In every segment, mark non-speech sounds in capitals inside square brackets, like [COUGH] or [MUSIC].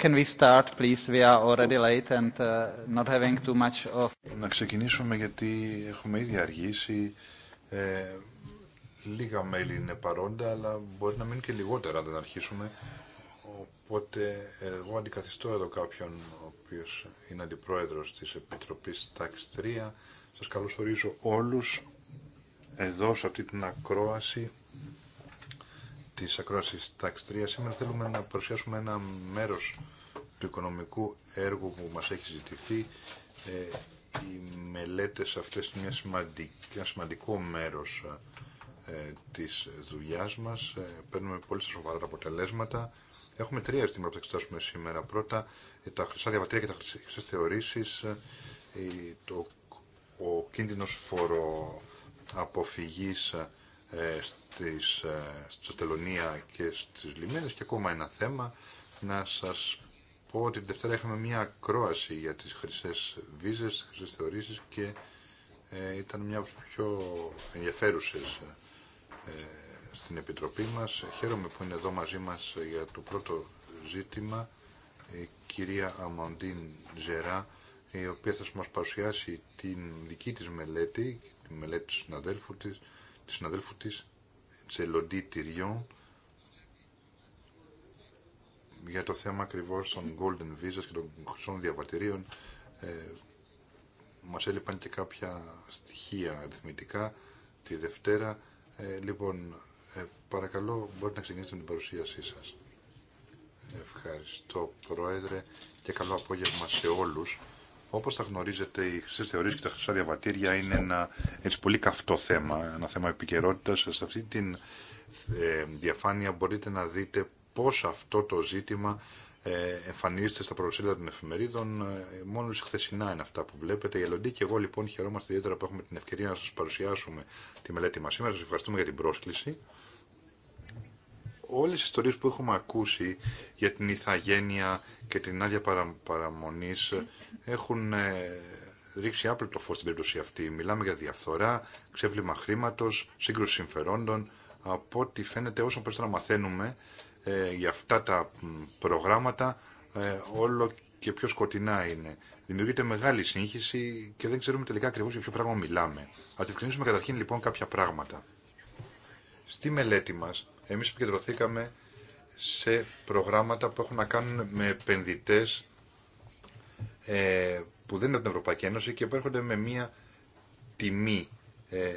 Can we start, please? We are already late and uh, not having too much of... Να ξεκινήσουμε γιατί έχουμε ήδη αργήσει. Ε, λίγα μέλη είναι παρόντα, αλλά μπορεί να μείνουν και λιγότερα αν δεν αρχίσουμε. Οπότε εγώ αντικαθιστώ εδώ κάποιον ο οποίος είναι αντιπρόεδρος της Επιτροπής Τάξης 3. Σας καλωσορίζω όλους εδώ σε αυτή την ακρόαση Τη ακροαση Tax 3. Σήμερα θέλουμε να παρουσιάσουμε ένα μέρο του οικονομικού έργου που μα έχει ζητηθεί. Ε, οι μελέτε αυτέ είναι μια ένα σημαντικό μέρο ε, της δουλειάς ε, παίρνουμε πολύ σοβαρά αποτελέσματα. Έχουμε τρία ζητήματα που θα εξετάσουμε σήμερα. Πρώτα, ε, τα χρυσά διαβατήρια και τα χρυσέ θεωρήσει, ε, το, ο κίνδυνος Ε, ε, στη ε, στο και στις λιμένες και ακόμα ένα θέμα να σας πω ότι την Δευτέρα είχαμε μια ακρόαση για τις χρυσές βίζες, τις χρυσές θεωρήσεις και ε, ήταν μια από τις πιο ενδιαφέρουσες στην Επιτροπή μας. Χαίρομαι που είναι εδώ μαζί μας για το πρώτο ζήτημα η κυρία Αμαντίν Ζερά η οποία θα μας παρουσιάσει την δική της μελέτη, τη μελέτη του συναδέλφου της της συναδέλφου της Τσελοντή Τυριών για το θέμα ακριβώ των Golden Visas και των χρυσών διαβατηρίων. Ε, μας έλειπαν και κάποια στοιχεία αριθμητικά τη Δευτέρα. Ε, λοιπόν, ε, παρακαλώ μπορείτε να ξεκινήσετε με την παρουσίασή σας. Ευχαριστώ Πρόεδρε και καλό απόγευμα σε όλους. Όπως θα γνωρίζετε, οι χρυσέ θεωρίες και τα χρυσά διαβατήρια είναι ένα έτσι, πολύ καυτό θέμα, ένα θέμα επικαιρότητα. Σε αυτή τη ε, διαφάνεια μπορείτε να δείτε πώς αυτό το ζήτημα ε, εμφανίζεται στα προσέλιδα των εφημερίδων. Ε, μόνο σε χθεσινά είναι αυτά που βλέπετε. Η Ελλοντή και εγώ λοιπόν χαιρόμαστε ιδιαίτερα που έχουμε την ευκαιρία να σας παρουσιάσουμε τη μελέτη μας σήμερα. Σας ευχαριστούμε για την πρόσκληση όλες οι ιστορίες που έχουμε ακούσει για την ηθαγένεια και την άδεια παρα, παραμονής έχουν ε, ρίξει το φως στην περίπτωση αυτή. Μιλάμε για διαφθορά, ξέβλημα χρήματος, σύγκρουση συμφερόντων. Από ό,τι φαίνεται όσο περισσότερο μαθαίνουμε ε, για αυτά τα προγράμματα ε, όλο και πιο σκοτεινά είναι. Δημιουργείται μεγάλη σύγχυση και δεν ξέρουμε τελικά ακριβώ για ποιο πράγμα μιλάμε. Α διευκρινίσουμε καταρχήν λοιπόν κάποια πράγματα. Στη μελέτη μας εμείς επικεντρωθήκαμε σε προγράμματα που έχουν να κάνουν με επενδυτέ ε, που δεν είναι από την Ευρωπαϊκή Ένωση και που έρχονται με μία τιμή. Ε,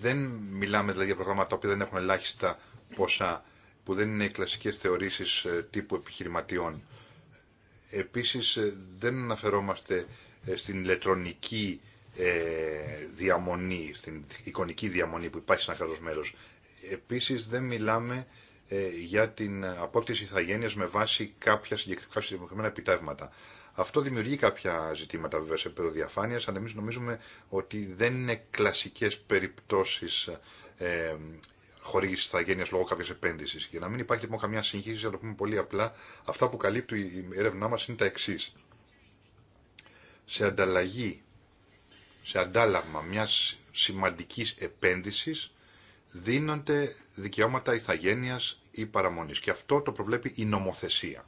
δεν μιλάμε δηλαδή για προγράμματα που δεν έχουν ελάχιστα ποσά, που δεν είναι οι κλασικές θεωρήσεις ε, τύπου επιχειρηματιών. Επίσης ε, δεν αναφερόμαστε ε, στην ηλεκτρονική διαμονή, στην εικονική διαμονή που υπάρχει σε ένα κράτος μέλος. Επίσης δεν μιλάμε ε, για την απόκτηση ηθαγένειας με βάση κάποια συγκεκριμένα επιτεύγματα. Αυτό δημιουργεί κάποια ζητήματα βέβαια σε επίπεδο διαφάνειας, αλλά εμείς νομίζουμε ότι δεν είναι κλασικές περιπτώσεις ε, χορήγηση ηθαγένεια λόγω κάποια επένδυση. Για να μην υπάρχει λοιπόν καμιά σύγχυση, να το πούμε πολύ απλά, αυτά που καλύπτει η έρευνά μα είναι τα εξή. Σε ανταλλαγή, σε αντάλλαγμα μια σημαντική επένδυση, δίνονται δικαιώματα ηθαγένειας ή παραμονής. Και αυτό το προβλέπει η νομοθεσία.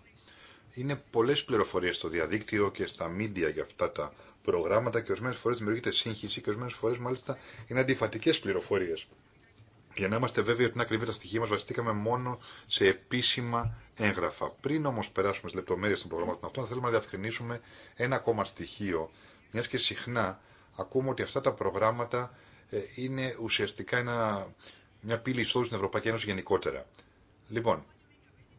Είναι πολλές πληροφορίες στο διαδίκτυο και στα μίντια για αυτά τα προγράμματα και ορισμένε φορές δημιουργείται σύγχυση και ορισμένε φορές μάλιστα είναι αντιφατικέ πληροφορίες. Για να είμαστε βέβαιοι ότι είναι ακριβή τα στοιχεία μα, βασιστήκαμε μόνο σε επίσημα έγγραφα. Πριν όμω περάσουμε στι λεπτομέρειε των προγραμμάτων αυτών, θέλουμε να διευκρινίσουμε ένα ακόμα στοιχείο, μια και συχνά ακούμε ότι αυτά τα προγράμματα ε, είναι ουσιαστικά ένα μια πύλη εισόδου στην Ευρωπαϊκή Ένωση γενικότερα. Λοιπόν,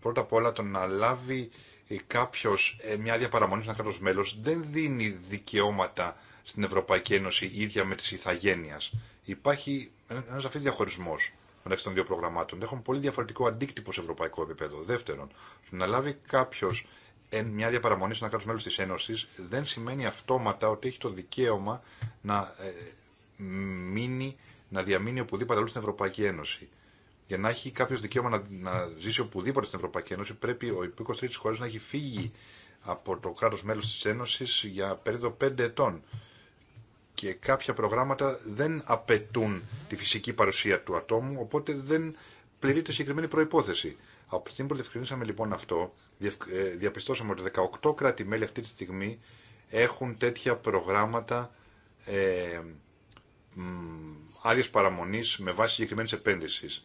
πρώτα απ' όλα το να λάβει ε, κάποιο ε, μια άδεια παραμονή σε ένα κράτο μέλο δεν δίνει δικαιώματα στην Ευρωπαϊκή Ένωση ίδια με τη ηθαγένεια. Υπάρχει ένα σαφή διαχωρισμό μεταξύ των δύο προγραμμάτων. Έχουν πολύ διαφορετικό αντίκτυπο σε ευρωπαϊκό επίπεδο. Δεύτερον, το να λάβει κάποιο μια διαπαραμονή σε ένα κράτο μέλο τη Ένωση δεν σημαίνει αυτόματα ότι έχει το δικαίωμα να ε, μείνει να διαμείνει οπουδήποτε αλλού στην Ευρωπαϊκή Ένωση. Για να έχει κάποιο δικαίωμα να, να ζήσει οπουδήποτε στην Ευρωπαϊκή Ένωση, πρέπει ο υπήκο τρίτη χώρα να έχει φύγει από το κράτο μέλο τη Ένωση για περίοδο 5 ετών. Και κάποια προγράμματα δεν απαιτούν τη φυσική παρουσία του ατόμου, οπότε δεν πληρείται συγκεκριμένη προπόθεση. Από τη στιγμή που διευκρινίσαμε λοιπόν αυτό, ε, διαπιστώσαμε ότι 18 κράτη-μέλη αυτή τη στιγμή έχουν τέτοια προγράμματα ε, άδειε παραμονή με βάση συγκεκριμένη επένδυση.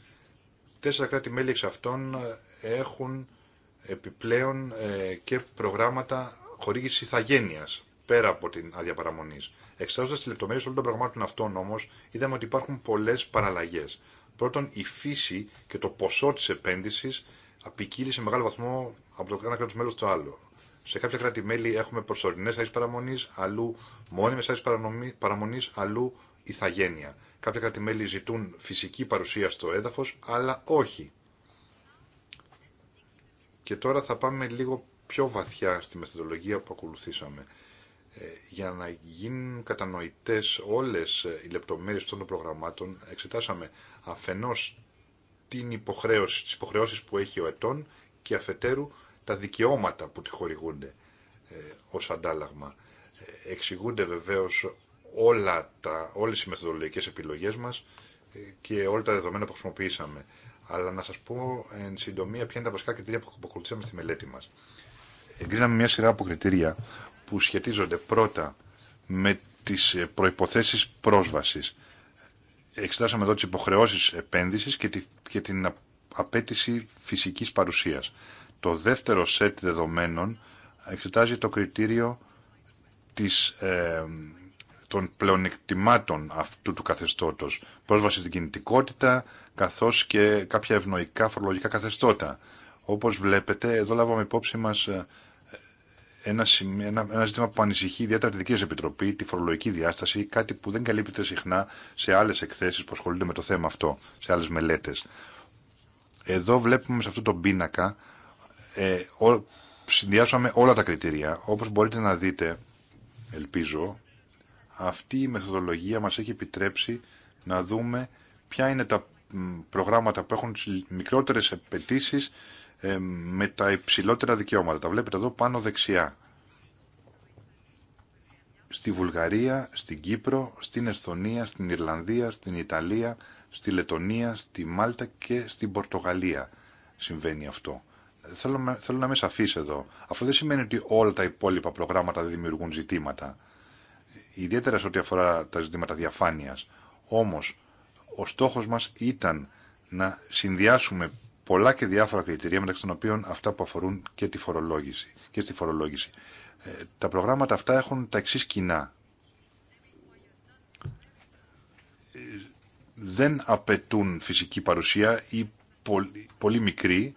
Τέσσερα κράτη-μέλη εξ αυτών ε, έχουν επιπλέον ε, και προγράμματα χορήγηση ηθαγένεια πέρα από την άδεια παραμονή. Εξετάζοντα τι λεπτομέρειε όλων των πραγμάτων αυτών όμω, είδαμε ότι υπάρχουν πολλέ παραλλαγέ. Πρώτον, η φύση και το ποσό τη επένδυση απικύλει σε μεγάλο βαθμό από το ένα κράτο μέλο στο άλλο. Σε κάποια κράτη-μέλη έχουμε προσωρινέ άδειε παραμονή, αλλού μόνιμε άδειε παραμονή, αλλού ηθαγένεια. Κάποια ζητούν φυσική παρουσία στο έδαφος, αλλά όχι. Και τώρα θα πάμε λίγο πιο βαθιά στη μεθοδολογία που ακολουθήσαμε. Ε, για να γίνουν κατανοητές όλες ε, οι λεπτομέρειες των προγραμμάτων, εξετάσαμε αφενός την υποχρέωση, τις υποχρεώσεις που έχει ο ετών και αφετέρου τα δικαιώματα που τη χορηγούνται ε, ως αντάλλαγμα. εξηγούνται βεβαίως όλα τα, όλες οι μεθοδολογικές επιλογές μας ε, και όλα τα δεδομένα που χρησιμοποιήσαμε. Αλλά να σας πω εν συντομία ποια είναι τα βασικά κριτήρια που αποκολουθήσαμε στη μελέτη μας. Εγκρίναμε μια σειρά από κριτήρια που σχετίζονται πρώτα με τις ε, προϋποθέσεις πρόσβασης. Εξετάσαμε εδώ τις υποχρεώσεις επένδυσης και, τη, και την απέτηση φυσικής παρουσίας. Το δεύτερο σετ δεδομένων εξετάζει το κριτήριο της ε, των πλεονεκτημάτων αυτού του καθεστώτος, πρόσβαση στην κινητικότητα, καθώς και κάποια ευνοϊκά φορολογικά καθεστώτα. Όπως βλέπετε, εδώ λάβαμε υπόψη μας ε, ένα, ένα, ένα ζήτημα που ανησυχεί ιδιαίτερα τη δική Επιτροπή, τη φορολογική διάσταση, κάτι που δεν καλύπτεται συχνά σε άλλες εκθέσεις που ασχολούνται με το θέμα αυτό, σε άλλες μελέτες. Εδώ βλέπουμε σε αυτό τον πίνακα, ε, ο, συνδυάσαμε όλα τα κριτήρια. Όπως μπορείτε να δείτε, ελπίζω, αυτή η μεθοδολογία μας έχει επιτρέψει να δούμε ποια είναι τα προγράμματα που έχουν τις μικρότερες απαιτήσει ε, με τα υψηλότερα δικαιώματα. Τα βλέπετε εδώ πάνω δεξιά. Στη Βουλγαρία, στην Κύπρο, στην Εσθονία, στην Ιρλανδία, στην Ιταλία, στη Λετωνία, στη Μάλτα και στην Πορτογαλία συμβαίνει αυτό. Θέλω, να είμαι σαφής εδώ. Αυτό δεν σημαίνει ότι όλα τα υπόλοιπα προγράμματα δημιουργούν ζητήματα ιδιαίτερα σε ό,τι αφορά τα ζητήματα διαφάνειας. Όμως, ο στόχος μας ήταν να συνδυάσουμε πολλά και διάφορα κριτηρία μεταξύ των οποίων αυτά που αφορούν και, τη φορολόγηση, και στη φορολόγηση. Ε, τα προγράμματα αυτά έχουν τα εξή κοινά. δεν απαιτούν φυσική παρουσία ή πολύ, πολύ μικρή.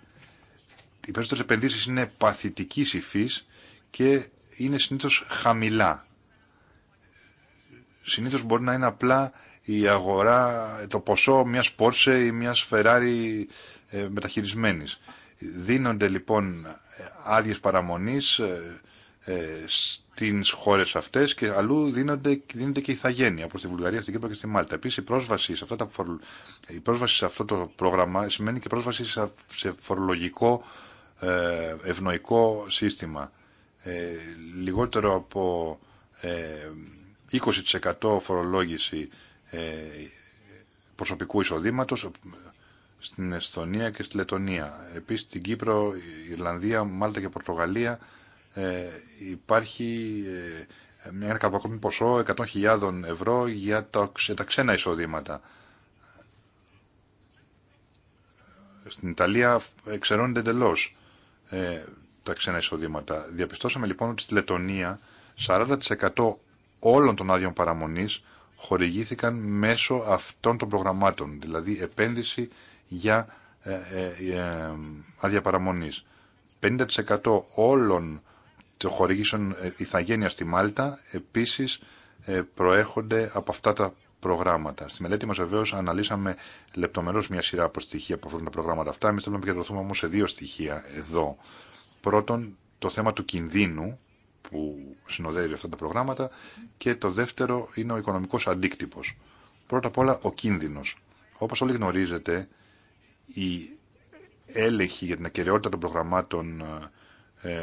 Οι περισσοτερε επενδύσεις είναι παθητικής υφής και είναι συνήθως χαμηλά συνήθως μπορεί να είναι απλά η αγορά, το ποσό μιας Porsche ή μιας Ferrari ε, μεταχειρισμένης. Δίνονται λοιπόν άδειε παραμονής ε, ε, στις χώρες αυτές και αλλού δίνονται, δίνονται και ηθαγένεια προς στη Βουλγαρία, στην Κύπρο και στη Μάλτα. Επίσης η πρόσβαση σε, η πρόσβαση σε αυτό το πρόγραμμα σημαίνει και πρόσβαση σε φορολογικό ευνοϊκό σύστημα. λιγότερο από 20% φορολόγηση ε, προσωπικού εισοδήματος στην Εσθονία και στη Λετωνία. Επίσης στην Κύπρο, Ιρλανδία, Μάλτα και Πορτογαλία ε, υπάρχει ε, ένα καρποκόμι ποσό 100.000 ευρώ για τα ξένα εισοδήματα. Στην Ιταλία εξαιρώνεται εντελώ τα ξένα εισοδήματα. Διαπιστώσαμε λοιπόν ότι στη Λετωνία 40% όλων των άδειων παραμονής χορηγήθηκαν μέσω αυτών των προγραμμάτων, δηλαδή επένδυση για ε, ε, ε, ε άδεια παραμονής. 50% όλων των χορηγήσεων ηθαγένεια στη Μάλτα επίσης προέρχονται από αυτά τα προγράμματα. Στη μελέτη μα βεβαίω αναλύσαμε λεπτομερώ μια σειρά από στοιχεία που αφορούν τα προγράμματα αυτά. Εμεί θέλουμε να επικεντρωθούμε όμω σε δύο στοιχεία εδώ. Πρώτον, το θέμα του κινδύνου που συνοδεύει αυτά τα προγράμματα και το δεύτερο είναι ο οικονομικός αντίκτυπος. Πρώτα απ' όλα ο κίνδυνος. Όπως όλοι γνωρίζετε, η έλεγχη για την ακαιρεότητα των προγραμμάτων ε,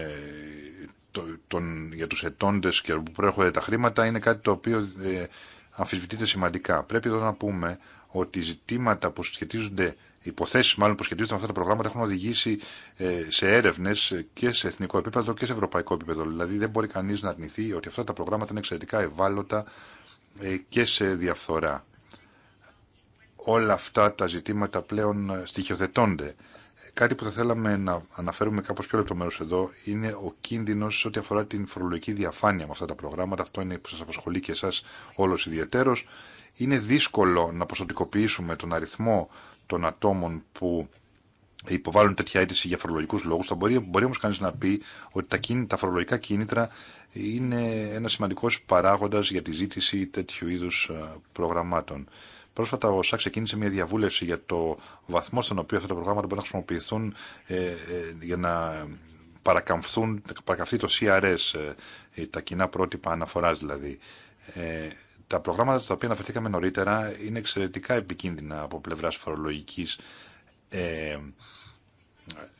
για τους ετώντες και που προέρχονται τα χρήματα είναι κάτι το οποίο ε, αμφισβητείται σημαντικά. Πρέπει εδώ να πούμε ότι ζητήματα που σχετίζονται υποθέσει μάλλον που σχετίζονται με αυτά τα προγράμματα έχουν οδηγήσει ε, σε έρευνε και σε εθνικό επίπεδο και σε ευρωπαϊκό επίπεδο. Δηλαδή δεν μπορεί κανεί να αρνηθεί ότι αυτά τα προγράμματα είναι εξαιρετικά ευάλωτα ε, και σε διαφθορά. Όλα αυτά τα ζητήματα πλέον στοιχειοθετώνται. Κάτι που θα θέλαμε να αναφέρουμε κάπως πιο λεπτομέρως εδώ είναι ο κίνδυνος ό,τι αφορά την φορολογική διαφάνεια με αυτά τα προγράμματα. Αυτό είναι που σα απασχολεί και εσά όλο ιδιαίτερο. Είναι δύσκολο να ποσοτικοποιήσουμε τον αριθμό των ατόμων που υποβάλλουν τέτοια αίτηση για φορολογικού λόγους, θα μπορεί, μπορεί όμως κανείς να πει ότι τα, κίνη, τα φορολογικά κίνητρα είναι ένα σημαντικός παράγοντας για τη ζήτηση τέτοιου είδου ε, προγραμμάτων. Πρόσφατα ο ΣΑΚ ξεκίνησε μια διαβούλευση για το βαθμό στον οποίο αυτά τα προγράμματα μπορούν να χρησιμοποιηθούν ε, ε, για να παρακαμφθούν, παρακαμφθεί το CRS, ε, ε, τα κοινά πρότυπα αναφοράς δηλαδή. Ε, τα προγράμματα στα οποία αναφερθήκαμε νωρίτερα είναι εξαιρετικά επικίνδυνα από πλευράς φορολογικής ε,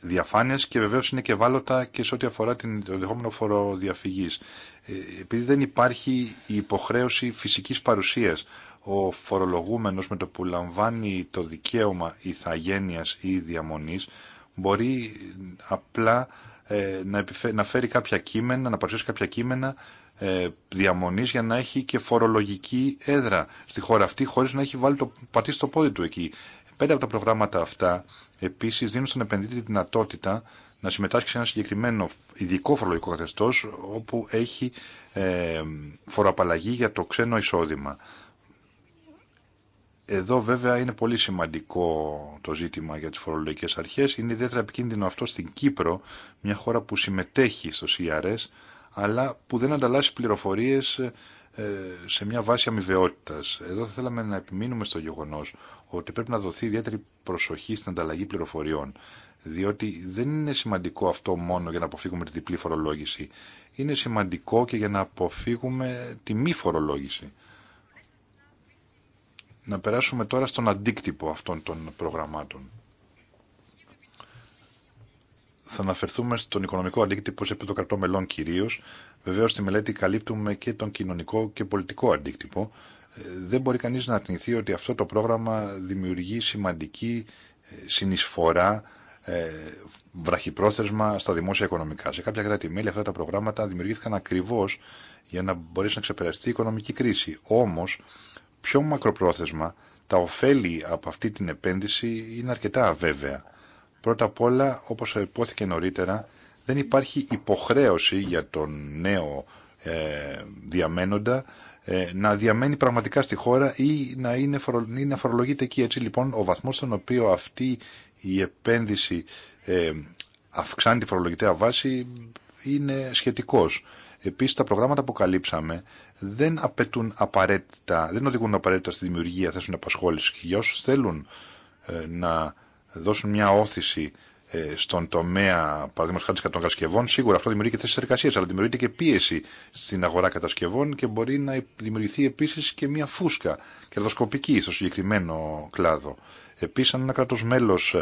διαφάνειας και βεβαίως είναι και βάλωτα και σε ό,τι αφορά την, το δεχόμενο φοροδιαφυγής. Ε, επειδή δεν υπάρχει η υποχρέωση φυσικής παρουσίας, ο φορολογούμενος με το που λαμβάνει το δικαίωμα ηθαγένειας ή διαμονής μπορεί απλά ε, να, να φέρει κάποια κείμενα, να παρουσιάσει κάποια κείμενα ε, διαμονής για να έχει και φορολογική έδρα στη χώρα αυτή χωρίς να έχει βάλει το πατήσει το πόδι του εκεί. Πέντε από τα προγράμματα αυτά επίσης δίνουν στον επενδύτη τη δυνατότητα να συμμετάσχει σε ένα συγκεκριμένο ειδικό φορολογικό καθεστώ όπου έχει ε, φοροαπαλλαγή για το ξένο εισόδημα. Εδώ βέβαια είναι πολύ σημαντικό το ζήτημα για τις φορολογικές αρχές. Είναι ιδιαίτερα επικίνδυνο αυτό στην Κύπρο, μια χώρα που συμμετέχει στο CRS αλλά που δεν ανταλλάσσει πληροφορίες ε, σε μια βάση αμοιβαιότητας. Εδώ θα θέλαμε να επιμείνουμε στο γεγονός ότι πρέπει να δοθεί ιδιαίτερη προσοχή στην ανταλλαγή πληροφοριών, διότι δεν είναι σημαντικό αυτό μόνο για να αποφύγουμε τη διπλή φορολόγηση, είναι σημαντικό και για να αποφύγουμε τη μη φορολόγηση. Να περάσουμε τώρα στον αντίκτυπο αυτών των προγραμμάτων θα αναφερθούμε στον οικονομικό αντίκτυπο σε επίπεδο κρατών μελών κυρίω. Βεβαίω στη μελέτη καλύπτουμε και τον κοινωνικό και πολιτικό αντίκτυπο. Ε, δεν μπορεί κανεί να αρνηθεί ότι αυτό το πρόγραμμα δημιουργεί σημαντική ε, συνεισφορά ε, βραχυπρόθεσμα στα δημόσια οικονομικά. Σε κάποια κράτη-μέλη αυτά τα προγράμματα δημιουργήθηκαν ακριβώ για να μπορέσει να ξεπεραστεί η οικονομική κρίση. Όμω, πιο μακροπρόθεσμα, τα ωφέλη από αυτή την επένδυση είναι αρκετά αβέβαια. Πρώτα απ' όλα, όπως υπόθηκε νωρίτερα, δεν υπάρχει υποχρέωση για τον νέο ε, διαμένοντα ε, να διαμένει πραγματικά στη χώρα ή να, είναι φορο, ή να φορολογείται εκεί. Έτσι λοιπόν ο βαθμός στον οποίο αυτή η να ειναι να φορολογειται εκει ετσι λοιπον ο βαθμος στον οποιο αυτη η επενδυση ε, αυξάνει τη φορολογητέα βάση είναι σχετικός. Επίσης τα προγράμματα που καλύψαμε δεν απαιτούν απαραίτητα, δεν οδηγούν απαραίτητα στη δημιουργία θέσεων απασχόλησης και για θέλουν να δώσουν μια όθηση ε, στον τομέα παραδείγματο χάρη των κατασκευών, σίγουρα αυτό δημιουργεί και θέσει εργασία, αλλά δημιουργείται και πίεση στην αγορά κατασκευών και μπορεί να δημιουργηθεί επίση και μια φούσκα κερδοσκοπική στο συγκεκριμένο κλάδο. Επίση, αν ένα κράτο μέλο ε,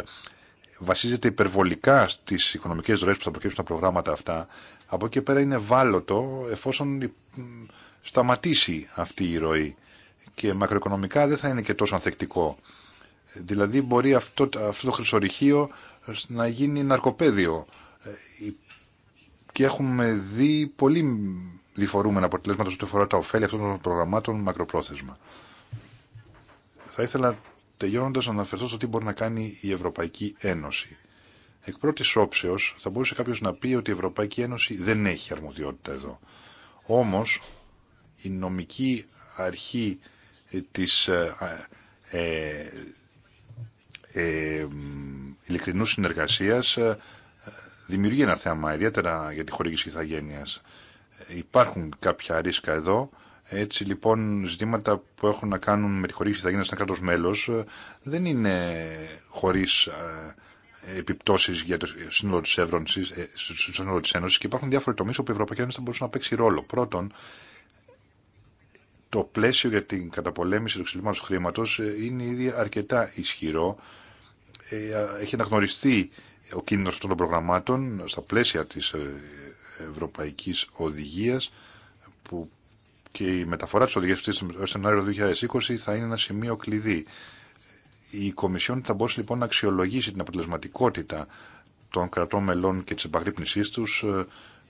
βασίζεται υπερβολικά στι οικονομικέ ροέ που θα προκύψουν τα προγράμματα αυτά, από εκεί πέρα είναι βάλωτο εφόσον ε, σταματήσει αυτή η ροή. Και μακροοικονομικά δεν θα είναι και τόσο ανθεκτικό Δηλαδή μπορεί αυτό, αυτό το χρυσορυχείο να γίνει ναρκοπαίδιο. Ε, και έχουμε δει πολύ διφορούμενα αποτελέσματα στο αφορά τα ωφέλη αυτών των προγραμμάτων μακροπρόθεσμα. Θα ήθελα τελειώνοντα να αναφερθώ στο τι μπορεί να κάνει η Ευρωπαϊκή Ένωση. Εκ πρώτη όψεω θα μπορούσε κάποιο να πει ότι η Ευρωπαϊκή Ένωση δεν έχει αρμοδιότητα εδώ. Όμω η νομική αρχή της, ε, ε ε, ειλικρινούς συνεργασίας ε, δημιουργεί ένα θέμα, ιδιαίτερα για τη χορήγηση ηθαγένειας. Ε, υπάρχουν κάποια ρίσκα εδώ. Έτσι λοιπόν ζητήματα που έχουν να κάνουν με τη χορήγηση ηθαγένειας σαν κράτος μέλος ε, δεν είναι χωρίς επιπτώσει για το σύνολο τη Ένωση σύνολο και υπάρχουν διάφοροι τομεί όπου η Ευρωπαϊκή Ένωση θα μπορούσε να παίξει ρόλο. Πρώτον, το πλαίσιο για την καταπολέμηση του εξελίγματο χρήματο είναι ήδη αρκετά ισχυρό ε, έχει αναγνωριστεί ο κίνδυνος αυτών των προγραμμάτων στα πλαίσια της ε, Ευρωπαϊκής Οδηγίας που και η μεταφορά της οδηγίας αυτής έως τον Ιανουάριο 2020 θα είναι ένα σημείο κλειδί. Η Κομισιόν θα μπορούσε λοιπόν να αξιολογήσει την αποτελεσματικότητα των κρατών μελών και της επαγρύπνησής τους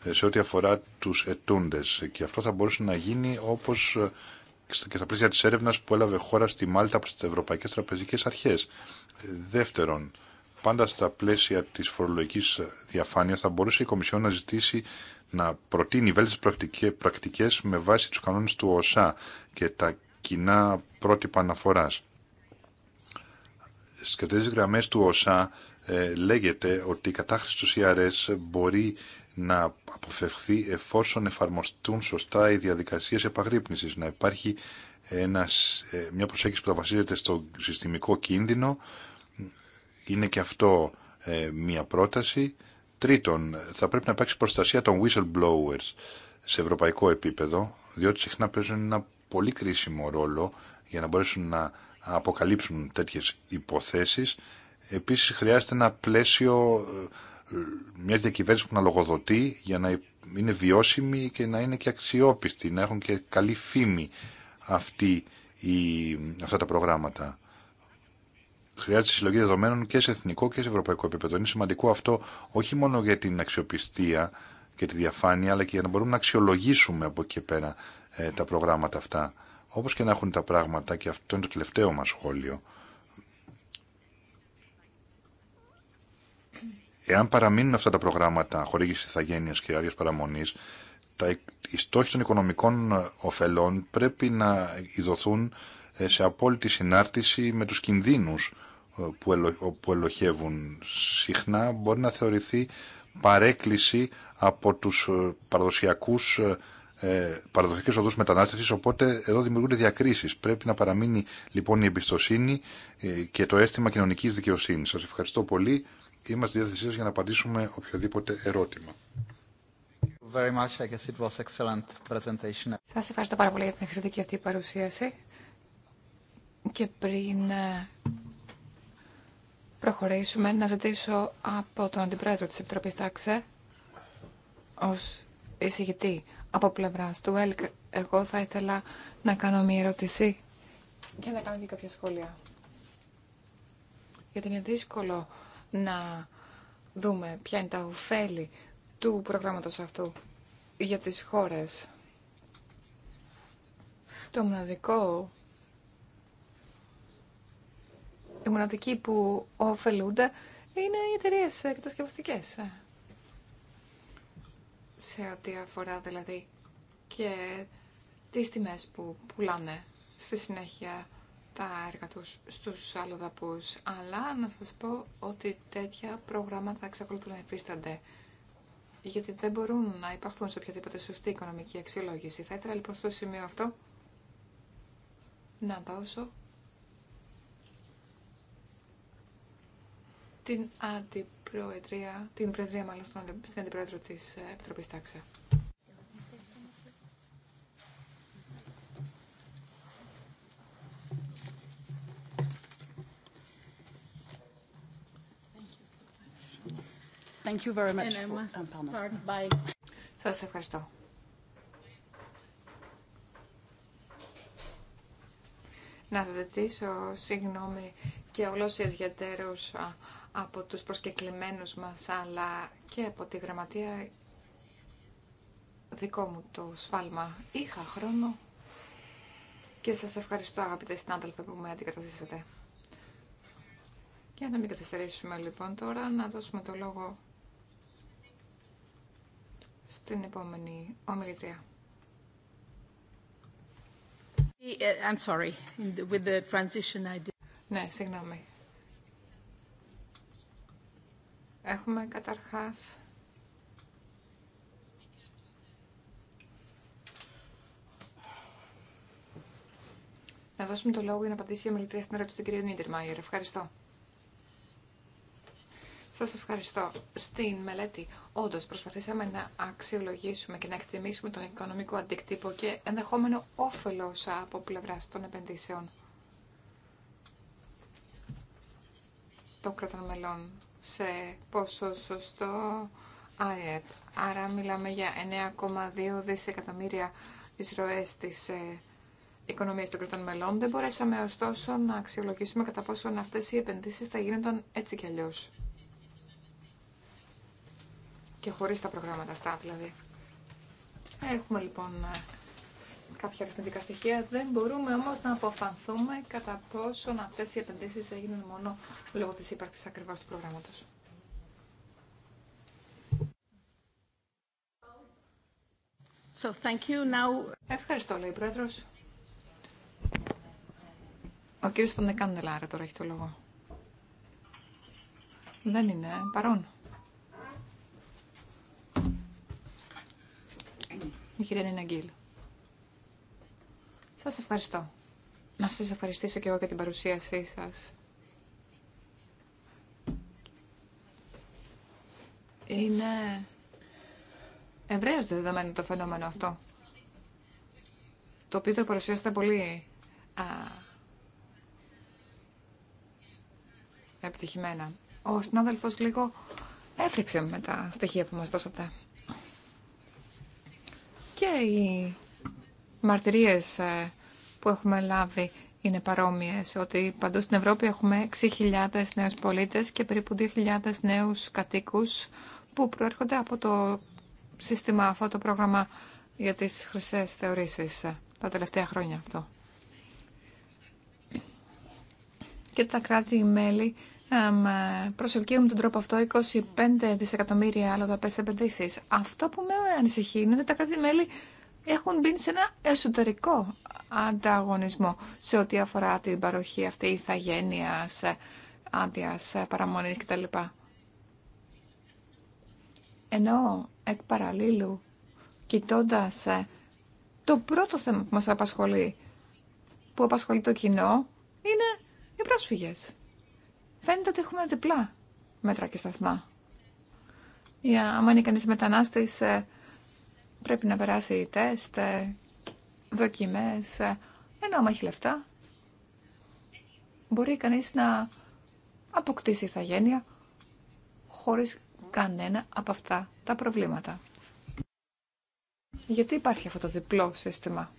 ε, σε ό,τι αφορά τους ετούντες. Και αυτό θα μπορούσε να γίνει όπως και στα πλαίσια της έρευνας που έλαβε χώρα στη Μάλτα από τις Ευρωπαϊκές Τραπεζικές Αρχές. Δεύτερον, πάντα στα πλαίσια της φορολογικής διαφάνειας θα μπορούσε η Κομισιόν να ζητήσει να προτείνει βέλτιστες πρακτικές με βάση τους κανόνες του ΟΣΑ και τα κοινά πρότυπα αναφοράς. Στις γραμμές του ΟΣΑ ε, λέγεται ότι η κατάχρηση του CRS μπορεί να αποφευχθεί εφόσον εφαρμοστούν σωστά οι διαδικασίες επαγρύπνησης, να υπάρχει ε, μια προσέγγιση που θα βασίζεται στο συστημικό κίνδυνο. Είναι και αυτό ε, μια πρόταση. Τρίτον, θα πρέπει να υπάρξει προστασία των whistleblowers σε ευρωπαϊκό επίπεδο, διότι συχνά παίζουν ένα πολύ κρίσιμο ρόλο για να μπορέσουν να αποκαλύψουν τέτοιες υποθέσεις. Επίσης χρειάζεται ένα πλαίσιο ε, μιας διακυβέρνησης που να λογοδοτεί για να είναι βιώσιμη και να είναι και αξιόπιστη, να έχουν και καλή φήμη αυτή η, αυτά τα προγράμματα. Χρειάζεται συλλογή δεδομένων και σε εθνικό και σε ευρωπαϊκό επίπεδο. Είναι σημαντικό αυτό όχι μόνο για την αξιοπιστία και τη διαφάνεια, αλλά και για να μπορούμε να αξιολογήσουμε από εκεί και πέρα ε, τα προγράμματα αυτά. Όπω και να έχουν τα πράγματα, και αυτό είναι το τελευταίο μα σχόλιο. Εάν παραμείνουν αυτά τα προγράμματα χορήγηση ηθαγένεια και άδεια παραμονή, τα, οι στόχοι των οικονομικών ωφελών πρέπει να ιδωθούν ε, σε απόλυτη συνάρτηση με τους κινδύνους ε, που, που ελοχεύουν. Συχνά μπορεί να θεωρηθεί παρέκκληση από τους ε, παραδοσιακούς παραδοσιακούς οδούς μετανάστευσης, οπότε εδώ δημιουργούνται διακρίσεις. Πρέπει να παραμείνει λοιπόν η εμπιστοσύνη και το αίσθημα κοινωνικής δικαιοσύνης. Σα ευχαριστώ πολύ. Είμαστε διάθεσοι για να απαντήσουμε οποιοδήποτε ερώτημα. Σας ευχαριστώ πάρα πολύ για την εξαιρετική αυτή παρουσίαση. Και πριν ε, προχωρήσουμε, να ζητήσω από τον Αντιπρόεδρο της Επιτροπής Τάξε, ως εισηγητή από πλευράς του ΕΛΚ, εγώ θα ήθελα να κάνω μια ερώτηση και να κάνω και κάποια σχόλια. Γιατί είναι δύσκολο να δούμε ποια είναι τα ωφέλη του προγράμματος αυτού για τις χώρες. Το μοναδικό, οι μοναδικοί που ωφελούνται είναι οι εταιρείε κατασκευαστικέ. Σε ό,τι αφορά δηλαδή και τις τιμές που πουλάνε στη συνέχεια τα έργα τους στους αλλοδαπούς. Αλλά να σας πω ότι τέτοια προγράμματα εξακολουθούν να υφίστανται γιατί δεν μπορούν να υπαρχούν σε οποιαδήποτε σωστή οικονομική αξιολόγηση. Θα ήθελα λοιπόν στο σημείο αυτό να δώσω την αντιπροεδρία, την προεδρία μάλλον στην αντιπρόεδρο της Επιτροπής Τάξα. Thank you very much. And I must um, start by... Σας ευχαριστώ. Να σας ζητήσω συγγνώμη και όλος ιδιαίτερος από τους προσκεκλημένους μας, αλλά και από τη γραμματεία δικό μου το σφάλμα. Είχα χρόνο και σας ευχαριστώ αγαπητέ συνάδελφοι που με αντικαταστήσατε. Για να μην καθυστερήσουμε λοιπόν τώρα, να δώσουμε το λόγο στην επόμενη ομιλητρία. Ε, I'm sorry, with the transition Ναι, συγγνώμη. Έχουμε καταρχάς να δώσουμε το λόγο για να απαντήσει η ομιλητρία στην ερώτηση του κ. Νίτερμαγερ. Ευχαριστώ. Σας ευχαριστώ. Στην μελέτη, όντω προσπαθήσαμε να αξιολογήσουμε και να εκτιμήσουμε τον οικονομικό αντικτύπο και ενδεχόμενο όφελος από πλευρά των επενδύσεων των κρατών μελών σε πόσο σωστό ΑΕΠ. Άρα μιλάμε για 9,2 δισεκατομμύρια εισρωές της ε, οικονομίας των κρατών μελών. Δεν μπορέσαμε ωστόσο να αξιολογήσουμε κατά πόσο αυτές οι επενδύσεις θα γίνονταν έτσι κι αλλιώς και χωρίς τα προγράμματα αυτά δηλαδή. Έχουμε λοιπόν κάποια αριθμητικά στοιχεία, δεν μπορούμε όμως να αποφανθούμε κατά πόσον αυτές οι επενδύσεις έγιναν μόνο λόγω της ύπαρξης ακριβώς του προγράμματος. So, Ευχαριστώ, λέει η Πρόεδρος. Ο κύριος Φαντεκάντελάρα τώρα έχει το λόγο. Δεν είναι παρόν. η κυρία Νίνα Γκίλ. Σας ευχαριστώ. Να σας ευχαριστήσω και εγώ για την παρουσίασή σας. Είναι ευρέως δεδομένο το φαινόμενο αυτό, το οποίο το παρουσιάσετε πολύ α, επιτυχημένα. Ο συνάδελφος λίγο έφρυξε με τα στοιχεία που μας δώσατε και οι μαρτυρίες ε, που έχουμε λάβει είναι παρόμοιες, ότι παντού στην Ευρώπη έχουμε 6.000 νέους πολίτες και περίπου 2.000 νέους κατοίκους που προέρχονται από το σύστημα, αυτό το πρόγραμμα για τις χρυσές θεωρήσεις ε, τα τελευταία χρόνια αυτό. Και τα κράτη-μέλη προσελκύουμε τον τρόπο αυτό 25 δισεκατομμύρια δαπέ επενδύσει. Αυτό που με ανησυχεί είναι ότι τα κράτη-μέλη έχουν μπει σε ένα εσωτερικό ανταγωνισμό σε ό,τι αφορά την παροχή αυτή ηθαγένεια, άδεια παραμονή κτλ. Ενώ εκ παραλίλου, κοιτώντα ε, το πρώτο θέμα που μας απασχολεί, που απασχολεί το κοινό, είναι οι πρόσφυγες. Φαίνεται ότι έχουμε διπλά μέτρα και σταθμά. Για άμα είναι κανείς μετανάστης, ε, πρέπει να περάσει τεστ, ε, δοκιμές, ε, ενώ άμα έχει λεφτά, μπορεί κανείς να αποκτήσει ηθαγένεια χωρίς κανένα από αυτά τα προβλήματα. Γιατί υπάρχει αυτό το διπλό σύστημα.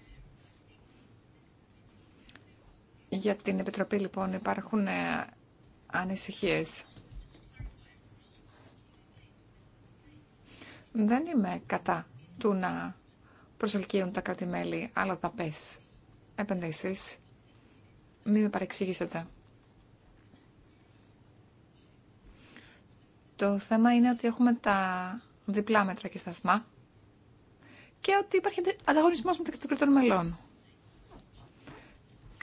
Για την Επιτροπή λοιπόν υπάρχουν ανησυχίες. Δεν είμαι κατά του να προσελκύουν τα κρατημέλη αλλά τα πες επενδύσεις. Μην με παρεξηγήσετε. Το θέμα είναι ότι έχουμε τα διπλά μέτρα και σταθμά και ότι υπάρχει ανταγωνισμός μεταξύ των κρατών μελών.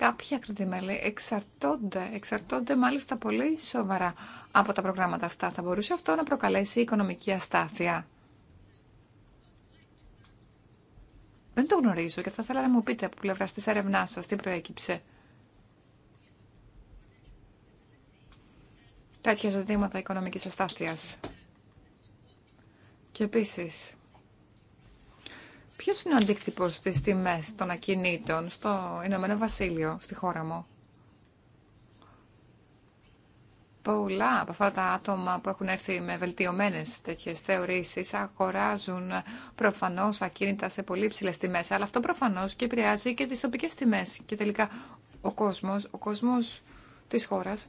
Κάποια κρατημέλη εξαρτώνται, εξαρτώνται μάλιστα πολύ σοβαρά από τα προγράμματα αυτά. Θα μπορούσε αυτό να προκαλέσει οικονομική αστάθεια. Δεν το γνωρίζω και θα ήθελα να μου πείτε από πλευρά τη έρευνά σα τι προέκυψε. Τέτοια ζητήματα οικονομική αστάθεια. Και επίση. Ποιος είναι ο αντίκτυπος στις τιμές των ακινήτων στο Ηνωμένο Βασίλειο, στη χώρα μου. Πολλά από αυτά τα άτομα που έχουν έρθει με βελτιωμένες τέτοιες θεωρήσεις αγοράζουν προφανώς ακίνητα σε πολύ ψηλές τιμές, αλλά αυτό προφανώς και επηρεάζει και τις τοπικές τιμές. Και τελικά ο κόσμος, ο κόσμος της χώρας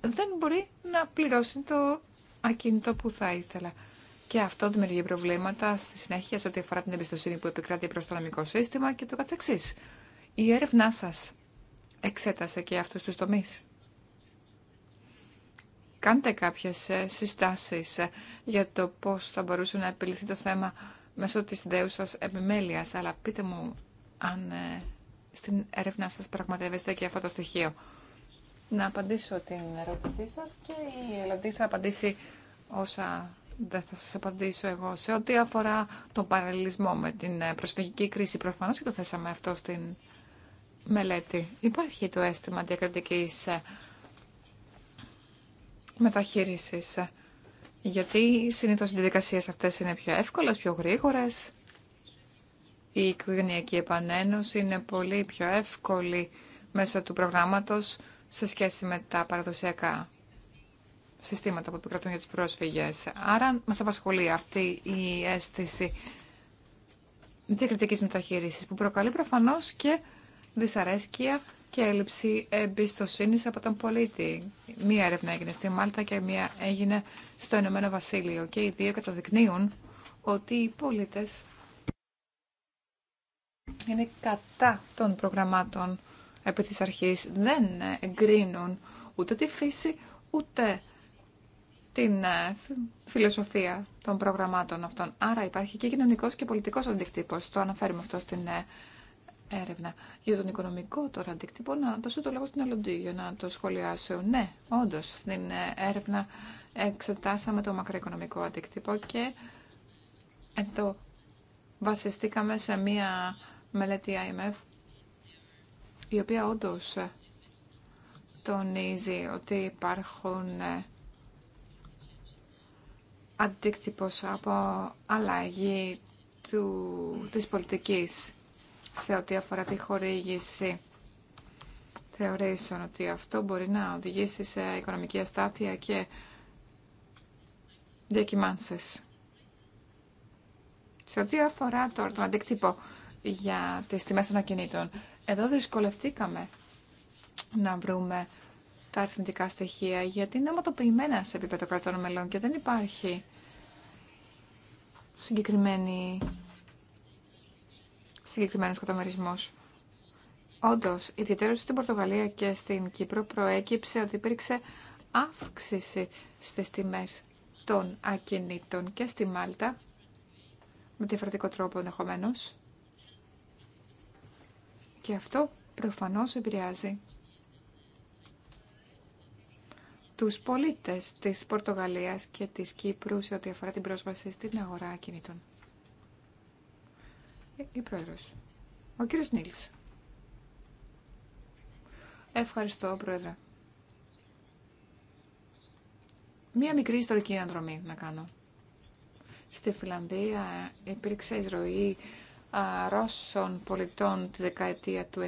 δεν μπορεί να πληρώσει το ακίνητο που θα ήθελα. Και αυτό δημιουργεί προβλήματα στη συνέχεια σε ό,τι αφορά την εμπιστοσύνη που επικράτει προ το νομικό σύστημα και το καθεξή. Η έρευνά σα εξέτασε και αυτού του τομεί. Κάντε κάποιε συστάσει ε, για το πώ θα μπορούσε να επιληθεί το θέμα μέσω της δέουσας επιμέλεια, αλλά πείτε μου αν ε, στην έρευνά σα πραγματεύεστε και αυτό το στοιχείο. Να απαντήσω την ερώτησή σας και η Ελλοντή θα απαντήσει όσα δεν θα σας απαντήσω εγώ. Σε ό,τι αφορά τον παραλληλισμό με την ε, προσφυγική κρίση, προφανώς και το θέσαμε αυτό στην μελέτη. Υπάρχει το αίσθημα διακριτικής ε, μεταχείρισης. Ε, γιατί συνήθως οι διαδικασίες αυτές είναι πιο εύκολες, πιο γρήγορες. Η οικογενειακή επανένωση είναι πολύ πιο εύκολη μέσω του προγράμματος σε σχέση με τα παραδοσιακά συστήματα που επικρατούν για τις πρόσφυγες. Άρα μας απασχολεί αυτή η αίσθηση διακριτικής μεταχείρισης που προκαλεί προφανώς και δυσαρέσκεια και έλλειψη εμπιστοσύνη από τον πολίτη. Μία έρευνα έγινε στη Μάλτα και μία έγινε στο Ηνωμένο Βασίλειο και οι δύο καταδεικνύουν ότι οι πολίτες είναι κατά των προγραμμάτων επί της αρχής. Δεν εγκρίνουν ούτε τη φύση ούτε την ε, φιλοσοφία των προγραμμάτων αυτών. Άρα υπάρχει και κοινωνικός και πολιτικός αντίκτυπο. Το αναφέρουμε αυτό στην ε, έρευνα. Για τον οικονομικό τώρα αντικτύπο να δώσω το λόγο στην ελλοντή για να το σχολιάσω. Ναι, όντω, στην ε, έρευνα εξετάσαμε το μακροοικονομικό αντικτύπο και εδώ βασιστήκαμε σε μία μελέτη IMF η οποία όντως τονίζει ότι υπάρχουν αντίκτυπος από αλλαγή του, της πολιτικής σε ό,τι αφορά τη χορήγηση θεωρήσεων ότι αυτό μπορεί να οδηγήσει σε οικονομική αστάθεια και διακυμάνσεις. Σε ό,τι αφορά τώρα τον αντίκτυπο για τις τιμές των ακινήτων, εδώ δυσκολευτήκαμε να βρούμε τα αριθμητικά στοιχεία, γιατί είναι αματοποιημένα σε επίπεδο κρατών μελών και δεν υπάρχει συγκεκριμένη... συγκεκριμένος καταμερισμός. Όντω, ιδιαίτερα στην Πορτογαλία και στην Κύπρο προέκυψε ότι υπήρξε αύξηση στις τιμές των ακινήτων και στη Μάλτα, με διαφορετικό τρόπο ενδεχομένω. Και αυτό προφανώς επηρεάζει τους πολίτες της Πορτογαλίας και της Κύπρου σε ό,τι αφορά την πρόσβαση στην αγορά κινητών. Η Πρόεδρος. Ο κύριος Νίλς. Ευχαριστώ, Πρόεδρε. Μία μικρή ιστορική αναδρομή να κάνω. Στη Φιλανδία υπήρξε εισρωή Ρώσων πολιτών τη δεκαετία του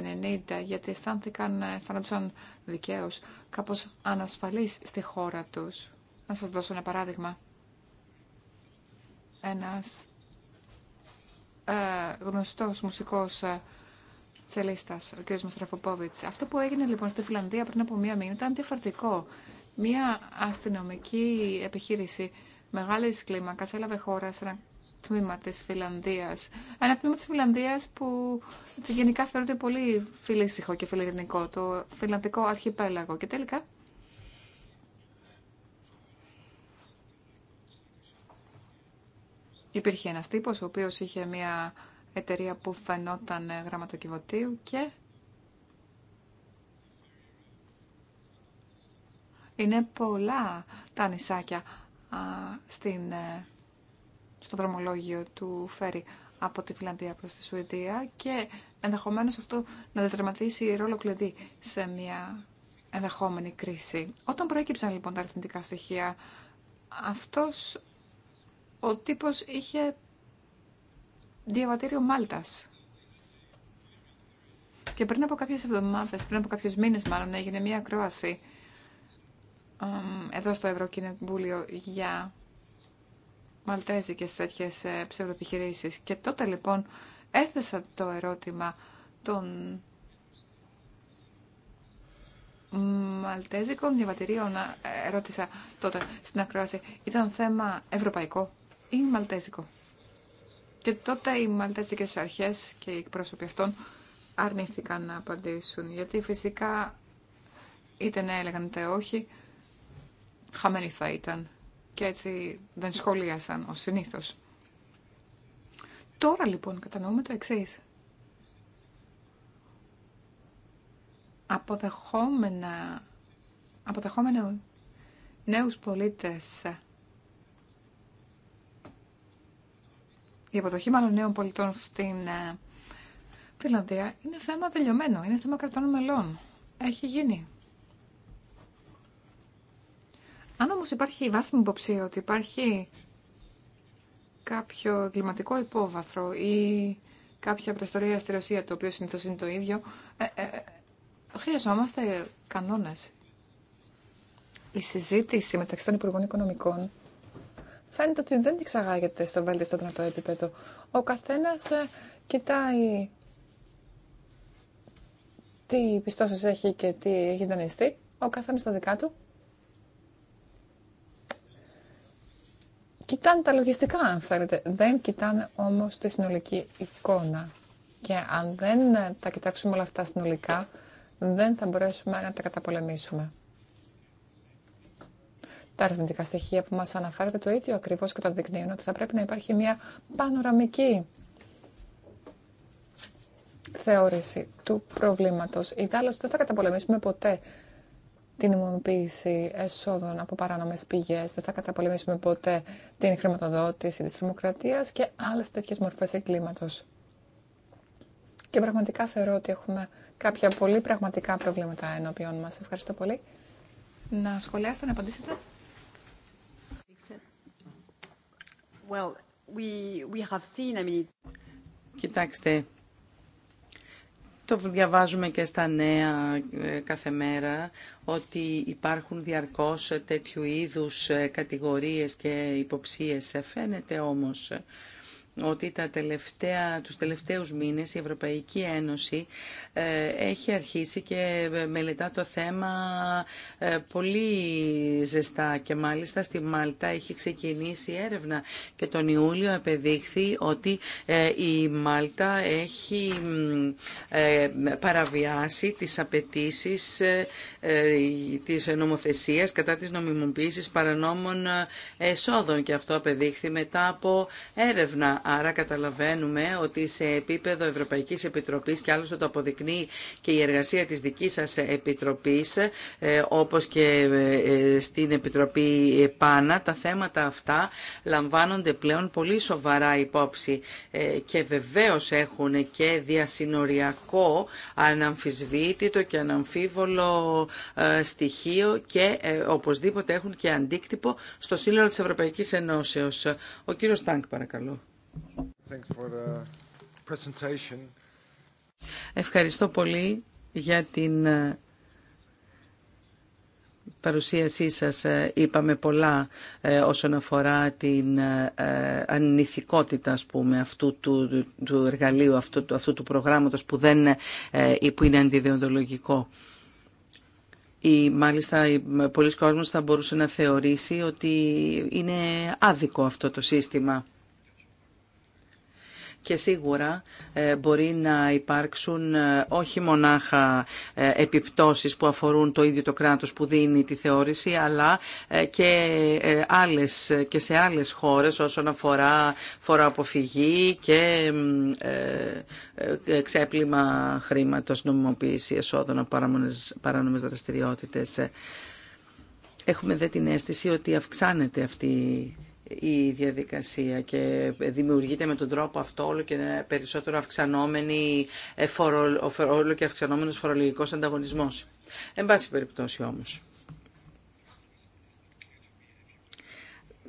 90 γιατί αισθάνθηκαν, αισθάνονταν δικαίω κάπως ανασφαλείς στη χώρα τους. Να σας δώσω ένα παράδειγμα. Ένας ε, γνωστός μουσικός ε, τσελίστας, ο κ. Μαστραφοπόβιτς. Αυτό που έγινε λοιπόν στη Φιλανδία πριν από μία μήνα ήταν διαφορετικό. Μία αστυνομική επιχείρηση μεγάλης κλίμακας έλαβε χώρα σε τμήμα της Φιλανδίας. Ένα τμήμα της Φιλανδίας που γενικά θεωρείται πολύ φιλήσυχο και φιλερινικό, το φιλανδικό αρχιπέλαγο. Και τελικά υπήρχε ένας τύπος ο οποίος είχε μια εταιρεία που φαινόταν γραμματοκιβωτίου και είναι πολλά τα νησάκια στην ε, στο δρομολόγιο του φέρει από τη Φιλανδία προς τη Σουηδία και ενδεχομένως αυτό να διαδραματίσει ρόλο κλειδί σε μια ενδεχόμενη κρίση. Όταν προέκυψαν λοιπόν τα αριθμητικά στοιχεία, αυτός ο τύπος είχε διαβατήριο Μάλτας. Και πριν από κάποιες εβδομάδες, πριν από κάποιους μήνες μάλλον, έγινε μια ακρόαση εδώ στο Ευρωκοινοβούλιο για μαλτέζικες τέτοιες ε, ψευδοπιχειρήσεις. Και τότε λοιπόν έθεσα το ερώτημα των μαλτέζικων διαβατηρίων, ε, ερώτησα τότε στην ακρόαση, ήταν θέμα ευρωπαϊκό ή μαλτέζικο. Και τότε οι μαλτέζικες αρχές και οι εκπρόσωποι αυτών αρνήθηκαν να απαντήσουν, γιατί φυσικά είτε ναι έλεγαν είτε όχι, χαμένοι θα ήταν και έτσι δεν σχολίασαν ως συνήθως. Τώρα λοιπόν κατανοούμε το εξής. Αποδεχόμενα, αποδεχόμενα νέους πολίτες η αποδοχή μάλλον νέων πολιτών στην ε, Φιλανδία είναι θέμα τελειωμένο, είναι θέμα κρατών μελών. Έχει γίνει. Αν όμως υπάρχει η μου υποψία ότι υπάρχει κάποιο οποίο συνήθως είναι υπόβαθρο ή κάποια πρεστορία στη Ρωσία, το οποίο συνήθως είναι το ίδιο, ε, ε, ε, χρειαζόμαστε κανόνες. Η συζήτηση μεταξύ των Υπουργών Οικονομικών φαίνεται ότι δεν εξαγάγεται στο βέλτιστο δυνατό επίπεδο. Ο καθένας κοιτάει τι πιστώσεις έχει και τι έχει δανειστεί, ο καθένας τα δικά του κοιτάνε τα λογιστικά αν θέλετε, δεν κοιτάνε όμως τη συνολική εικόνα. Και αν δεν ε, τα κοιτάξουμε όλα αυτά συνολικά, δεν θα μπορέσουμε να τα καταπολεμήσουμε. Τα αριθμητικά στοιχεία που μας αναφέρετε το ίδιο ακριβώς δεικνύουν ότι θα πρέπει να υπάρχει μια πανοραμική θεώρηση του προβλήματος. Ιδάλλως δεν θα καταπολεμήσουμε ποτέ την νομιμοποίηση εσόδων από παράνομες πηγές, δεν θα καταπολεμήσουμε ποτέ την χρηματοδότηση της δημοκρατίας και άλλες τέτοιες μορφές εγκλήματος. Και πραγματικά θεωρώ ότι έχουμε κάποια πολύ πραγματικά προβλήματα ενώπιον μας. Ευχαριστώ πολύ. Να σχολιάσετε, να απαντήσετε. Well, we, we have seen, I mean... Κοιτάξτε, το διαβάζουμε και στα νέα ε, κάθε μέρα ότι υπάρχουν διαρκώς τέτοιου είδους ε, κατηγορίες και υποψίες. Ε, φαίνεται όμως ότι τα τελευταία, τους τελευταίους μήνες η Ευρωπαϊκή Ένωση ε, έχει αρχίσει και ε, μελετά το θέμα ε, πολύ ζεστά και μάλιστα στη Μάλτα έχει ξεκινήσει έρευνα και τον Ιούλιο επεδείχθη ότι η Μάλτα έχει παραβιάσει τις απαιτήσει της νομοθεσίας κατά της νομιμοποίησης παρανόμων εσόδων και αυτό απεδείχθη μετά από έρευνα Άρα καταλαβαίνουμε ότι σε επίπεδο Ευρωπαϊκής Επιτροπής και άλλωστε το αποδεικνύει και η εργασία της δικής σας Επιτροπής ε, όπως και ε, στην Επιτροπή ΠΑΝΑ τα θέματα αυτά λαμβάνονται πλέον πολύ σοβαρά υπόψη ε, και βεβαίως έχουν και διασυνοριακό αναμφισβήτητο και αναμφίβολο στοιχείο και οπωσδήποτε έχουν και αντίκτυπο στο σύνολο της Ευρωπαϊκής Ενώσεως. Ο κύριος Τάνκ παρακαλώ. Ευχαριστώ πολύ για την ε, παρουσίασή σας ε, είπαμε πολλά ε, όσον αφορά την ανηθικότητα ας πούμε, αυτού του, εργαλείου, αυτού, του προγράμματος που, δεν, που είναι αντιδεοντολογικό. Ή, μάλιστα, πολλοί κόσμος θα μπορούσε να θεωρήσει ότι είναι άδικο αυτό το σύστημα και σίγουρα ε, μπορεί να υπάρξουν ε, όχι μονάχα ε, επιπτώσεις που αφορούν το ίδιο το κράτος που δίνει τη θεώρηση αλλά και, άλλες, και σε άλλες χώρες όσον αφορά φοροαποφυγή και ξέπλυμα χρήματος, νομιμοποίηση εσόδων, παράνομες δραστηριότητες. Έχουμε δε την αίσθηση ότι αυξάνεται αυτή η διαδικασία και δημιουργείται με τον τρόπο αυτό όλο και περισσότερο αυξανόμενη, ε, όλο και αυξανόμενος φορολογικός ανταγωνισμός. Εν πάση περιπτώσει όμως.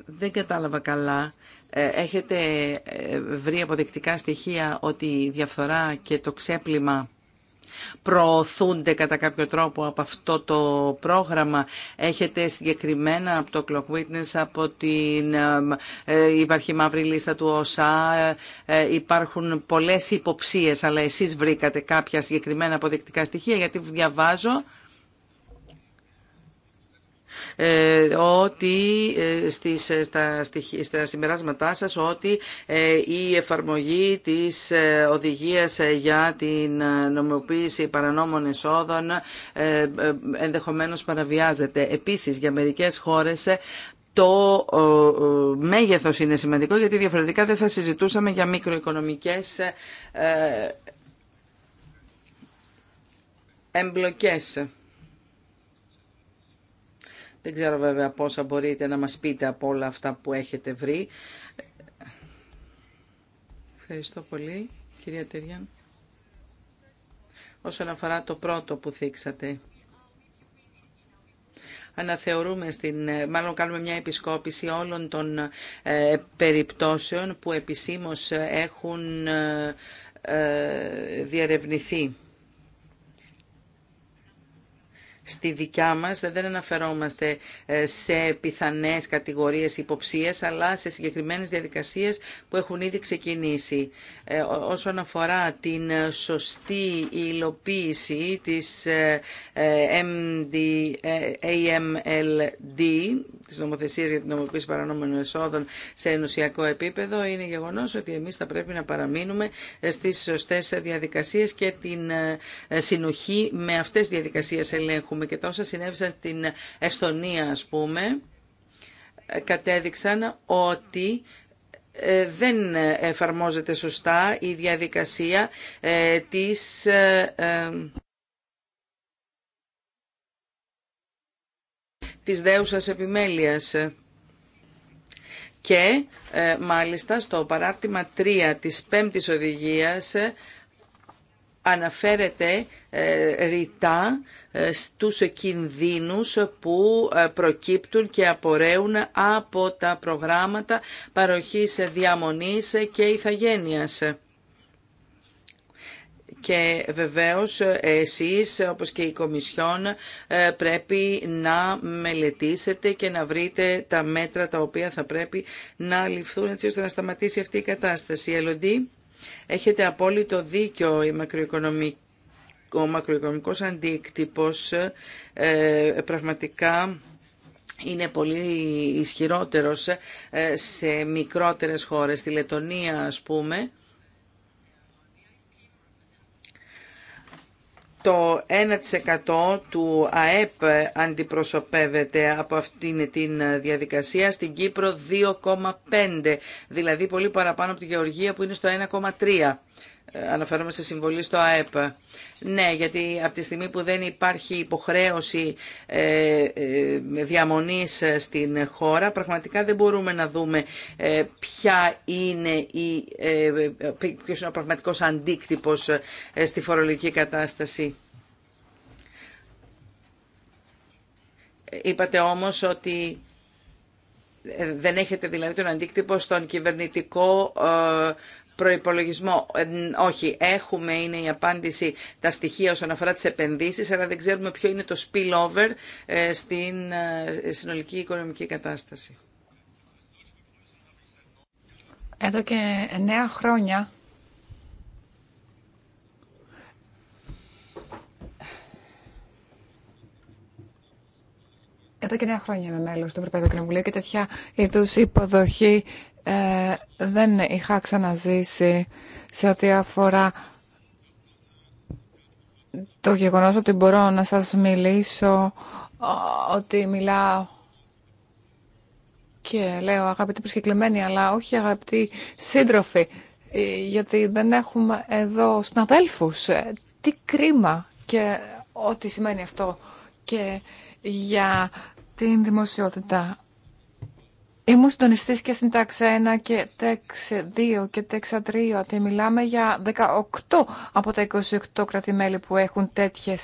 Δεν κατάλαβα καλά. Ε, έχετε ε, βρει αποδεικτικά στοιχεία ότι η διαφθορά και το ξέπλυμα προωθούνται κατά κάποιο τρόπο από αυτό το πρόγραμμα. Έχετε συγκεκριμένα από το Clock Witness, από την ε, υπάρχει μαύρη λίστα του ΩΣΑ, ε, υπάρχουν πολλές υποψίες, αλλά εσείς βρήκατε κάποια συγκεκριμένα αποδεικτικά στοιχεία, γιατί διαβάζω ε, ότι ε, στις, ε, στα, στα συμπεράσματά σας ότι η εφαρμογή της οδηγίας για την νομιμοποίηση παρανόμων εσόδων ενδεχομένως παραβιάζεται. Επίσης, για μερικές χώρες το μέγεθος είναι σημαντικό γιατί διαφορετικά δεν θα συζητούσαμε για μικροοικονομικές εμπλοκές. Δεν ξέρω βέβαια πόσα μπορείτε να μας πείτε από όλα αυτά που έχετε βρει. Ευχαριστώ πολύ, κυρία Τεριάν. Όσον αφορά το πρώτο που θίξατε, αναθεωρούμε, στην, μάλλον κάνουμε μια επισκόπηση όλων των ε, περιπτώσεων που επισήμως έχουν ε, ε διαρευνηθεί. Στη δικιά μας δεν αναφερόμαστε ε, σε πιθανές κατηγορίες υποψίες, αλλά σε συγκεκριμένες διαδικασίες που έχουν ήδη ξεκινήσει. Ε, όσον αφορά την σωστή υλοποίηση της ε, MD, AMLD, της νομοθεσίας για την νομοποίηση παρανόμενων εσόδων σε ενωσιακό επίπεδο, είναι γεγονός ότι εμείς θα πρέπει να παραμείνουμε στις σωστές διαδικασίες και την συνοχή με αυτές τις διαδικασίες ελέγχουμε έχουμε και τόσα συνέβησαν στην Εστονία ας πούμε, κατέδειξαν ότι ε, δεν εφαρμόζεται σωστά η διαδικασία ε, της ε, της δέουσας επιμέλειας. Και μάλιστα στο παράρτημα 3 της πέμπτης οδηγίας αναφέρεται ε, ρητά ε, στους κινδύνους που ε, προκύπτουν και απορρέουν από τα προγράμματα παροχής διαμονής και ηθαγένειας. Και βεβαίως εσείς όπως και η Κομισιόν πρέπει να μελετήσετε και να βρείτε τα μέτρα τα οποία θα πρέπει να ληφθούν έτσι ώστε να σταματήσει αυτή η κατάσταση. Έχετε απόλυτο δίκιο η ο μακροοικονομικός αντίκτυπος ε, πραγματικά είναι πολύ ισχυρότερος ε, σε μικρότερες χώρες, στη Λετωνία ας πούμε, το 1% του ΑΕΠ αντιπροσωπεύεται από αυτήν την διαδικασία, στην Κύπρο 2,5, δηλαδή πολύ παραπάνω από τη Γεωργία που είναι στο 1,3. Ε, αναφέρομαι σε συμβολή στο ΑΕΠ. Ναι, γιατί από τη στιγμή που δεν υπάρχει υποχρέωση ε, ε, διαμονής στην χώρα, πραγματικά δεν μπορούμε να δούμε ποια είναι η, ποιος είναι ο πραγματικός αντίκτυπος στη φορολογική κατάσταση. Είπατε όμως ότι δεν έχετε δηλαδή τον αντίκτυπο στον κυβερνητικό Προπολογισμό. Ε, όχι, έχουμε είναι η απάντηση τα στοιχεία όσον αφορά τι επενδύσει, αλλά δεν ξέρουμε ποιο είναι το spillover ε, στην ε, συνολική οικονομική κατάσταση. Εδώ και εννέα χρόνια Εδώ και νέα χρόνια είμαι μέλο του Ευρωπαϊκού Κοινοβουλίου και τέτοια είδου υποδοχή ε, δεν είχα ξαναζήσει σε ό,τι αφορά το γεγονός ότι μπορώ να σας μιλήσω, ότι μιλάω και λέω αγαπητοί προσκεκλημένοι, αλλά όχι αγαπητοί σύντροφοι, ε, γιατί δεν έχουμε εδώ συναδέλφους. Ε, τι κρίμα και ό,τι σημαίνει αυτό και για την δημοσιότητα. Ήμουν συντονιστή και στην τάξη 1 και τάξη 2 και τάξη 3 ότι μιλάμε για 18 από τα 28 κρατημέλη που έχουν τέτοιε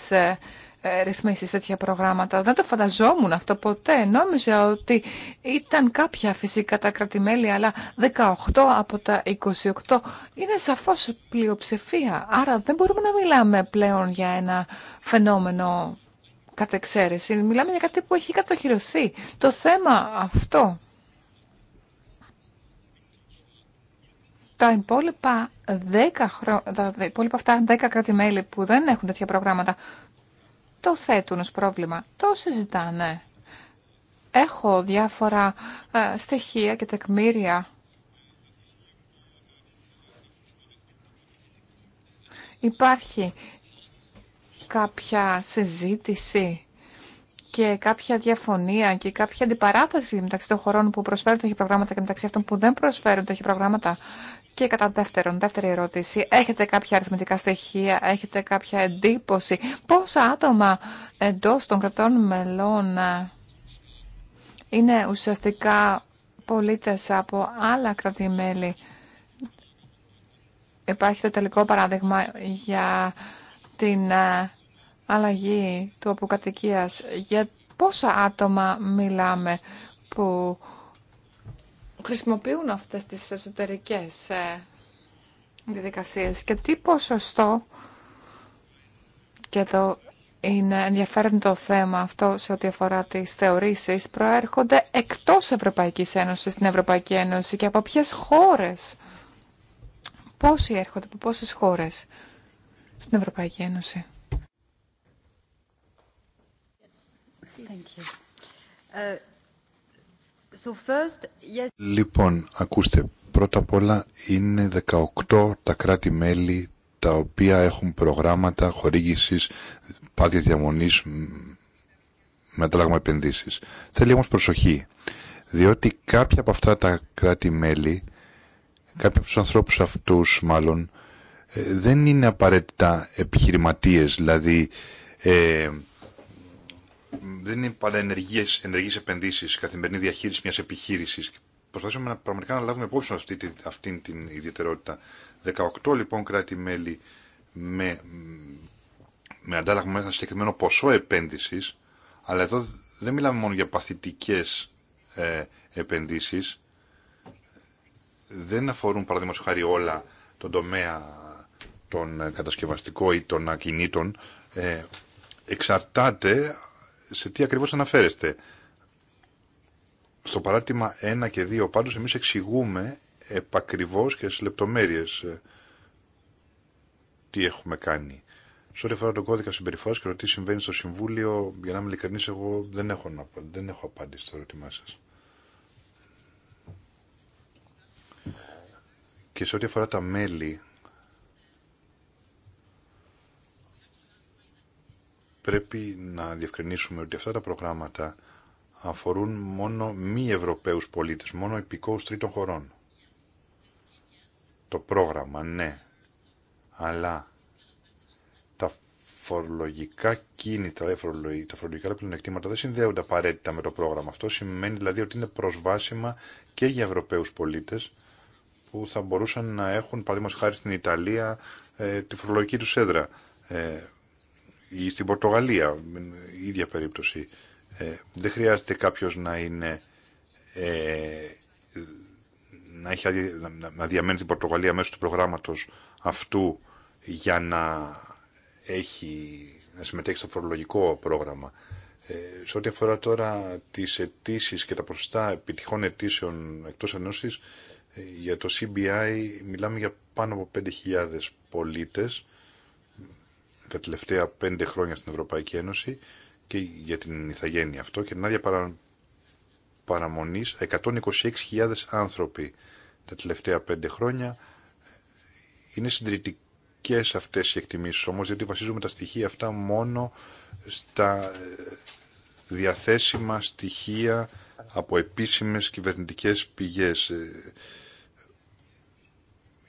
ε, ρυθμίσει, τέτοια προγράμματα. Δεν το φανταζόμουν αυτό ποτέ. Νόμιζα ότι ήταν κάποια φυσικά τα κρατημέλη, αλλά 18 από τα 28 είναι σαφώς πλειοψηφία. Άρα δεν μπορούμε να μιλάμε πλέον για ένα φαινόμενο κατεξαίρεση. Μιλάμε για κάτι που έχει κατοχυρωθεί. Το θέμα αυτό Τα υπόλοιπα, 10 χρο... τα υπόλοιπα αυτά 10 κράτη-μέλη που δεν έχουν τέτοια προγράμματα το θέτουν ως πρόβλημα. Το συζητάνε. Έχω διάφορα ε, στοιχεία και τεκμήρια. Υπάρχει κάποια συζήτηση και κάποια διαφωνία και κάποια αντιπαράθεση μεταξύ των χωρών που προσφέρουν τέτοια προγράμματα και μεταξύ αυτών που δεν προσφέρουν τέτοια προγράμματα. Και κατά δεύτερον, δεύτερη ερώτηση, έχετε κάποια αριθμητικά στοιχεία, έχετε κάποια εντύπωση, πόσα άτομα εντός των κρατών μελών ε, είναι ουσιαστικά πολίτες από άλλα κρατημέλη. Υπάρχει το τελικό παράδειγμα για την ε, αλλαγή του αποκατοικίας. Για πόσα άτομα μιλάμε που χρησιμοποιούν αυτές τις εσωτερικές ε, διαδικασίες και τι ποσοστό και εδώ είναι ενδιαφέρον το θέμα αυτό σε ό,τι αφορά τις θεωρήσεις προέρχονται εκτός Ευρωπαϊκής Ένωσης στην Ευρωπαϊκή Ένωση και από ποιες χώρες πόσοι έρχονται από πόσες χώρες στην Ευρωπαϊκή Ένωση Thank uh, Λοιπόν, ακούστε, πρώτα απ' όλα είναι 18 τα κράτη-μέλη τα οποία έχουν προγράμματα χορήγησης πάθεια διαμονής με αντάλλαγμα επενδύσεις. Θέλει όμως προσοχή, διότι κάποια από αυτά τα κράτη-μέλη, κάποιοι από τους ανθρώπους αυτούς μάλλον, ε, δεν είναι απαραίτητα επιχειρηματίες, δηλαδή... Ε, δεν είναι πάντα ενεργέ επενδύσει επενδύσεις, καθημερινή διαχείριση μιας επιχείρησης. προσπαθούμε να, πραγματικά να λάβουμε υπόψη αυτή, αυτή την ιδιαιτερότητα. 18 λοιπόν κράτη-μέλη με, με αντάλλαγμα ένα συγκεκριμένο ποσό επένδυσης, αλλά εδώ δεν μιλάμε μόνο για παθητικέ ε, επενδύσεις, δεν αφορούν παραδείγματος χάρη όλα τον τομέα τον κατασκευαστικό ή των ακινήτων, ε, εξαρτάται σε τι ακριβώς αναφέρεστε. Στο παράτημα 1 και 2 πάντως εμείς εξηγούμε επακριβώς και στις λεπτομέρειες ε, τι έχουμε κάνει. Σε ό,τι αφορά τον κώδικα συμπεριφορά και το τι συμβαίνει στο Συμβούλιο, για να είμαι ειλικρινή, εγώ δεν έχω, δεν έχω απάντηση στο ερώτημά σα. Και σε ό,τι αφορά τα μέλη, πρέπει να διευκρινίσουμε ότι αυτά τα προγράμματα αφορούν μόνο μη Ευρωπαίους πολίτες, μόνο υπηκόους τρίτων χωρών. Το πρόγραμμα, ναι, αλλά τα φορολογικά κίνητρα, τα φορολογικά πλεονεκτήματα δεν συνδέονται απαραίτητα με το πρόγραμμα. Αυτό σημαίνει δηλαδή ότι είναι προσβάσιμα και για Ευρωπαίους πολίτες που θα μπορούσαν να έχουν, παραδείγματος χάρη στην Ιταλία, ε, τη φορολογική του έδρα. Ε, ή στην Πορτογαλία, η ίδια περίπτωση. Ε, δεν χρειάζεται κάποιος να είναι ε, να, έχει, να, διαμένει στην Πορτογαλία μέσω του προγράμματος αυτού για να έχει να συμμετέχει στο φορολογικό πρόγραμμα. Ε, σε ό,τι αφορά τώρα τις αιτήσει και τα ποσοστά επιτυχών αιτήσεων εκτός ενώσης, ε, για το CBI μιλάμε για πάνω από 5.000 πολίτες τα τελευταία πέντε χρόνια στην Ευρωπαϊκή Ένωση και για την ηθαγένεια αυτό και την άδεια παρα... παραμονής 126.000 άνθρωποι τα τελευταία πέντε χρόνια είναι συντηρητικές αυτές οι εκτιμήσεις όμως γιατί βασίζουμε τα στοιχεία αυτά μόνο στα ε, διαθέσιμα στοιχεία από επίσημες κυβερνητικές πηγές ε,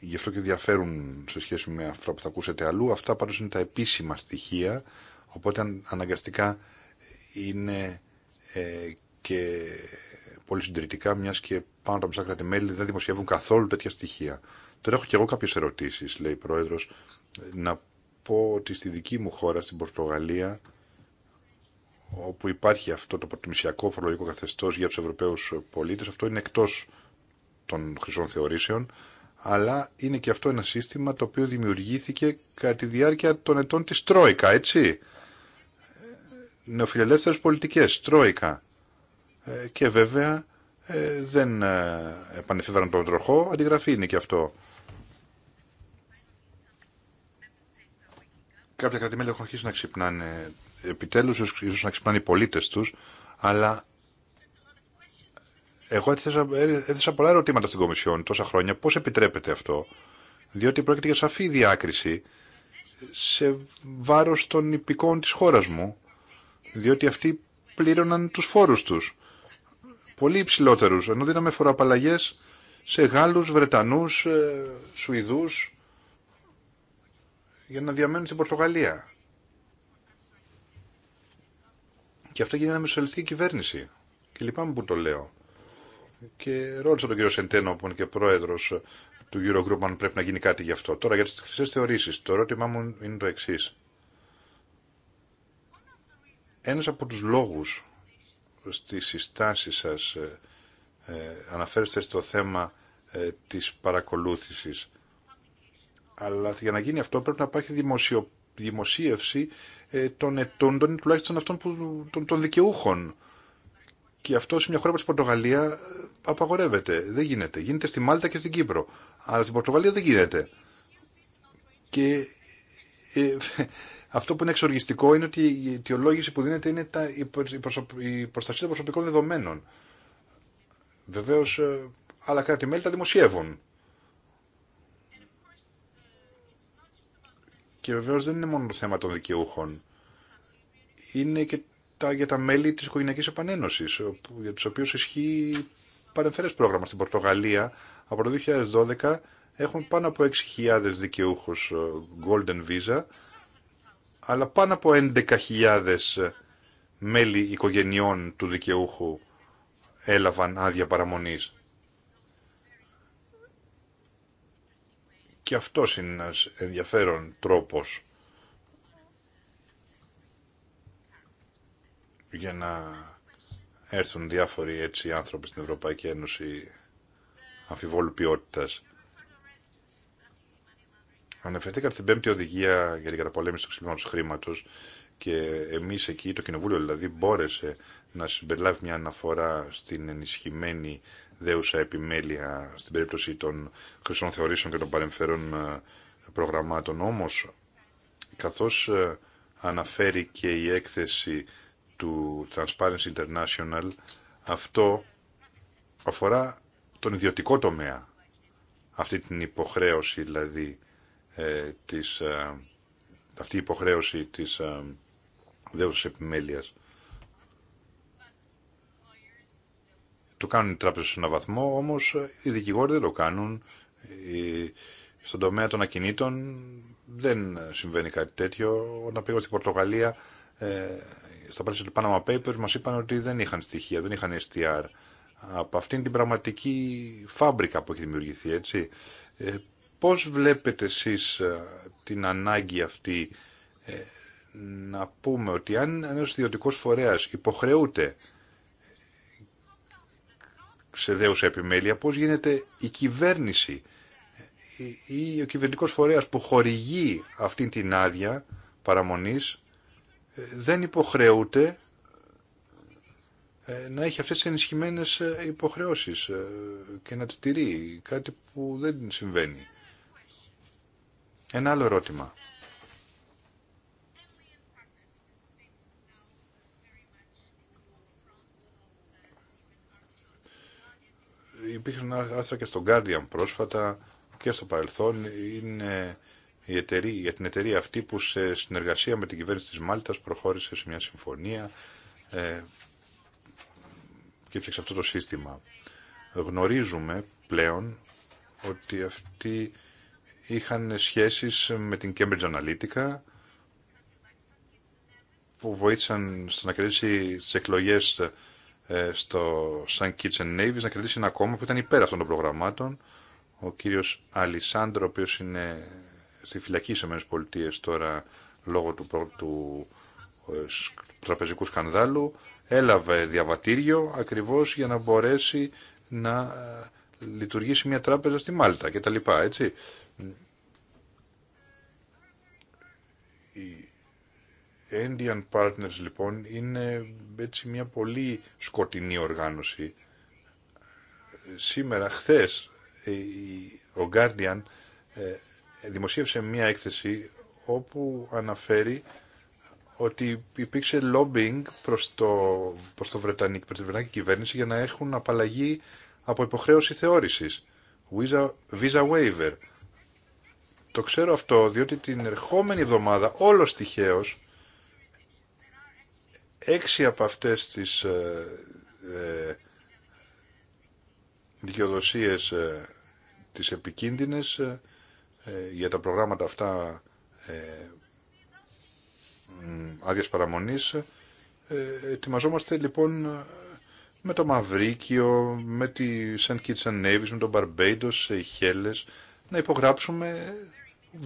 γι' αυτό και διαφέρουν σε σχέση με αυτά που θα ακούσετε αλλού. Αυτά πάντω είναι τα επίσημα στοιχεία, οπότε αναγκαστικά είναι ε, και πολύ συντηρητικά, μια και πάνω τα μισά κράτη-μέλη δεν δημοσιεύουν καθόλου τέτοια στοιχεία. Τώρα έχω και εγώ κάποιε ερωτήσει, λέει η Πρόεδρος, να πω ότι στη δική μου χώρα, στην Πορτογαλία, όπου υπάρχει αυτό το προτιμησιακό φορολογικό καθεστώ για του Ευρωπαίου πολίτε, αυτό είναι εκτό των χρυσών θεωρήσεων αλλά είναι και αυτό ένα σύστημα το οποίο δημιουργήθηκε κατά τη διάρκεια των ετών της Τρόικα, έτσι. Νεοφιλελεύθερες πολιτικές, Τρόικα. Ε, και βέβαια ε, δεν ε, επανεφεύραν τον τροχό, αντιγραφή είναι και αυτό. Κάποια κρατημέλια έχουν αρχίσει να ξυπνάνε, επιτέλους ίσως να ξυπνάνε οι πολίτες τους, αλλά εγώ έθεσα, έθεσα πολλά ερωτήματα στην Κομισιόν τόσα χρόνια. Πώς επιτρέπεται αυτό. Διότι πρόκειται για σαφή διάκριση σε βάρος των υπηκών της χώρας μου. Διότι αυτοί πλήρωναν τους φόρους τους. Πολύ υψηλότερου Ενώ δίναμε φοροαπαλλαγές σε Γάλλου, Βρετανούς, ε, Σουηδούς για να διαμένουν στην Πορτογαλία. Και αυτό γίνεται με σοσιαλιστική κυβέρνηση. Και λυπάμαι που το λέω και ρώτησα τον κύριο Σεντένο που είναι και πρόεδρος του Eurogroup αν πρέπει να γίνει κάτι γι' αυτό. Τώρα για τι χρυσές θεωρήσεις, το ερώτημά μου είναι το εξή. Ένας από τους λόγους στι συστάσεις σας ε, ε, αναφέρεστε στο θέμα ε, της παρακολούθησης. Αλλά για να γίνει αυτό πρέπει να υπάρχει δημοσιο, δημοσίευση ε, των ετών, τουλάχιστον αυτών που, των δικαιούχων. Και αυτό σε μια χώρα όπως η Πορτογαλία ε, απαγορεύεται. Δεν γίνεται. Γίνεται στη Μάλτα και στην Κύπρο. Αλλά στην Πορτογαλία δεν γίνεται. Και ε, [LAUGHS] αυτό που είναι εξοργιστικό είναι ότι η αιτιολόγηση που δίνεται είναι τα, η, προσωπ, η προστασία των προσωπικών δεδομένων. Βεβαίω ε, άλλα κράτη-μέλη τα δημοσιεύουν. Και βεβαίω δεν είναι μόνο το θέμα των δικαιούχων. Είναι και για τα μέλη της οικογενειακής επανένωσης, για τους οποίους ισχύει παρεμφερές πρόγραμμα στην Πορτογαλία. Από το 2012 έχουν πάνω από 6.000 δικαιούχους ε, Golden Visa, αλλά πάνω από 11.000 μέλη οικογενειών του δικαιούχου έλαβαν άδεια παραμονής. Και αυτός είναι ένας ενδιαφέρον τρόπος για να έρθουν διάφοροι έτσι άνθρωποι στην Ευρωπαϊκή Ένωση αμφιβόλου ποιότητα. Αναφερθήκατε στην πέμπτη οδηγία για την καταπολέμηση του ξυπνήματο χρήματο και εμεί εκεί, το Κοινοβούλιο δηλαδή, μπόρεσε να συμπεριλάβει μια αναφορά στην ενισχυμένη δέουσα επιμέλεια στην περίπτωση των χρυσών θεωρήσεων και των παρεμφερών ε, προγραμμάτων. Όμω, καθώ ε, αναφέρει και η έκθεση του Transparency International αυτό αφορά τον ιδιωτικό τομέα. Αυτή την υποχρέωση δηλαδή ε, της, ε, αυτή η υποχρέωση της ε, δέουσας επιμέλειας. Το κάνουν οι τράπεζες σε έναν βαθμό, όμως οι δικηγόροι δεν το κάνουν. στον τομέα των ακινήτων δεν συμβαίνει κάτι τέτοιο. Όταν πήγα στην Πορτογαλία ε, στα πλαίσια του Panama Papers μας είπαν ότι δεν είχαν στοιχεία, δεν είχαν STR. Από αυτήν την πραγματική φάμπρικα που έχει δημιουργηθεί, έτσι. Ε, πώς βλέπετε εσείς ε, την ανάγκη αυτή ε, να πούμε ότι αν ένας ιδιωτικό φορέας υποχρεούται σε δέουσα επιμέλεια, πώς γίνεται η κυβέρνηση ε, ή ο κυβερνητικός φορέας που χορηγεί αυτή την άδεια παραμονής δεν υποχρεούται ε, να έχει αυτές τις ενισχυμένες ε, υποχρεώσεις ε, και να τις τηρεί, κάτι που δεν συμβαίνει. Ένα άλλο ερώτημα. Υπήρχαν άρθρα και στο Guardian πρόσφατα και στο παρελθόν. Είναι η εταιρεία, για την εταιρεία αυτή που σε συνεργασία με την κυβέρνηση της Μάλτας προχώρησε σε μια συμφωνία ε, και έφτιαξε αυτό το σύστημα. Γνωρίζουμε πλέον ότι αυτοί είχαν σχέσεις με την Cambridge Analytica που βοήθησαν στο να τι εκλογές ε, στο Sun Kitchen Navy να κρατήσει ένα κόμμα που ήταν υπέρ αυτών των προγραμμάτων ο κύριος Αλισάνδρο ο οποίος είναι στη φυλακή στι Πολιτείε τώρα λόγω του, ε, του τραπεζικού σκανδάλου έλαβε διαβατήριο ακριβώς για να μπορέσει να ε, λειτουργήσει μια τράπεζα στη Μάλτα και τα λοιπά, έτσι. Οι Indian Partners λοιπόν είναι έτσι μια πολύ σκοτεινή οργάνωση. Σήμερα, χθες, ε, ο Guardian δημοσίευσε μία έκθεση όπου αναφέρει ότι υπήρξε lobbying προς, το, προς, το Βρετανική, κυβέρνηση για να έχουν απαλλαγή από υποχρέωση θεώρησης. Visa, visa waiver. Το ξέρω αυτό διότι την ερχόμενη εβδομάδα όλος τυχαίως έξι από αυτές τις ε, ε, δικαιοδοσίες ε, τις επικίνδυνες ε, ε, για τα προγράμματα αυτά ε, άδειας παραμονής. Ε, ετοιμαζόμαστε λοιπόν με το Μαυρίκιο, με τη Σεν Κίτσεν and με τον Μπαρμπέιντος, σε Χέλες, να υπογράψουμε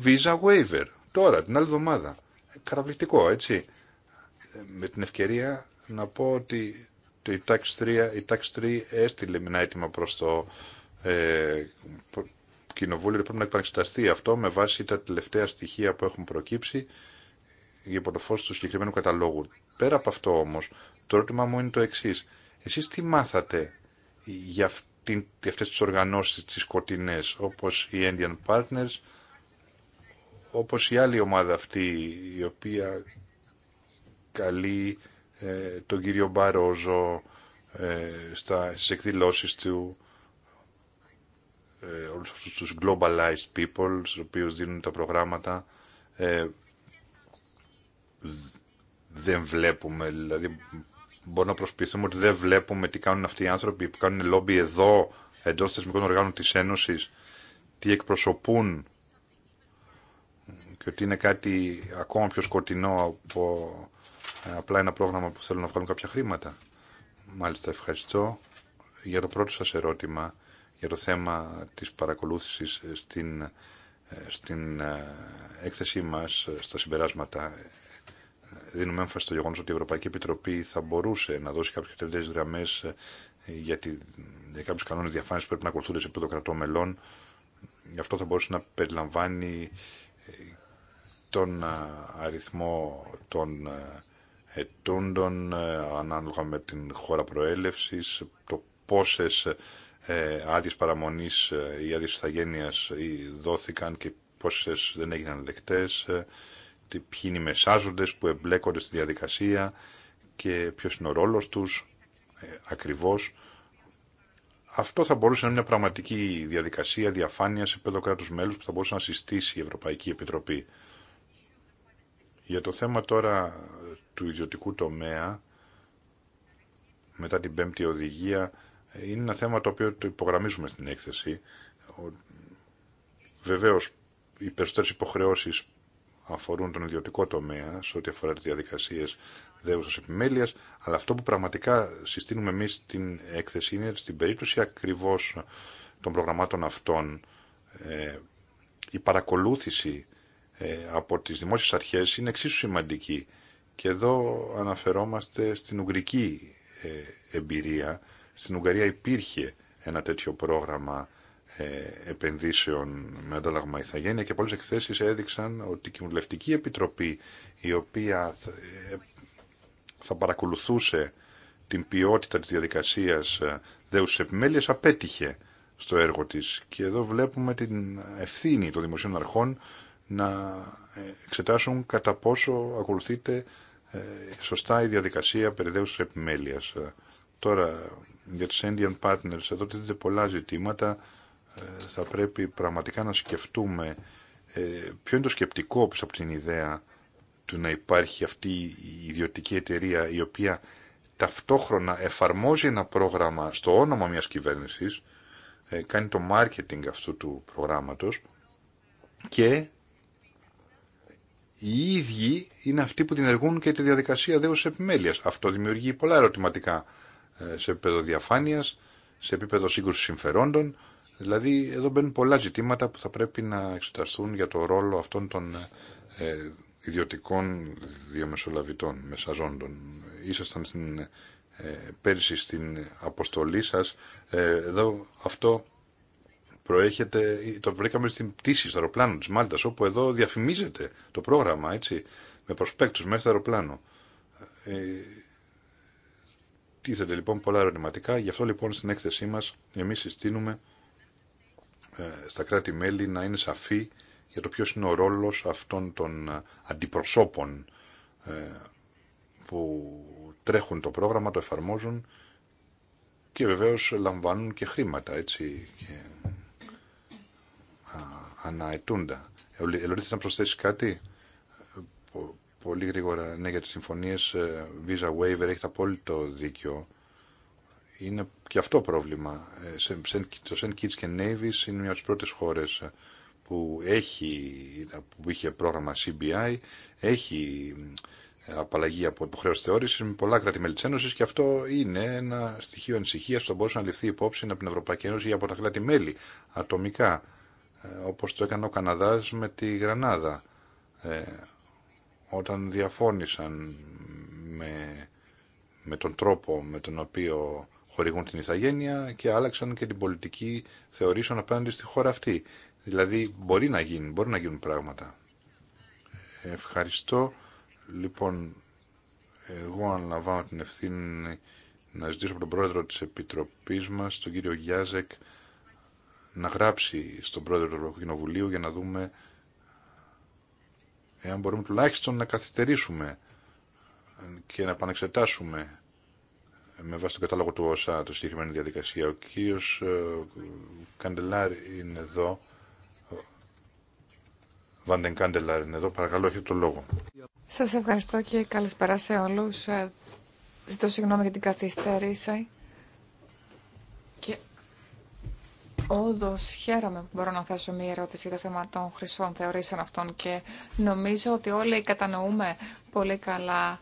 Visa Waiver. Τώρα, την άλλη εβδομάδα. Καταπληκτικό, έτσι. Ε, με την ευκαιρία να πω ότι το, η, Tax 3, η Tax 3 έστειλε ένα έτοιμα προς το ε, Κοινοβούλιο πρέπει να επανεξεταστεί αυτό με βάση τα τελευταία στοιχεία που έχουν προκύψει υπό το φως του συγκεκριμένου καταλόγου. Πέρα από αυτό όμως, το ερώτημα μου είναι το εξή. Εσείς τι μάθατε για την αυτές τις οργανώσεις τις σκοτεινές, όπως οι Indian Partners, όπως η άλλη ομάδα αυτή, η οποία καλεί ε, τον κύριο Μπαρόζο ε, στα, στις του, ε, όλους αυτούς τους globalized people στους οποίους δίνουν τα προγράμματα ε, δεν βλέπουμε δηλαδή μπορούμε να προσποιηθούμε ότι δεν βλέπουμε τι κάνουν αυτοί οι άνθρωποι που κάνουν λόμπι εδώ εντό θεσμικών οργάνων της Ένωσης τι εκπροσωπούν και ότι είναι κάτι ακόμα πιο σκοτεινό από ε, απλά ένα πρόγραμμα που θέλουν να βγάλουν κάποια χρήματα. Μάλιστα ευχαριστώ για το πρώτο σας ερώτημα για το θέμα της παρακολούθησης ε, στην, ε, στην ε, έκθεσή μας, στα συμπεράσματα. Δίνουμε έμφαση στο γεγονός ότι η Ευρωπαϊκή Επιτροπή θα μπορούσε να δώσει κάποιες τελευταίες γραμμές για, τη, για κάποιους κανόνες διαφάνειας που πρέπει να ακολουθούνται σε επίπεδο κρατών μελών. Γι' αυτό θα μπορούσε να περιλαμβάνει τον αριθμό των ετούντων ανάλογα με την χώρα προέλευσης, το πόσες ε, άδειες παραμονής ε, ή άδειες ηθαγένειας δόθηκαν και πόσε δεν έγιναν δεκτές, ε, ποιοι είναι οι μεσάζοντε που εμπλέκονται στη διαδικασία και ποιο είναι ο ρόλος τους ε, ακριβώς. Αυτό θα μπορούσε να είναι μια πραγματική διαδικασία διαφάνεια σε πέντε κράτου μέλου που θα μπορούσε να συστήσει η Ευρωπαϊκή Επιτροπή. Για το θέμα τώρα του ιδιωτικού τομέα, μετά την πέμπτη οδηγία, είναι ένα θέμα το οποίο το υπογραμμίζουμε στην έκθεση. Βεβαίω οι περισσότερε υποχρεώσεις αφορούν τον ιδιωτικό τομέα σε ό,τι αφορά τι διαδικασίε δέουσα επιμέλεια, αλλά αυτό που πραγματικά συστήνουμε εμείς στην έκθεση είναι στην περίπτωση ακριβώς των προγραμμάτων αυτών ε, η παρακολούθηση ε, από τις δημόσιε αρχές είναι εξίσου σημαντική. Και εδώ αναφερόμαστε στην ουγγρική ε, εμπειρία στην Ουγγαρία υπήρχε ένα τέτοιο πρόγραμμα ε, επενδύσεων με αντάλλαγμα ηθαγένεια και πολλές εκθέσεις έδειξαν ότι η Κοινοβουλευτική Επιτροπή η οποία θα, ε, παρακολουθούσε την ποιότητα της διαδικασίας ε, δέους επιμέλειας, απέτυχε στο έργο της και εδώ βλέπουμε την ευθύνη των δημοσίων αρχών να εξετάσουν κατά πόσο ακολουθείται σωστά η διαδικασία δέους επιμέλειας. Τώρα για τους Indian Partners. Εδώ τίθεται πολλά ζητήματα. Ε, θα πρέπει πραγματικά να σκεφτούμε ε, ποιο είναι το σκεπτικό όπως από την ιδέα του να υπάρχει αυτή η ιδιωτική εταιρεία η οποία ταυτόχρονα εφαρμόζει ένα πρόγραμμα στο όνομα μιας κυβέρνησης, ε, κάνει το marketing αυτού του προγράμματος και οι ίδιοι είναι αυτοί που την εργούν και τη διαδικασία δέους επιμέλειας. Αυτό δημιουργεί πολλά ερωτηματικά σε επίπεδο διαφάνεια, σε επίπεδο σύγκρουση συμφερόντων. Δηλαδή εδώ μπαίνουν πολλά ζητήματα που θα πρέπει να εξεταστούν για το ρόλο αυτών των ε, ιδιωτικών διαμεσολαβητών, μεσαζόντων. Ήσασταν στην, ε, πέρσι στην αποστολή σα, ε, εδώ αυτό προέρχεται, το βρήκαμε στην πτήση, στο αεροπλάνο τη μάλτα, όπου εδώ διαφημίζεται το πρόγραμμα, έτσι, με προσπέκτους μέσα στο αεροπλάνο. Ε, τίθεται λοιπόν πολλά ερωτηματικά, γι' αυτό λοιπόν στην έκθεσή μας εμείς συστήνουμε ε, στα κράτη-μέλη να είναι σαφή για το ποιος είναι ο ρόλος αυτών των ε, αντιπροσώπων ε, που τρέχουν το πρόγραμμα, το εφαρμόζουν και βεβαίως λαμβάνουν και χρήματα, έτσι, και αναετούντα. Ελωρίθες να προσθέσεις κάτι? πολύ γρήγορα ναι, για τις συμφωνίες ε, Visa Waiver έχει απόλυτο δίκιο. Είναι και αυτό πρόβλημα. Ε, το St. Kitts και Nevis είναι μια από τις πρώτες χώρες ε, που, έχει, που είχε πρόγραμμα CBI, έχει απαλλαγή από υποχρέωση θεώρηση με πολλά κράτη-μέλη τη Ένωση και αυτό είναι ένα στοιχείο ανησυχία που θα μπορούσε να ληφθεί υπόψη από την Ευρωπαϊκή Ένωση ή από τα κράτη-μέλη ατομικά, όπω το έκανε ο Καναδά με τη Γρανάδα όταν διαφώνησαν με, με τον τρόπο με τον οποίο χορηγούν την ηθαγένεια και άλλαξαν και την πολιτική θεωρήσεων απέναντι στη χώρα αυτή. Δηλαδή μπορεί να γίνει, μπορεί να γίνουν πράγματα. Ευχαριστώ. Λοιπόν, εγώ αναλαμβάνω την ευθύνη να ζητήσω από τον πρόεδρο της Επιτροπής μας, τον κύριο Γιάζεκ, να γράψει στον πρόεδρο του Ευρωπαϊκού Κοινοβουλίου για να δούμε εάν μπορούμε τουλάχιστον να καθυστερήσουμε και να επανεξετάσουμε με βάση τον κατάλογο του ΩΣΑ το συγκεκριμένη διαδικασία. Ο κύριος ε, Καντελάρη είναι εδώ. Βαντεν Καντελάρ είναι εδώ. Παρακαλώ, έχετε το λόγο. Σας ευχαριστώ και καλησπέρα σε όλους. Ε, ζητώ συγγνώμη για την καθυστέρηση. Όντω χαίρομαι που μπορώ να θέσω μία ερώτηση για το θέμα των χρυσών θεωρήσεων αυτών και νομίζω ότι όλοι κατανοούμε πολύ καλά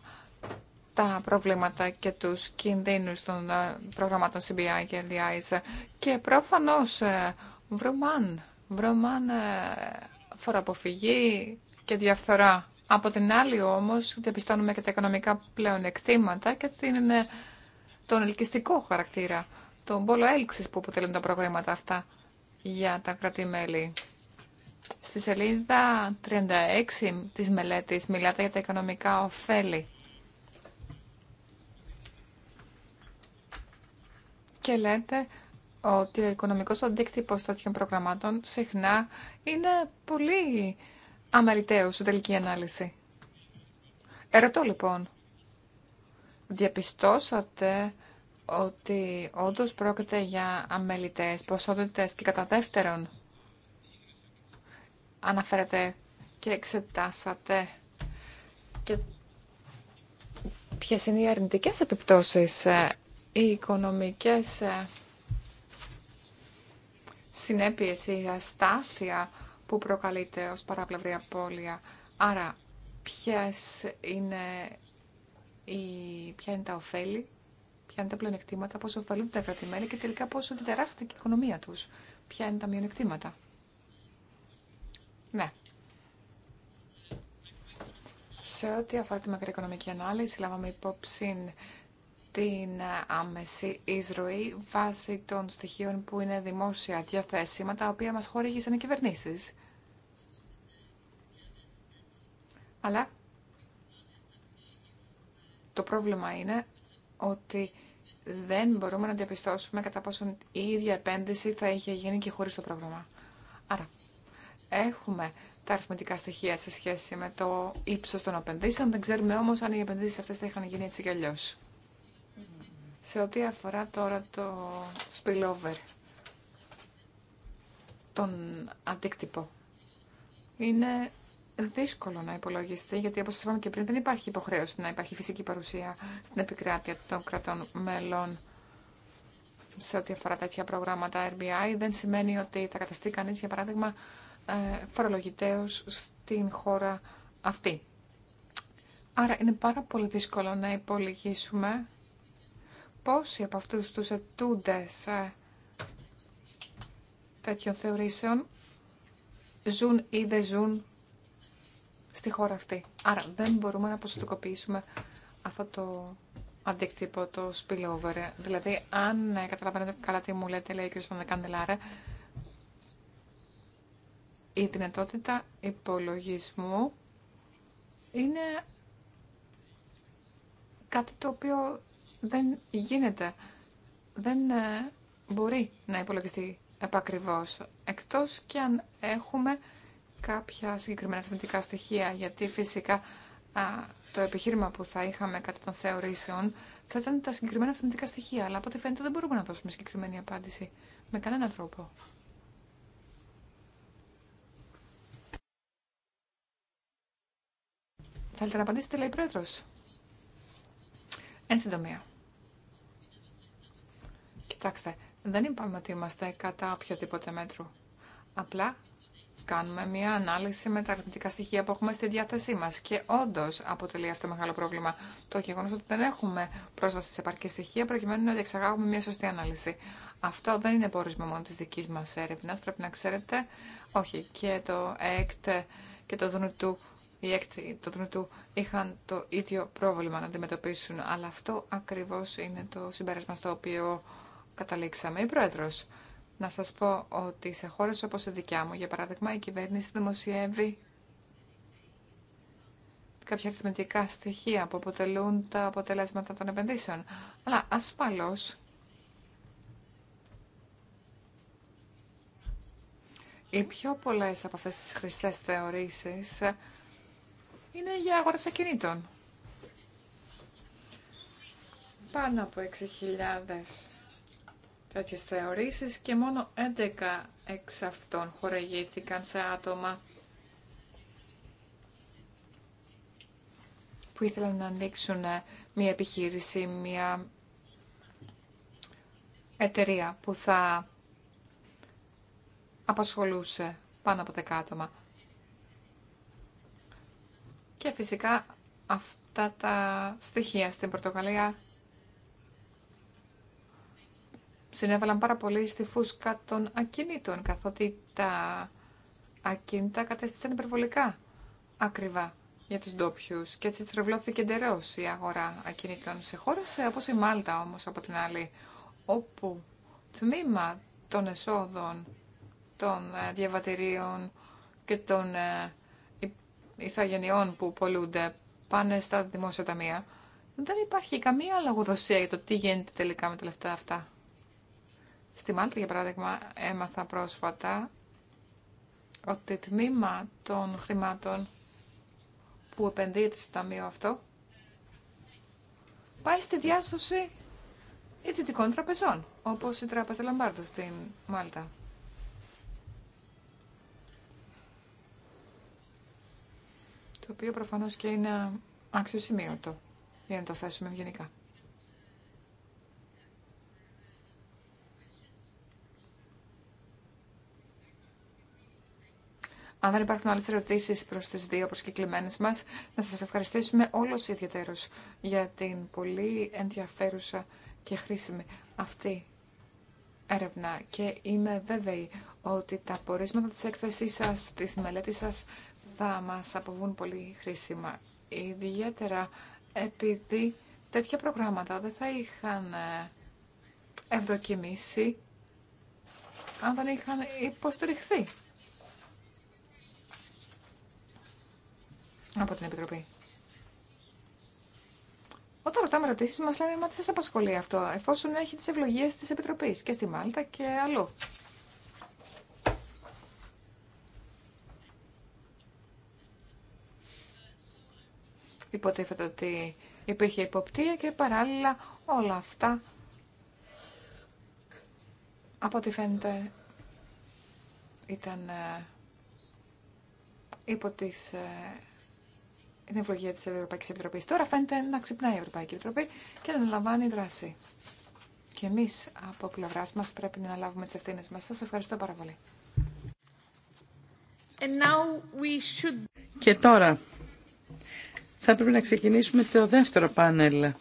τα προβλήματα και τους κινδύνους των ε, προγραμμάτων CBI και LDIs και προφανώς ε, βρωμάν, βρωμάν ε, φοροαποφυγή και διαφθορά. Από την άλλη όμως διαπιστώνουμε και τα οικονομικά πλέον και την, τον ελκυστικό χαρακτήρα τον πόλο έλξη που αποτελούν τα προγράμματα αυτά για τα κρατημέλη. Στη σελίδα 36 της μελέτης μιλάτε για τα οικονομικά ωφέλη. Και λέτε ότι ο οικονομικός αντίκτυπος τέτοιων προγραμμάτων συχνά είναι πολύ αμεληταίος στην τελική ανάλυση. Ερωτώ λοιπόν, διαπιστώσατε ότι όντω πρόκειται για αμελητές ποσότητες και κατά δεύτερον αναφέρατε και εξετάσατε και ποιες είναι οι αρνητικές επιπτώσεις, ε, οι οικονομικές ε, συνέπειες, η αστάθεια που προκαλείται ως παράπλευρη απώλεια. Άρα, ποιες είναι οι, ποια είναι τα ωφέλη ποια είναι τα πλεονεκτήματα, πόσο ωφελούνται τα κρατημένα και τελικά πόσο διτεράσσεται και η οικονομία τους. Ποια είναι τα μειονεκτήματα. Ναι. Σε ό,τι αφορά τη μακροοικονομική ανάλυση, λάβαμε υπόψη την άμεση εισρωή βάσει των στοιχείων που είναι δημόσια διαθέσιμα, τα οποία μας χορήγησαν οι κυβερνήσεις. Αλλά το πρόβλημα είναι ότι δεν μπορούμε να διαπιστώσουμε κατά πόσον η ίδια επένδυση θα είχε γίνει και χωρίς το πρόγραμμα. Άρα, έχουμε τα αριθμητικά στοιχεία σε σχέση με το ύψος των επενδύσεων, δεν ξέρουμε όμως αν οι επενδύσεις αυτές θα είχαν γίνει έτσι κι αλλιώς. Σε ό,τι αφορά τώρα το spillover, τον αντίκτυπο, είναι δύσκολο να υπολογιστεί, γιατί όπως σα είπαμε και πριν δεν υπάρχει υποχρέωση να υπάρχει φυσική παρουσία στην επικράτεια των κρατών μελών σε ό,τι αφορά τέτοια προγράμματα RBI. Δεν σημαίνει ότι θα καταστεί κανεί, για παράδειγμα, ε, φορολογητέος στην χώρα αυτή. Άρα είναι πάρα πολύ δύσκολο να υπολογίσουμε πόσοι από αυτούς τους ετούντε ε, τέτοιων θεωρήσεων ζουν ή δεν ζουν στη χώρα αυτή. Άρα δεν μπορούμε να ποσοτικοποιήσουμε αυτό το αντίκτυπο, το spillover. Δηλαδή, αν ε, καταλαβαίνετε καλά τι μου λέτε, λέει ο κ. Βανδεκάντελάρα, η δυνατότητα υπολογισμού είναι κάτι το οποίο δεν γίνεται. Δεν ε, μπορεί να υπολογιστεί επακριβώς, εκτός και αν έχουμε κάποια συγκεκριμένα αριθμητικά στοιχεία, γιατί φυσικά το επιχείρημα που θα είχαμε κατά των θεωρήσεων θα ήταν τα συγκεκριμένα αριθμητικά στοιχεία, αλλά από ό,τι φαίνεται δεν μπορούμε να δώσουμε συγκεκριμένη απάντηση με κανέναν τρόπο. Θέλετε να απαντήσετε, λέει πρόεδρος. Εν συντομία. Κοιτάξτε, δεν είπαμε ότι είμαστε κατά οποιοδήποτε μέτρο. Απλά κάνουμε μια ανάλυση με τα αρνητικά στοιχεία που έχουμε στη διάθεσή μα. Και όντω αποτελεί αυτό μεγάλο πρόβλημα το γεγονό ότι δεν έχουμε πρόσβαση σε επαρκή στοιχεία προκειμένου να διεξαγάγουμε μια σωστή ανάλυση. Αυτό δεν είναι πόρισμα μόνο τη δική μα έρευνα, πρέπει να ξέρετε. Όχι, και το ΕΚΤ και το ΔΝΤ οι έκτη το του είχαν το ίδιο πρόβλημα να αντιμετωπίσουν. Αλλά αυτό ακριβώς είναι το συμπέρασμα στο οποίο καταλήξαμε. Η Πρόεδρος, να σας πω ότι σε χώρες όπως η δικιά μου, για παράδειγμα, η κυβέρνηση δημοσιεύει κάποια αριθμητικά στοιχεία που αποτελούν τα αποτελέσματα των επενδύσεων. Αλλά ασφαλώς οι πιο πολλές από αυτές τις χρηστές θεωρήσεις είναι για αγορές ακινήτων. Πάνω από 6.000 τέτοιες θεωρήσεις και μόνο 11 εξ αυτών χορηγήθηκαν σε άτομα που ήθελαν να ανοίξουν ε, μια επιχείρηση, μια εταιρεία που θα απασχολούσε πάνω από 10 άτομα. Και φυσικά αυτά τα στοιχεία στην Πορτογαλία συνέβαλαν πάρα πολύ στη φούσκα των ακινήτων, καθότι τα ακίνητα κατέστησαν υπερβολικά ακριβά για τους ντόπιου και έτσι τρευλώθηκε εντερός η αγορά ακινήτων σε χώρες όπως η Μάλτα όμως από την άλλη, όπου τμήμα των εσόδων των ε, διαβατηρίων και των ε, ηθαγενειών που πολλούνται πάνε στα δημόσια ταμεία, δεν υπάρχει καμία λογοδοσία για το τι γίνεται τελικά με τα λεφτά αυτά. Στη Μάλτα, για παράδειγμα, έμαθα πρόσφατα ότι τμήμα των χρημάτων που επενδύεται στο ταμείο αυτό πάει στη διάσωση ιδιωτικών τραπεζών, όπως η Τράπεζα Λαμπάρτο στην Μάλτα. Το οποίο προφανώς και είναι αξιοσημείωτο, για να το θέσουμε γενικά. Αν δεν υπάρχουν άλλε ερωτήσει προς τις δύο προσκεκλημένε μας, να σας ευχαριστήσουμε όλος ιδιαίτερω για την πολύ ενδιαφέρουσα και χρήσιμη αυτή έρευνα και είμαι βέβαιη ότι τα πορίσματα της έκθεσής σας, της μελέτης σας θα μας αποβούν πολύ χρήσιμα. Ιδιαίτερα επειδή τέτοια προγράμματα δεν θα είχαν ε, ευδοκιμήσει αν δεν είχαν υποστηριχθεί από την Επιτροπή. Όταν ρωτάμε ερωτήσει, μα λένε Μα τι σα απασχολεί αυτό, εφόσον έχει τι ευλογίε τη Επιτροπή και στη Μάλτα και αλλού. Υποτίθεται ότι υπήρχε υποπτία και παράλληλα όλα αυτά από ό,τι φαίνεται ήταν ε, υπό τις ε, την ευλογία τη Ευρωπαϊκή Επιτροπή. Τώρα φαίνεται να ξυπνάει η Ευρωπαϊκή Επιτροπή και να λαμβάνει δράση. Και εμεί από πλευρά μα πρέπει να λάβουμε τι ευθύνε μα. Σα ευχαριστώ πάρα πολύ. should... Και τώρα θα πρέπει να ξεκινήσουμε το δεύτερο πάνελ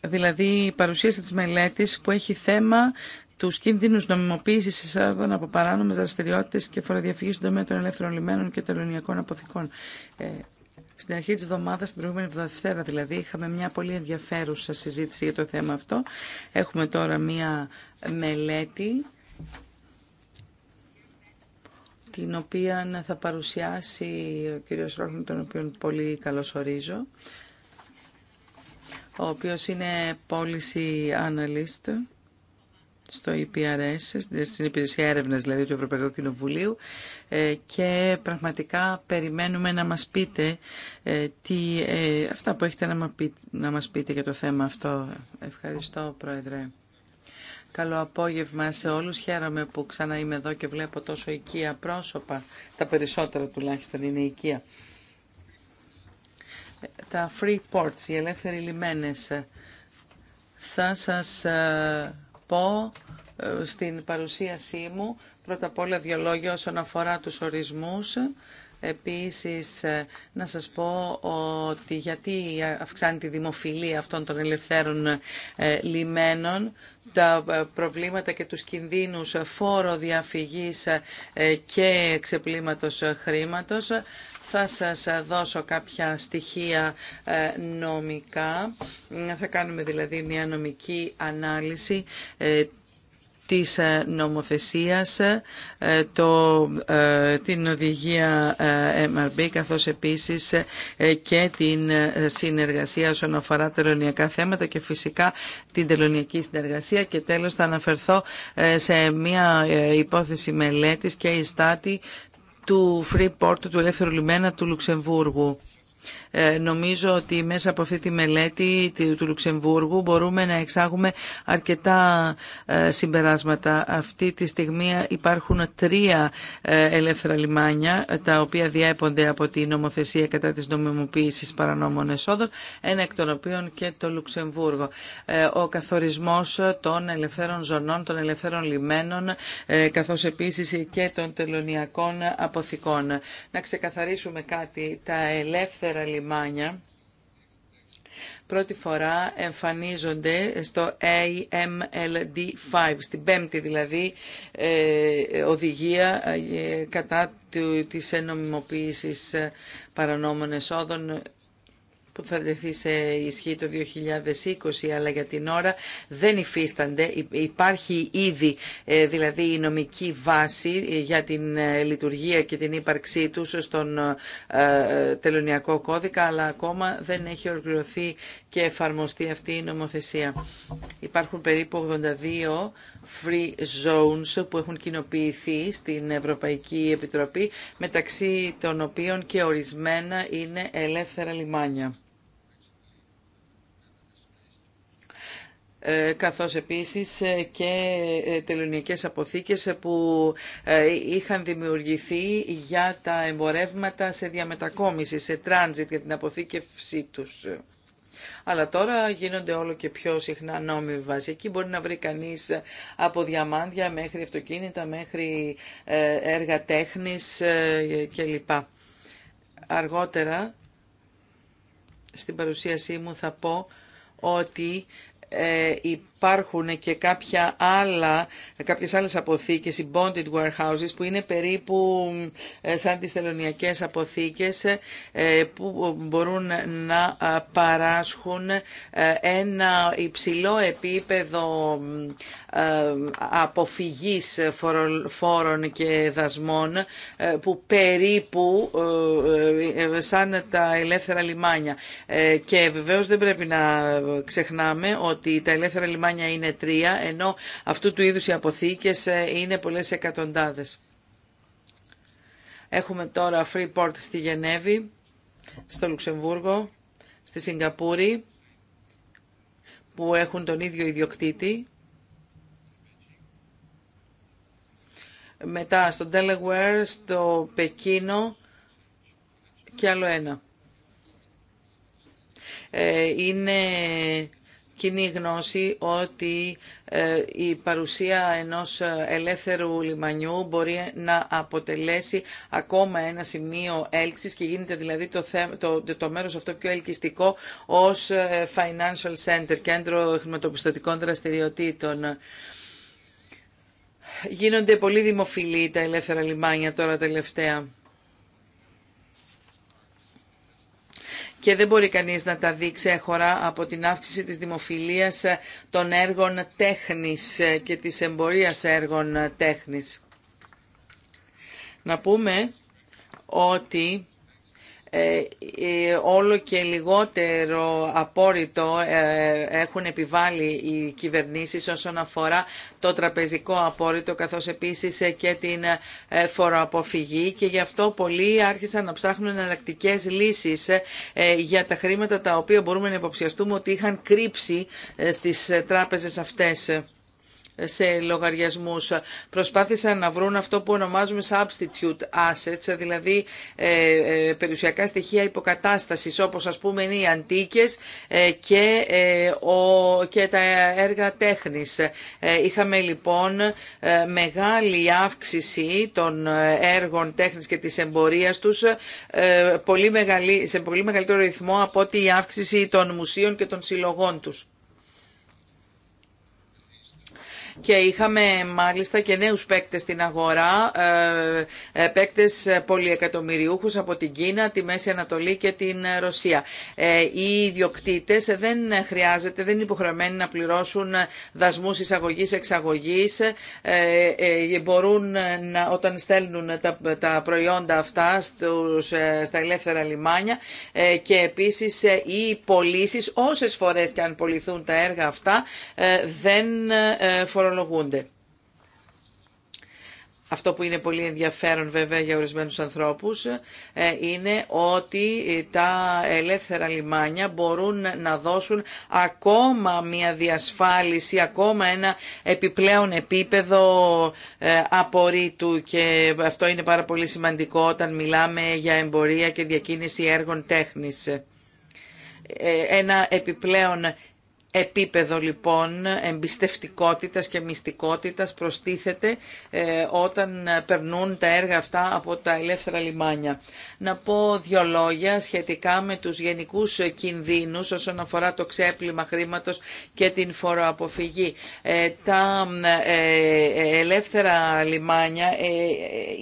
δηλαδή η παρουσίαση της μελέτης που έχει θέμα του κίνδυνου νομιμοποίηση εισόδων από παράνομε δραστηριότητε και φοροδιαφυγή στον τομέα των ελεύθερων λιμένων και τελωνιακών αποθηκών. Ε, στην αρχή τη εβδομάδα, την προηγούμενη Δευτέρα δηλαδή, είχαμε μια πολύ ενδιαφέρουσα συζήτηση για το θέμα αυτό. Έχουμε τώρα μια μελέτη την οποία θα παρουσιάσει ο κύριος Ρόχνη, τον οποίο πολύ ορίζω, ο οποίος είναι policy analyst στο EPRS, στην Υπηρεσία Έρευνας δηλαδή του Ευρωπαϊκού Κοινοβουλίου ε, και πραγματικά περιμένουμε να μας πείτε ε, τι, ε, αυτά που έχετε να, να μας πείτε για το θέμα αυτό. Ευχαριστώ Πρόεδρε. Καλό απόγευμα σε όλους. Χαίρομαι που ξανά είμαι εδώ και βλέπω τόσο οικία πρόσωπα. Τα περισσότερα τουλάχιστον είναι οικία. Τα free ports, οι ελεύθεροι λιμένες. Θα σας πω ε, στην παρουσίασή μου πρώτα απ' όλα δύο λόγια όσον αφορά τους ορισμούς. Επίσης, ε, να σας πω ότι γιατί αυξάνει τη δημοφιλία αυτών των ελευθέρων ε, λιμένων, τα προβλήματα και τους κινδύνους φόρο διαφυγής και ξεπλήματος χρήματος θα σας δώσω κάποια στοιχεία ε, νομικά. Θα κάνουμε δηλαδή μια νομική ανάλυση ε, της ε, νομοθεσίας, το, την οδηγία MRB καθώς επίσης και την συνεργασία όσον αφορά τελωνιακά θέματα και φυσικά την τελωνιακή συνεργασία και τέλος θα αναφερθώ σε μια υπόθεση μελέτης και η στάτη του Freeport, του ελεύθερου λιμένα του Λουξεμβούργου. Ε, νομίζω ότι μέσα από αυτή τη μελέτη του Λουξεμβούργου μπορούμε να εξάγουμε αρκετά ε, συμπεράσματα. Αυτή τη στιγμή υπάρχουν τρία ε, ελεύθερα λιμάνια τα οποία διέπονται από τη νομοθεσία κατά της νομιμοποίησης παρανόμων εσόδων, ένα εκ των οποίων και το Λουξεμβούργο. Ο καθορισμός των ελευθέρων ζωνών, των ελευθέρων λιμένων, καθώς επίσης και των τελωνιακών αποθηκών. Να ξεκαθαρίσουμε κάτι. Τα ελεύθερα λιμάνια λιμάνια πρώτη φορά εμφανίζονται στο AMLD5, στην πέμπτη δηλαδή ε, οδηγία ε, κατά της ενομιμοποίησης παρανόμων εσόδων που θα δεθεί σε ισχύ το 2020, αλλά για την ώρα δεν υφίστανται. Υπάρχει ήδη ε, δηλαδή η νομική βάση ε, για την ε, λειτουργία και την ύπαρξή τους στον τελωνιακό κώδικα, αλλά ακόμα δεν έχει ολοκληρωθεί και εφαρμοστεί αυτή η νομοθεσία. Υπάρχουν περίπου 82 free zones που έχουν κοινοποιηθεί στην Ευρωπαϊκή Επιτροπή, μεταξύ των οποίων και ορισμένα είναι ελεύθερα λιμάνια. Ε, καθώς επίσης ε, και ε, τελωνιακές αποθήκες που είχαν δημιουργηθεί για τα εμπορεύματα σε διαμετακόμιση, σε τράνζιτ για την αποθήκευσή τους. Αλλά τώρα γίνονται όλο και πιο συχνά νόμιμοι βάση. Εκεί μπορεί να βρει κανείς από διαμάντια μέχρι αυτοκίνητα, μέχρι έργα τέχνης κλπ. Αργότερα στην παρουσίασή μου θα πω ότι ε, η υπάρχουν και κάποια άλλα, κάποιες άλλες αποθήκες, οι bonded warehouses, που είναι περίπου ε, σαν τις τελωνιακές αποθήκες, ε, που μπορούν να ε, παράσχουν ένα υψηλό επίπεδο αποφυγής φόρων και δασμών, που περίπου σαν τα ελεύθερα λιμάνια. Και βεβαίως δεν πρέπει να ξεχνάμε ότι τα ελεύθερα λιμάνια είναι τρία, ενώ αυτού του είδους οι αποθήκες ε, είναι πολλές εκατοντάδες. Έχουμε τώρα Freeport στη Γενέβη, στο Λουξεμβούργο, στη Σιγκαπούρη, που έχουν τον ίδιο ιδιοκτήτη. Μετά στο Delaware, στο Πεκίνο και άλλο ένα. Ε, είναι κοινή γνώση ότι ε, η παρουσία ενός ελεύθερου λιμανιού μπορεί να αποτελέσει ακόμα ένα σημείο έλξης και γίνεται δηλαδή το, το, το μέρος αυτό πιο ελκυστικό ως ε, Financial Center, κέντρο χρηματοπιστωτικών δραστηριοτήτων. Γίνονται πολύ δημοφιλή τα ελεύθερα λιμάνια τώρα τελευταία. και δεν μπορεί κανείς να τα δει ξέχωρα από την αύξηση της δημοφιλίας ε, των έργων τέχνης ε, και της εμπορίας έργων τέχνης. Να πούμε ότι ε, ε, όλο και λιγότερο απόρριτο ε, έχουν επιβάλει οι κυβερνήσεις όσον αφορά το τραπεζικό απόρριτο καθώς επίσης και την φοροαποφυγή και γι' αυτό πολλοί άρχισαν να ψάχνουν εναλλακτικέ λύσεις για τα χρήματα τα οποία μπορούμε να υποψιαστούμε ότι είχαν κρύψει στις τράπεζες αυτές σε λογαριασμούς. Προσπάθησαν να βρουν αυτό που ονομάζουμε substitute assets, δηλαδή ε, ε, περιουσιακά στοιχεία υποκατάστασης, όπως ας πούμε είναι οι αντίκες ε, και, ο, και τα έργα τέχνης. Είχαμε λοιπόν μεγάλη αύξηση των έργων τέχνης και της εμπορίας τους πολύ σε πολύ μεγαλύτερο ρυθμό από ότι η αύξηση των μουσείων και των συλλογών τους και είχαμε μάλιστα και νέους παίκτες στην αγορά, ε, ε, παίκτες πολυεκατομμυριούχους από την Κίνα, τη Μέση Ανατολή και την Ρωσία. Ε, οι ιδιοκτήτες δεν χρειάζεται, δεν είναι υποχρεωμένοι να πληρώσουν δασμούς εισαγωγής-εξαγωγής, μπορούν να, όταν στέλνουν τα, τα προϊόντα αυτά στους, στα ελεύθερα λιμάνια και επίσης οι πωλήσει, όσες φορές και αν πολιθούν τα έργα αυτά, δεν αυτό που είναι πολύ ενδιαφέρον βέβαια για ορισμένους ανθρώπους ε, είναι ότι τα ελεύθερα λιμάνια μπορούν να δώσουν ακόμα μια διασφάλιση, ακόμα ένα επιπλέον επίπεδο ε, απορρίτου και αυτό είναι πάρα πολύ σημαντικό όταν μιλάμε για εμπορία και διακίνηση έργων τέχνης. Ε, ένα επιπλέον επίπεδο λοιπόν εμπιστευτικότητας και μυστικότητας προστίθεται ε, όταν περνούν τα έργα αυτά από τα ελεύθερα λιμάνια. Να πω δύο λόγια σχετικά με τους γενικούς κινδύνους όσον αφορά το ξέπλυμα χρήματος και την φοροαποφυγή. Ε, τα ε, ελεύθερα λιμάνια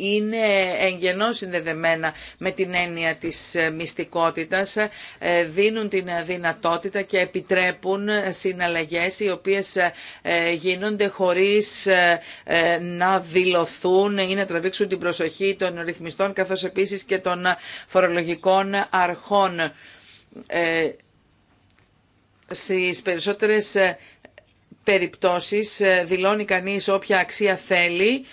είναι εγγενώς συνδεδεμένα με την έννοια της μυστικότητας, δίνουν την δυνατότητα και επιτρέπουν συναλλαγές οι οποίες ε, ε, γίνονται χωρίς ε, να δηλωθούν ή να τραβήξουν την προσοχή των ρυθμιστών καθώς επίσης και των φορολογικών αρχών. Στις περισσότερες περιπτώσεις δηλώνει κανείς όποια αξία θέλει,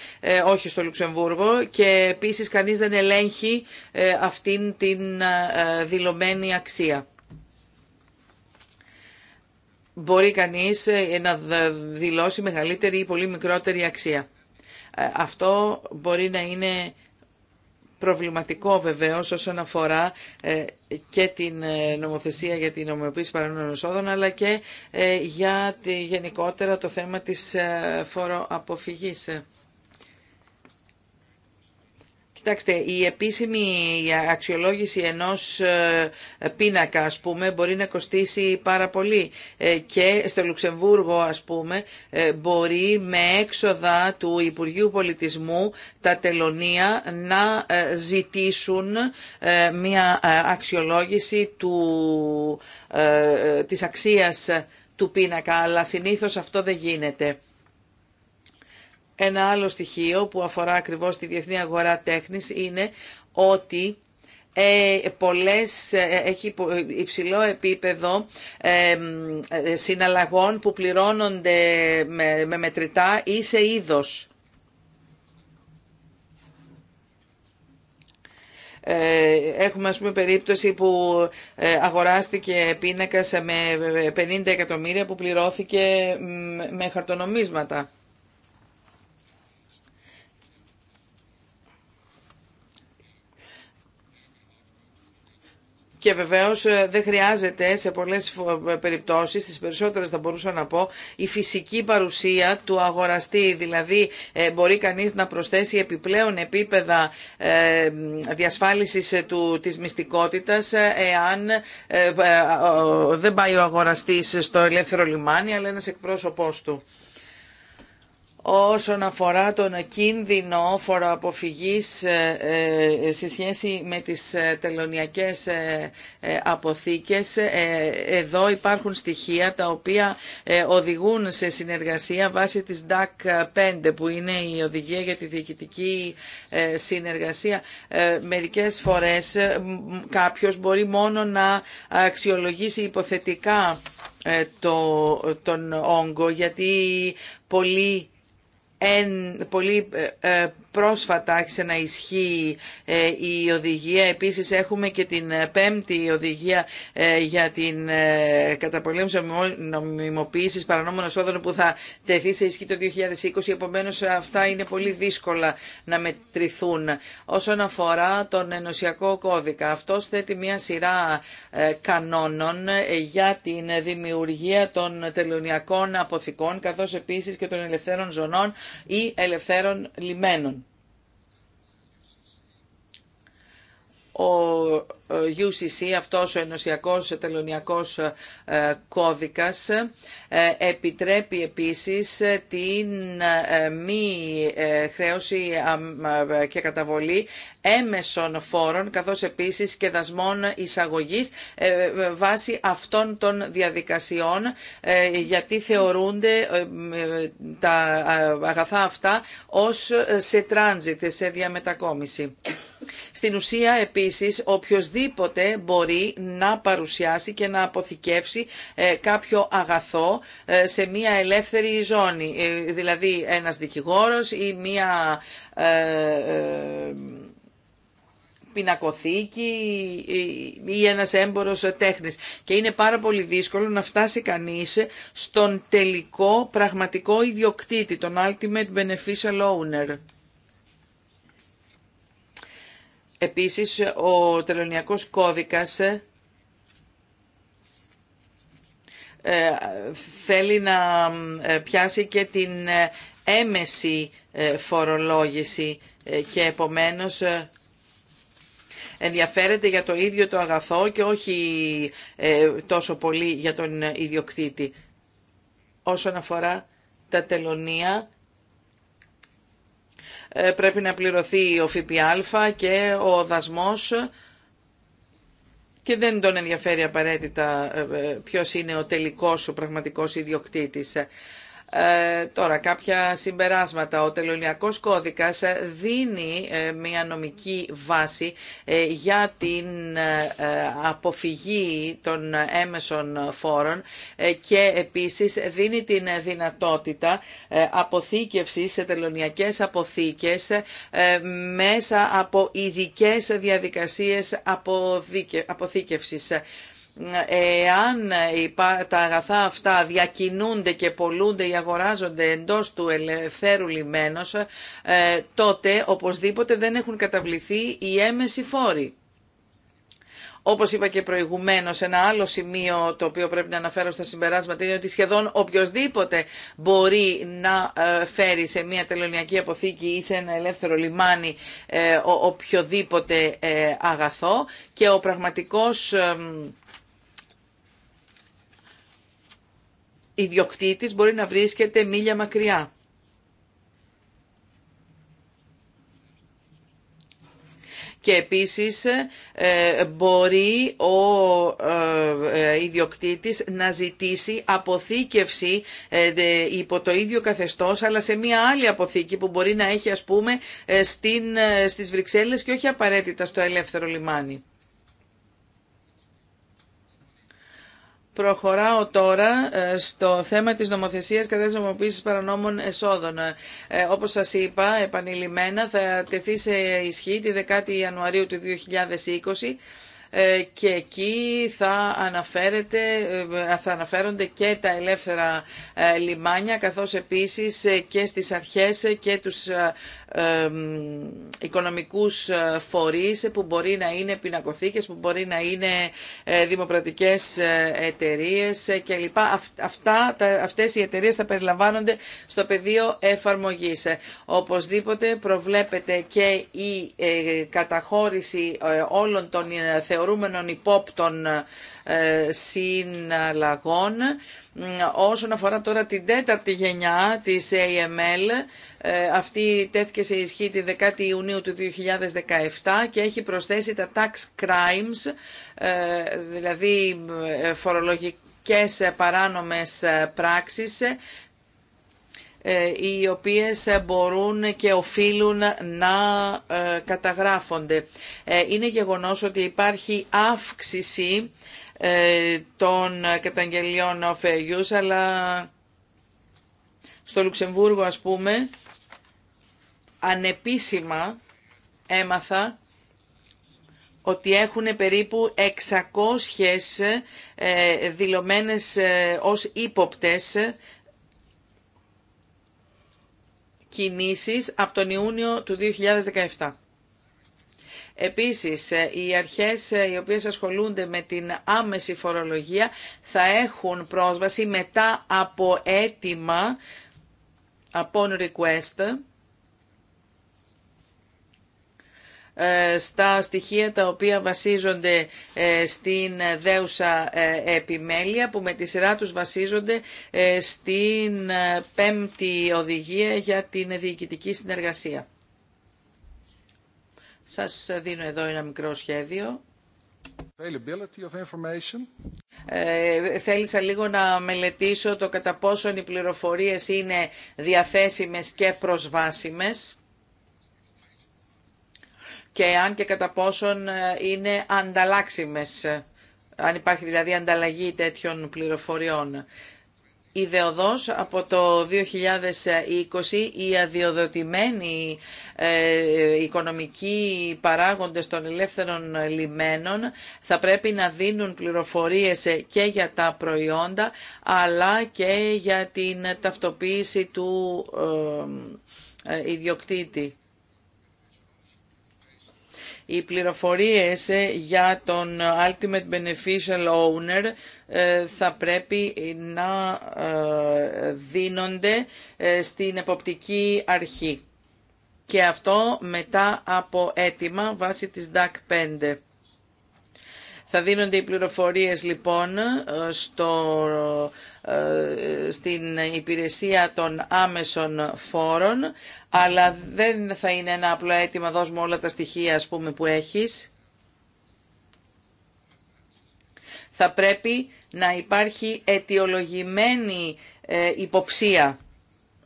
όχι στο Λουξεμβούργο και επίσης κανείς δεν ελέγχει αυτήν την δηλωμένη αξία μπορεί κανείς ε, να δηλώσει μεγαλύτερη ή πολύ μικρότερη αξία. Ε, αυτό μπορεί να είναι προβληματικό βεβαίως όσον αφορά ε, και την νομοθεσία για την νομιμοποίηση παρανομών εσόδων αλλά και για τη, γενικότερα το θέμα της φοροαποφυγής. Κοιτάξτε, η επίσημη αξιολόγηση ενός ε, πίνακα, ας πούμε, μπορεί να κοστίσει πάρα πολύ. Ε, και στο Λουξεμβούργο, ας πούμε, ε, μπορεί με έξοδα του Υπουργείου Πολιτισμού τα τελωνία να ζητήσουν μια αξιολόγηση του, της αξίας του πίνακα, αλλά συνήθως αυτό δεν γίνεται. Ένα άλλο στοιχείο που αφορά ακριβώς τη διεθνή αγορά τέχνης είναι ότι ε, πολλές, ε, έχει υψηλό επίπεδο ε, ε, συναλλαγών που πληρώνονται με, με μετρητά ή σε είδος. Έχουμε, ας πούμε, περίπτωση που αγοράστηκε πίνακας με 50 εκατομμύρια που πληρώθηκε με χαρτονομίσματα. Και βεβαίω ε, δεν χρειάζεται σε πολλές ε, περιπτώσεις, τι περισσότερες θα μπορούσα να πω, η φυσική παρουσία του αγοραστή. Δηλαδή ε, μπορεί κανείς να προσθέσει επιπλέον επίπεδα διασφάλισης του, της μυστικότητας εάν δεν πάει ο αγοραστή στο ελεύθερο λιμάνι αλλά ένα εκπρόσωπο του όσον αφορά τον κίνδυνο φοροαποφυγής ε, ε, σε σχέση με τις ε, τελωνιακές αποθήκες. Εδώ υπάρχουν στοιχεία τα οποία οδηγούν σε συνεργασία βάσει της DAC 5 που είναι η οδηγία για τη διοικητική συνεργασία. Μερικές φορές κάποιος μπορεί μόνο να αξιολογήσει υποθετικά το, τον όγκο γιατί πολύ εν, πολύ ε, ε, πρόσφατα άρχισε να ισχύει ε, η οδηγία. Επίσης έχουμε και την πέμπτη οδηγία ε, για την ε, καταπολέμηση νομιμοποίησης παρανόμων εσόδων που θα τεθεί σε ισχύ το 2020. Επομένως αυτά είναι πολύ δύσκολα να μετρηθούν. Όσον αφορά τον ενωσιακό κώδικα, Αυτό θέτει μια σειρά κανόνων για την δημιουργία των τελωνιακών αποθηκών καθώς επίσης και των ελευθέρων ζωνών ή ελευθέρων λιμένων. ο UCC, αυτός ο ενωσιακός τελωνιακός ε, κώδικας, ε, επιτρέπει επίσης την ε, μη χρέωση και καταβολή έμεσων φόρων, καθώς επίσης και δασμών εισαγωγής βάσει αυτών των διαδικασιών, γιατί θεωρούνται τα αγαθά αυτά ως σε τράνζιτ, σε διαμετακόμιση. Στην ουσία επίσης οποιοδήποτε μπορεί να παρουσιάσει και να αποθηκεύσει ε, κάποιο αγαθό ε, σε μια ελεύθερη ζώνη. Ε, δηλαδή ένας δικηγόρος ή μια πινακοθήκη ή ένας έμπορος τέχνης. Και είναι πάρα πολύ δύσκολο να φτάσει κανείς στον τελικό πραγματικό ιδιοκτήτη, τον ultimate beneficial owner. Επίσης, ο τελωνιακός κώδικας ε, ε, θέλει να ε, πιάσει και την έμεση φορολόγηση και επομένως ενδιαφέρεται για το ίδιο το αγαθό και όχι τόσο πολύ για τον ιδιοκτήτη. Όσον αφορά τα τελωνία, ε, πρέπει να πληρωθεί ο ΦΠΑ και ο δασμός και δεν τον ενδιαφέρει απαραίτητα ε, ε, ποιος είναι ο τελικός, ο πραγματικός ιδιοκτήτης. Ε, τώρα, κάποια συμπεράσματα. Ο τελωνιακός κώδικας ε, δίνει ε, μια νομική βάση για την αποφυγή των έμεσων φόρων και επίσης δίνει την δυνατότητα αποθήκευσης σε τελωνιακές αποθήκες μέσα από ειδικέ διαδικασίες αποθήκευσης εάν τα αγαθά αυτά διακινούνται και πολλούνται ή αγοράζονται εντός του ελευθέρου λιμένος, ε, τότε οπωσδήποτε δεν έχουν καταβληθεί οι έμεση φόροι. Όπως είπα και προηγουμένως, ένα άλλο σημείο το οποίο πρέπει να αναφέρω στα συμπεράσματα είναι ότι σχεδόν οποιοδήποτε μπορεί να ε, φέρει σε μια τελωνιακή αποθήκη ή σε ένα ελεύθερο λιμάνι ε, οποιοδήποτε αγαθό και ο πραγματικός ιδιοκτήτης μπορεί να βρίσκεται μίλια μακριά. Και επίσης ε, μπορεί ο ε, ε, ιδιοκτήτης να ζητήσει αποθήκευση υπό το ίδιο καθεστώς αλλά σε μια άλλη αποθήκη που μπορεί να έχει ας πούμε στην, στις Βρυξέλλες και όχι απαραίτητα στο ελεύθερο λιμάνι. Προχωράω τώρα ε, στο θέμα της νομοθεσίας κατά της νομοποίησης παρανόμων εσόδων. Ε, όπως σας είπα, επανειλημμένα θα τεθεί σε ισχύ τη 10η Ιανουαρίου του 2020 ε, και εκεί θα, αναφέρεται, ε, θα αναφέρονται και τα ελεύθερα λιμάνια καθώς επίσης και στις αρχές και τους οικονομικούς ε, φορείς που μπορεί να είναι πινακοθήκες, που μπορεί να είναι ε, δημοπρατικές ε, εταιρείες κλπ. Αυτά, αυτές οι εταιρείες θα περιλαμβάνονται στο πεδίο εφαρμογής. Οπωσδήποτε προβλέπεται και η καταχώρηση όλων των θεωρούμενων υπόπτων ε, συναλλαγών. Όσον αφορά τώρα την τέταρτη γενιά της AML, ε, αυτή τέθηκε σε ισχύ τη 10η Ιουνίου του 2017 και έχει προσθέσει τα tax crimes, ε, δηλαδή φορολογικές παράνομες πράξεις, οι οποίες μπορούν και οφείλουν να καταγράφονται. Είναι γεγονός ότι υπάρχει αύξηση ε, των καταγγελιών ο αλλά στο Λουξεμβούργο ας πούμε ανεπίσημα έμαθα ότι έχουν περίπου 600 ε, δηλωμένες ε, ως ύποπτες κινήσεις από τον Ιούνιο του 2017. Επίσης, ε, οι αρχές ε, οι οποίες ασχολούνται με την άμεση φορολογία θα έχουν πρόσβαση μετά από αίτημα, upon request, ε, στα στοιχεία τα οποία βασίζονται στην δέουσα επιμέλεια που με τη σειρά τους βασίζονται στην πέμπτη οδηγία για την διοικητική συνεργασία. Σας δίνω εδώ ένα μικρό σχέδιο. Of ε, θέλησα λίγο να μελετήσω το κατά πόσον οι πληροφορίες είναι διαθέσιμες και προσβάσιμες και αν και κατά πόσον ε, είναι ανταλλάξιμες, αν υπάρχει δηλαδή ανταλλαγή τέτοιων πληροφοριών ιδεοδός από το 2020 οι αδειοδοτημένοι ε, οικονομικοί παράγοντες των ελεύθερων λιμένων θα πρέπει να δίνουν πληροφορίες και για τα προϊόντα αλλά και για την ταυτοποίηση του ε, ε, ιδιοκτήτη οι πληροφορίες ε, για τον Ultimate Beneficial Owner ε, θα πρέπει να ε, δίνονται στην εποπτική αρχή. Και αυτό μετά από αίτημα βάσει της DAC 5. Θα δίνονται οι πληροφορίες λοιπόν στο ε, στην υπηρεσία των άμεσων φόρων, αλλά δεν θα είναι ένα απλό αίτημα δώσ' μου όλα τα στοιχεία ας πούμε, που έχεις. Θα πρέπει να υπάρχει αιτιολογημένη ε, υποψία,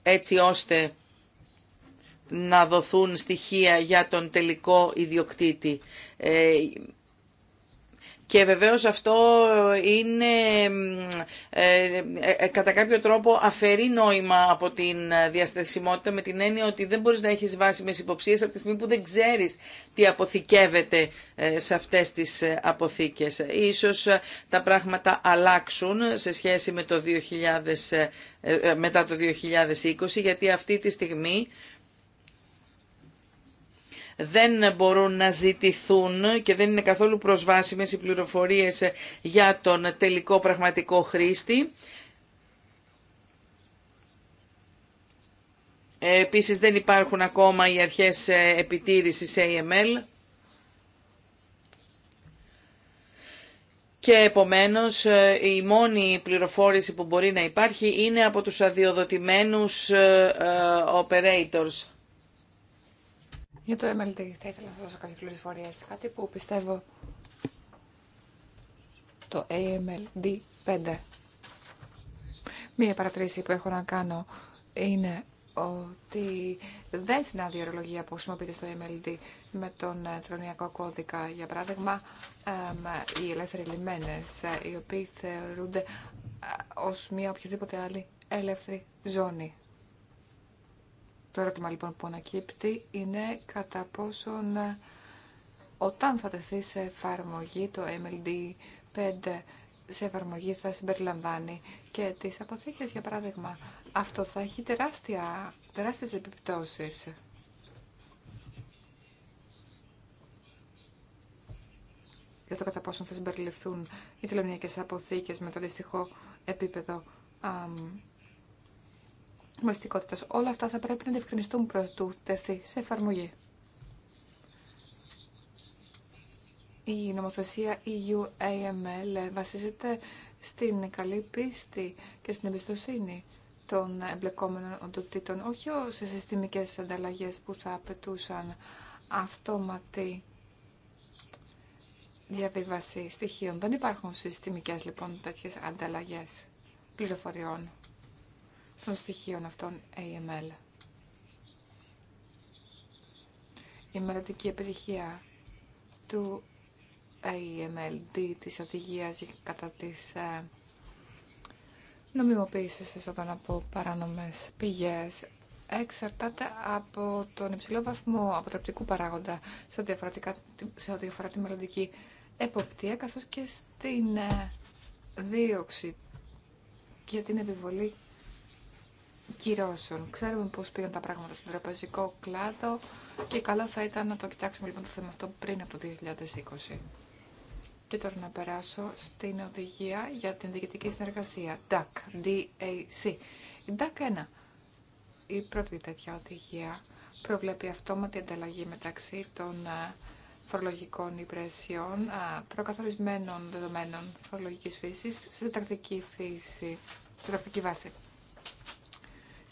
έτσι ώστε να δοθούν στοιχεία για τον τελικό ιδιοκτήτη. Ε, και βεβαίως αυτό είναι ε, ε, κατά κάποιο τρόπο αφαιρεί νόημα από την διαστασιμότητα με την έννοια ότι δεν μπορείς να έχεις βάσιμες υποψίες από τη στιγμή που δεν ξέρεις τι αποθηκεύεται ε, σε αυτές τις αποθήκες. Ίσως τα πράγματα αλλάξουν σε σχέση με το 2000, μετά το 2020 γιατί αυτή τη στιγμή δεν μπορούν να ζητηθούν και δεν είναι καθόλου προσβάσιμες οι πληροφορίες για τον τελικό πραγματικό χρήστη. Επίσης δεν υπάρχουν ακόμα οι αρχές επιτήρησης AML. Και επομένως η μόνη πληροφόρηση που μπορεί να υπάρχει είναι από τους αδειοδοτημένους ε, ε, operators. Για το MLD θα ήθελα να σας δώσω κάποιες πληροφορίες. Κάτι που πιστεύω το AMLD5. Μία παρατήρηση που έχω να κάνω είναι ότι δεν συνάδει η ορολογία που χρησιμοποιείται στο MLD με τον ε, τρονιακό κώδικα. Για παράδειγμα, οι ελεύθεροι λιμένες, ε, οι οποίοι θεωρούνται ε, ως μία οποιαδήποτε άλλη ελεύθερη ζώνη. Το ερώτημα λοιπόν που ανακύπτει είναι κατά πόσον ε, όταν θα τεθεί σε εφαρμογή το MLD5 σε εφαρμογή θα συμπεριλαμβάνει και τις αποθήκες για παράδειγμα. Αυτό θα έχει τεράστια, τεράστιες επιπτώσεις. Για το κατά πόσον θα συμπεριληφθούν οι αποθήκες με το αντίστοιχο επίπεδο Όλα αυτά θα πρέπει να διευκρινιστούν πρωτού τεθεί σε εφαρμογή. Η νομοθεσία EU AML βασίζεται στην καλή πίστη και στην εμπιστοσύνη των εμπλεκόμενων οντοτήτων, όχι σε συστημικές ανταλλαγές που θα απαιτούσαν αυτόματη διαβίβαση στοιχείων. Δεν υπάρχουν συστημικές λοιπόν τέτοιες ανταλλαγές πληροφοριών των στοιχείων αυτών AML. Η μελλοντική επιτυχία του AMLD, της οδηγίας κατά της ε, νομιμοποίησης εσόδων από παράνομες πηγές, εξαρτάται από τον υψηλό βαθμό αποτρεπτικού παράγοντα σε ό,τι αφορά, ό,τι αφορά τη μελλοντική εποπτεία, καθώς και στην ε, δίωξη για την επιβολή κυρώσεων. Ξέρουμε πώς πήγαν τα πράγματα στον τραπεζικό κλάδο και καλό θα ήταν να το κοιτάξουμε λοιπόν το θέμα αυτό πριν από το 2020. Και τώρα να περάσω στην οδηγία για την διοικητική συνεργασία, DAC, DAC. Η DAC 1, η πρώτη τέτοια οδηγία, προβλέπει αυτόματη ανταλλαγή μεταξύ των ε, φορολογικών υπηρεσιών, ε, προκαθορισμένων δεδομένων φορολογικής φύσης, σε τακτική φύση, στην βάση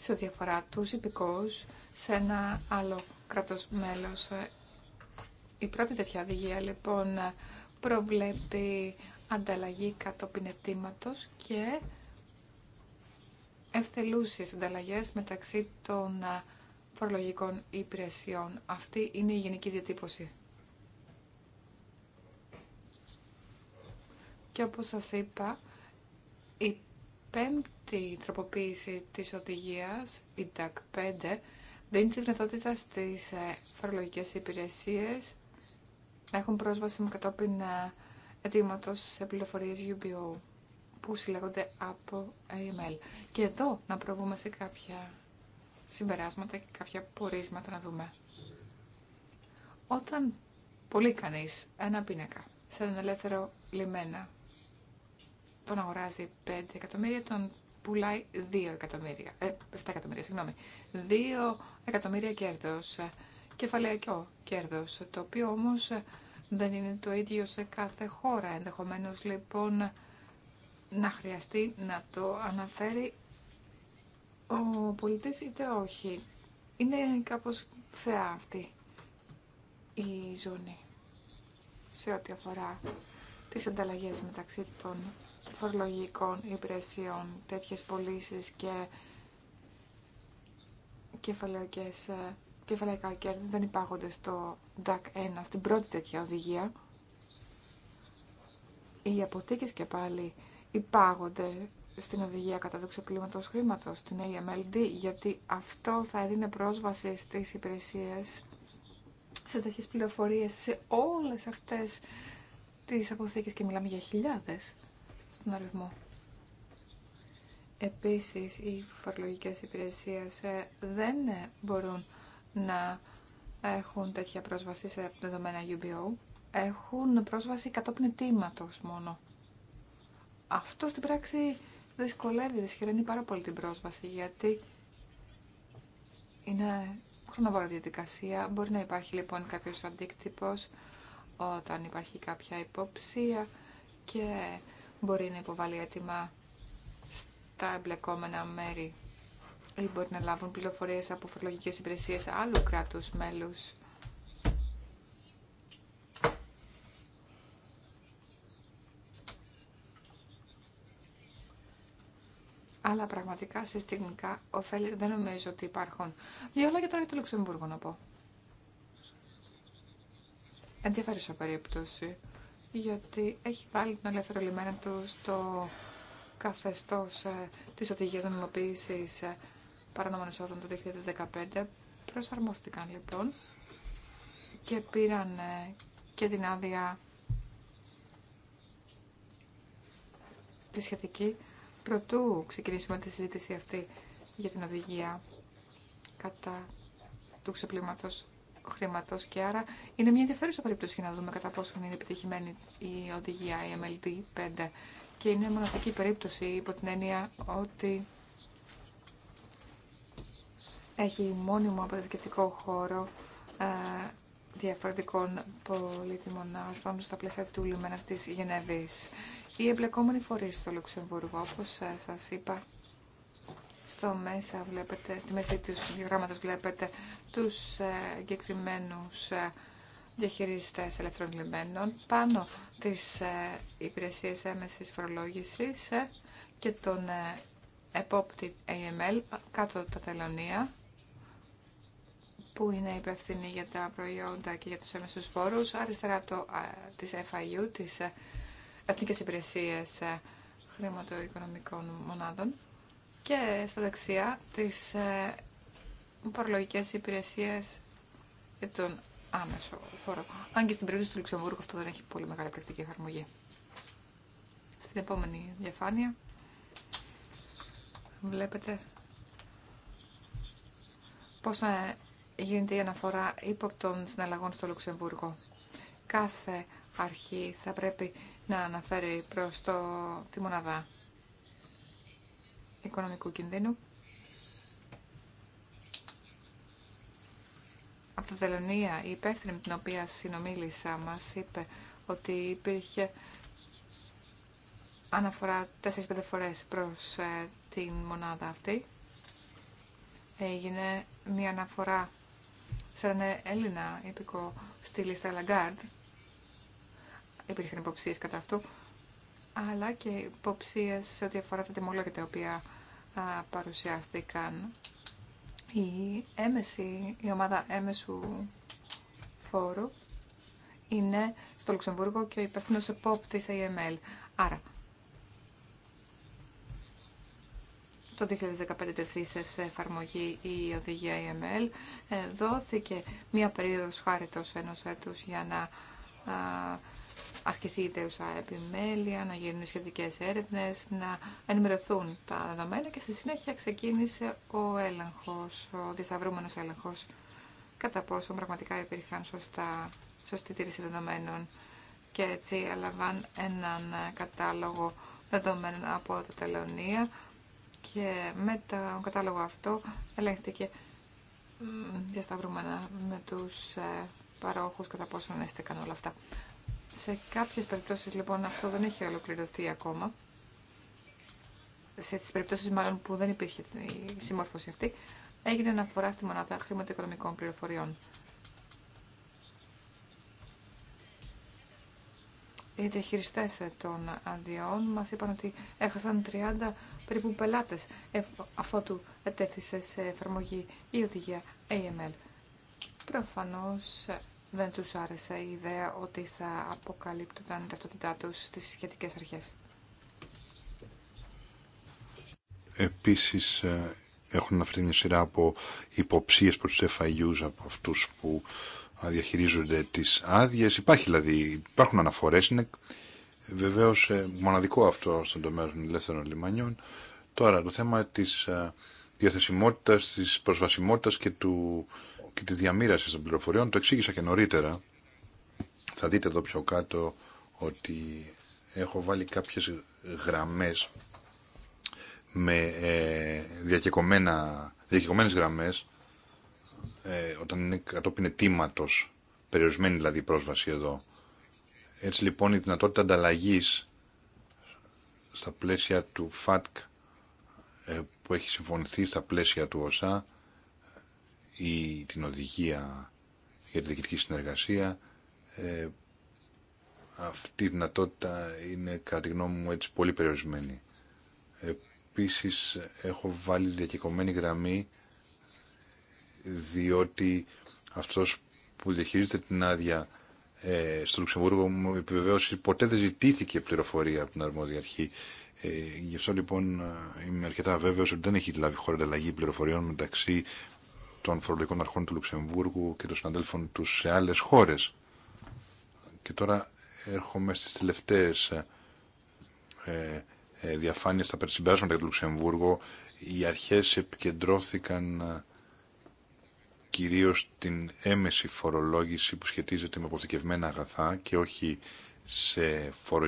σε ό,τι αφορά τους υπηκόους σε ένα άλλο κράτος μέλος. Η πρώτη τέτοια οδηγία λοιπόν προβλέπει ανταλλαγή κατόπιν ετήματος και ευθελούσιες ανταλλαγές μεταξύ των φορολογικών υπηρεσιών. Αυτή είναι η γενική διατύπωση. Και όπως σας είπα, η πέμπτη τροποποίηση της οδηγίας, η DAC 5, δίνει τη δυνατότητα στις ε, φορολογικές υπηρεσίες να έχουν πρόσβαση με κατόπιν ε, αιτήματος σε πληροφορίες UBO που συλλέγονται από AML. Και εδώ να προβούμε σε κάποια συμπεράσματα και κάποια πορίσματα να δούμε. Όταν πολύ κανείς ένα πίνακα σε έναν ελεύθερο λιμένα τον αγοράζει 5 εκατομμύρια, τον πουλάει 2 εκατομμύρια, ε, 7 εκατομμύρια, συγγνώμη, 2 εκατομμύρια κέρδο, κεφαλαϊκό κέρδο, το οποίο όμω δεν είναι το ίδιο σε κάθε χώρα. Ενδεχομένω λοιπόν να χρειαστεί να το αναφέρει ο πολιτής είτε όχι. Είναι κάπως θεά αυτή η ζώνη σε ό,τι αφορά τις ανταλλαγές μεταξύ των φορολογικών υπηρεσιών, τέτοιες πωλήσει και ε, κεφαλαϊκά κέρδη δεν υπάγονται στο DAC 1, στην πρώτη τέτοια οδηγία. Οι αποθήκες και πάλι υπάγονται στην οδηγία κατά το ξεπλήματο χρήματο, στην AMLD, γιατί αυτό θα έδινε πρόσβαση στις υπηρεσίες σε τέτοιες πληροφορίες σε όλες αυτές τις αποθήκες και μιλάμε για χιλιάδες στον αριθμό. Επίσης, οι φορολογικές υπηρεσίες ε, δεν ε, μπορούν να έχουν τέτοια πρόσβαση σε δεδομένα UBO. Έχουν πρόσβαση κατόπιν ετήματος μόνο. Αυτό στην πράξη δυσκολεύει, δυσχεραίνει πάρα πολύ την πρόσβαση, γιατί είναι χρονοβόρα διαδικασία. Μπορεί να υπάρχει λοιπόν κάποιος αντίκτυπος όταν υπάρχει κάποια υποψία και μπορεί να υποβάλει έτοιμα στα εμπλεκόμενα μέρη ή μπορεί να λάβουν πληροφορίες από φορολογικές υπηρεσίες άλλου κράτους μέλους. Αλλά πραγματικά συστημικά ωφέλη δεν νομίζω ότι υπάρχουν. Δύο λόγια τώρα για το Λουξεμβούργο να πω. Ενδιαφέρουσα περίπτωση γιατί έχει βάλει τον ελεύθερο λιμένα του στο καθεστώς ε, της οδηγίας νομιμοποίησης ε, παρανόμων εσόδων το 2015. Προσαρμόστηκαν λοιπόν και πήραν ε, και την άδεια τη σχετική προτού ξεκινήσουμε τη συζήτηση αυτή για την οδηγία κατά του ξεπλήματος χρήματο και άρα είναι μια ενδιαφέρουσα περίπτωση να δούμε κατά πόσο είναι επιτυχημένη η οδηγία η MLD5 και είναι μοναδική περίπτωση υπό την έννοια ότι έχει μόνιμο αποδεκτικό χώρο ε, διαφορετικών πολύτιμων αγαθών στα πλαίσια του λιμένα της Γενεβής. Οι εμπλεκόμενοι φορείς στο Λουξεμβούργο, όπως ε, σας είπα, στο μέσα βλέπετε, στη μέση του διαγράμματος βλέπετε τους ε, εγκεκριμένου ε, διαχειριστές ελεύθερων πάνω τις ε, υπηρεσίες έμεσης φορολόγησης και τον επόπτη AML κάτω τα τελωνία που είναι υπευθυνή για τα προϊόντα και για τους έμεσους φόρους, αριστερά το, της FIU, της Εθνικές Υπηρεσίες Χρηματοοικονομικών Μονάδων και στα δεξιά τις ε, παρολογικές υπηρεσίες για τον άμεσο φόρο. Αν και στην περίπτωση του Λουξεμβούργου αυτό δεν έχει πολύ μεγάλη πρακτική εφαρμογή. Στην επόμενη διαφάνεια βλέπετε πώς ε, γίνεται η αναφορά ύποπτων συναλλαγών στο Λουξεμβούργο. Κάθε αρχή θα πρέπει να αναφέρει προς το, τη μονάδα οικονομικού κινδύνου. Από τη Δελωνία, η υπεύθυνη με την οποία συνομίλησα μας είπε ότι υπήρχε αναφορά 4-5 φορές προς ε, την μονάδα αυτή. Έγινε μια αναφορά σε έναν Έλληνα υπηκό στη λίστα Λαγκάρντ. Υπήρχαν υποψίες κατά αυτού, αλλά και υποψίες σε ό,τι αφορά τα τιμολόγια τα οποία παρουσιάστηκαν η, έμεση, η ομάδα έμεσου φόρου είναι στο Λουξεμβούργο και ο υπευθύνο ΕΠΟΠ της AML. Άρα, το 2015 τεθεί σε εφαρμογή η οδηγία AML. Ε, δόθηκε μία περίοδος χάριτος ενός έτους για να ασκηθεί η τέουσα επιμέλεια, να γίνουν σχετικέ έρευνες, να ενημερωθούν τα δεδομένα και στη συνέχεια ξεκίνησε ο έλεγχο, ο διασταυρούμενο έλεγχο, κατά πόσο πραγματικά υπήρχαν σωστά, σωστή τήρηση δεδομένων και έτσι έλαβαν έναν κατάλογο δεδομένων από τα τελωνία και με τον κατάλογο αυτό ελέγχθηκε διασταυρούμενα με τους ε, παρόχους κατά πόσο να όλα αυτά. Σε κάποιες περιπτώσεις λοιπόν αυτό δεν έχει ολοκληρωθεί ακόμα. Σε τις περιπτώσεις μάλλον που δεν υπήρχε η συμμόρφωση αυτή, έγινε αναφορά στη μονάδα χρηματοοικονομικών πληροφοριών. Οι διαχειριστέ των αδειών μας είπαν ότι έχασαν 30 περίπου πελάτες ε, του ετέθησε σε εφαρμογή η οδηγία AML. Προφανώς δεν τους άρεσε η ιδέα ότι θα αποκαλύπτουν τα ταυτότητά τους στις σχετικές αρχές. Επίσης ε, έχουν αναφερθεί μια σειρά από υποψίες προς τους FIUs από αυτούς που διαχειρίζονται τις άδειε. Υπάρχει δηλαδή, υπάρχουν αναφορές, είναι βεβαίως ε, μοναδικό αυτό στον τομέα των ελεύθερων λιμανιών. Τώρα το θέμα της ε, διαθεσιμότητας, της προσβασιμότητας και του και τη διαμήραση των πληροφοριών. Το εξήγησα και νωρίτερα. Θα δείτε εδώ πιο κάτω ότι έχω βάλει κάποιες γραμμές με ε, διακεκομένα, διακεκομένες γραμμές ε, όταν είναι κατόπιν ετήματος, περιορισμένη δηλαδή η πρόσβαση εδώ. Έτσι λοιπόν η δυνατότητα ανταλλαγή στα πλαίσια του ΦΑΤΚ ε, που έχει συμφωνηθεί στα πλαίσια του ΩΣΑ ή την οδηγία για τη διοικητική συνεργασία. Ε, αυτή η δυνατότητα είναι κατά τη γνώμη μου έτσι πολύ περιορισμένη. Επίσης έχω βάλει διακεκομένη γραμμή διότι αυτός που διαχειρίζεται την άδεια ε, στο Λουξεμβούργο μου επιβεβαίωσε ποτέ δεν ζητήθηκε πληροφορία από την αρμόδια αρχή. Ε, γι' αυτό λοιπόν ε, είμαι αρκετά βέβαιος ότι δεν έχει λάβει χώρα ανταλλαγή πληροφοριών μεταξύ των φορολογικών αρχών του Λουξεμβούργου και των συναδέλφων τους σε άλλες χώρες. Και τώρα έρχομαι στις τελευταίες ε, ε, ε διαφάνειες στα συμπεράσματα για το Λουξεμβούργο. Οι αρχές επικεντρώθηκαν ε, κυρίως την έμεση φορολόγηση που σχετίζεται με αποθηκευμένα αγαθά και όχι σε φόρο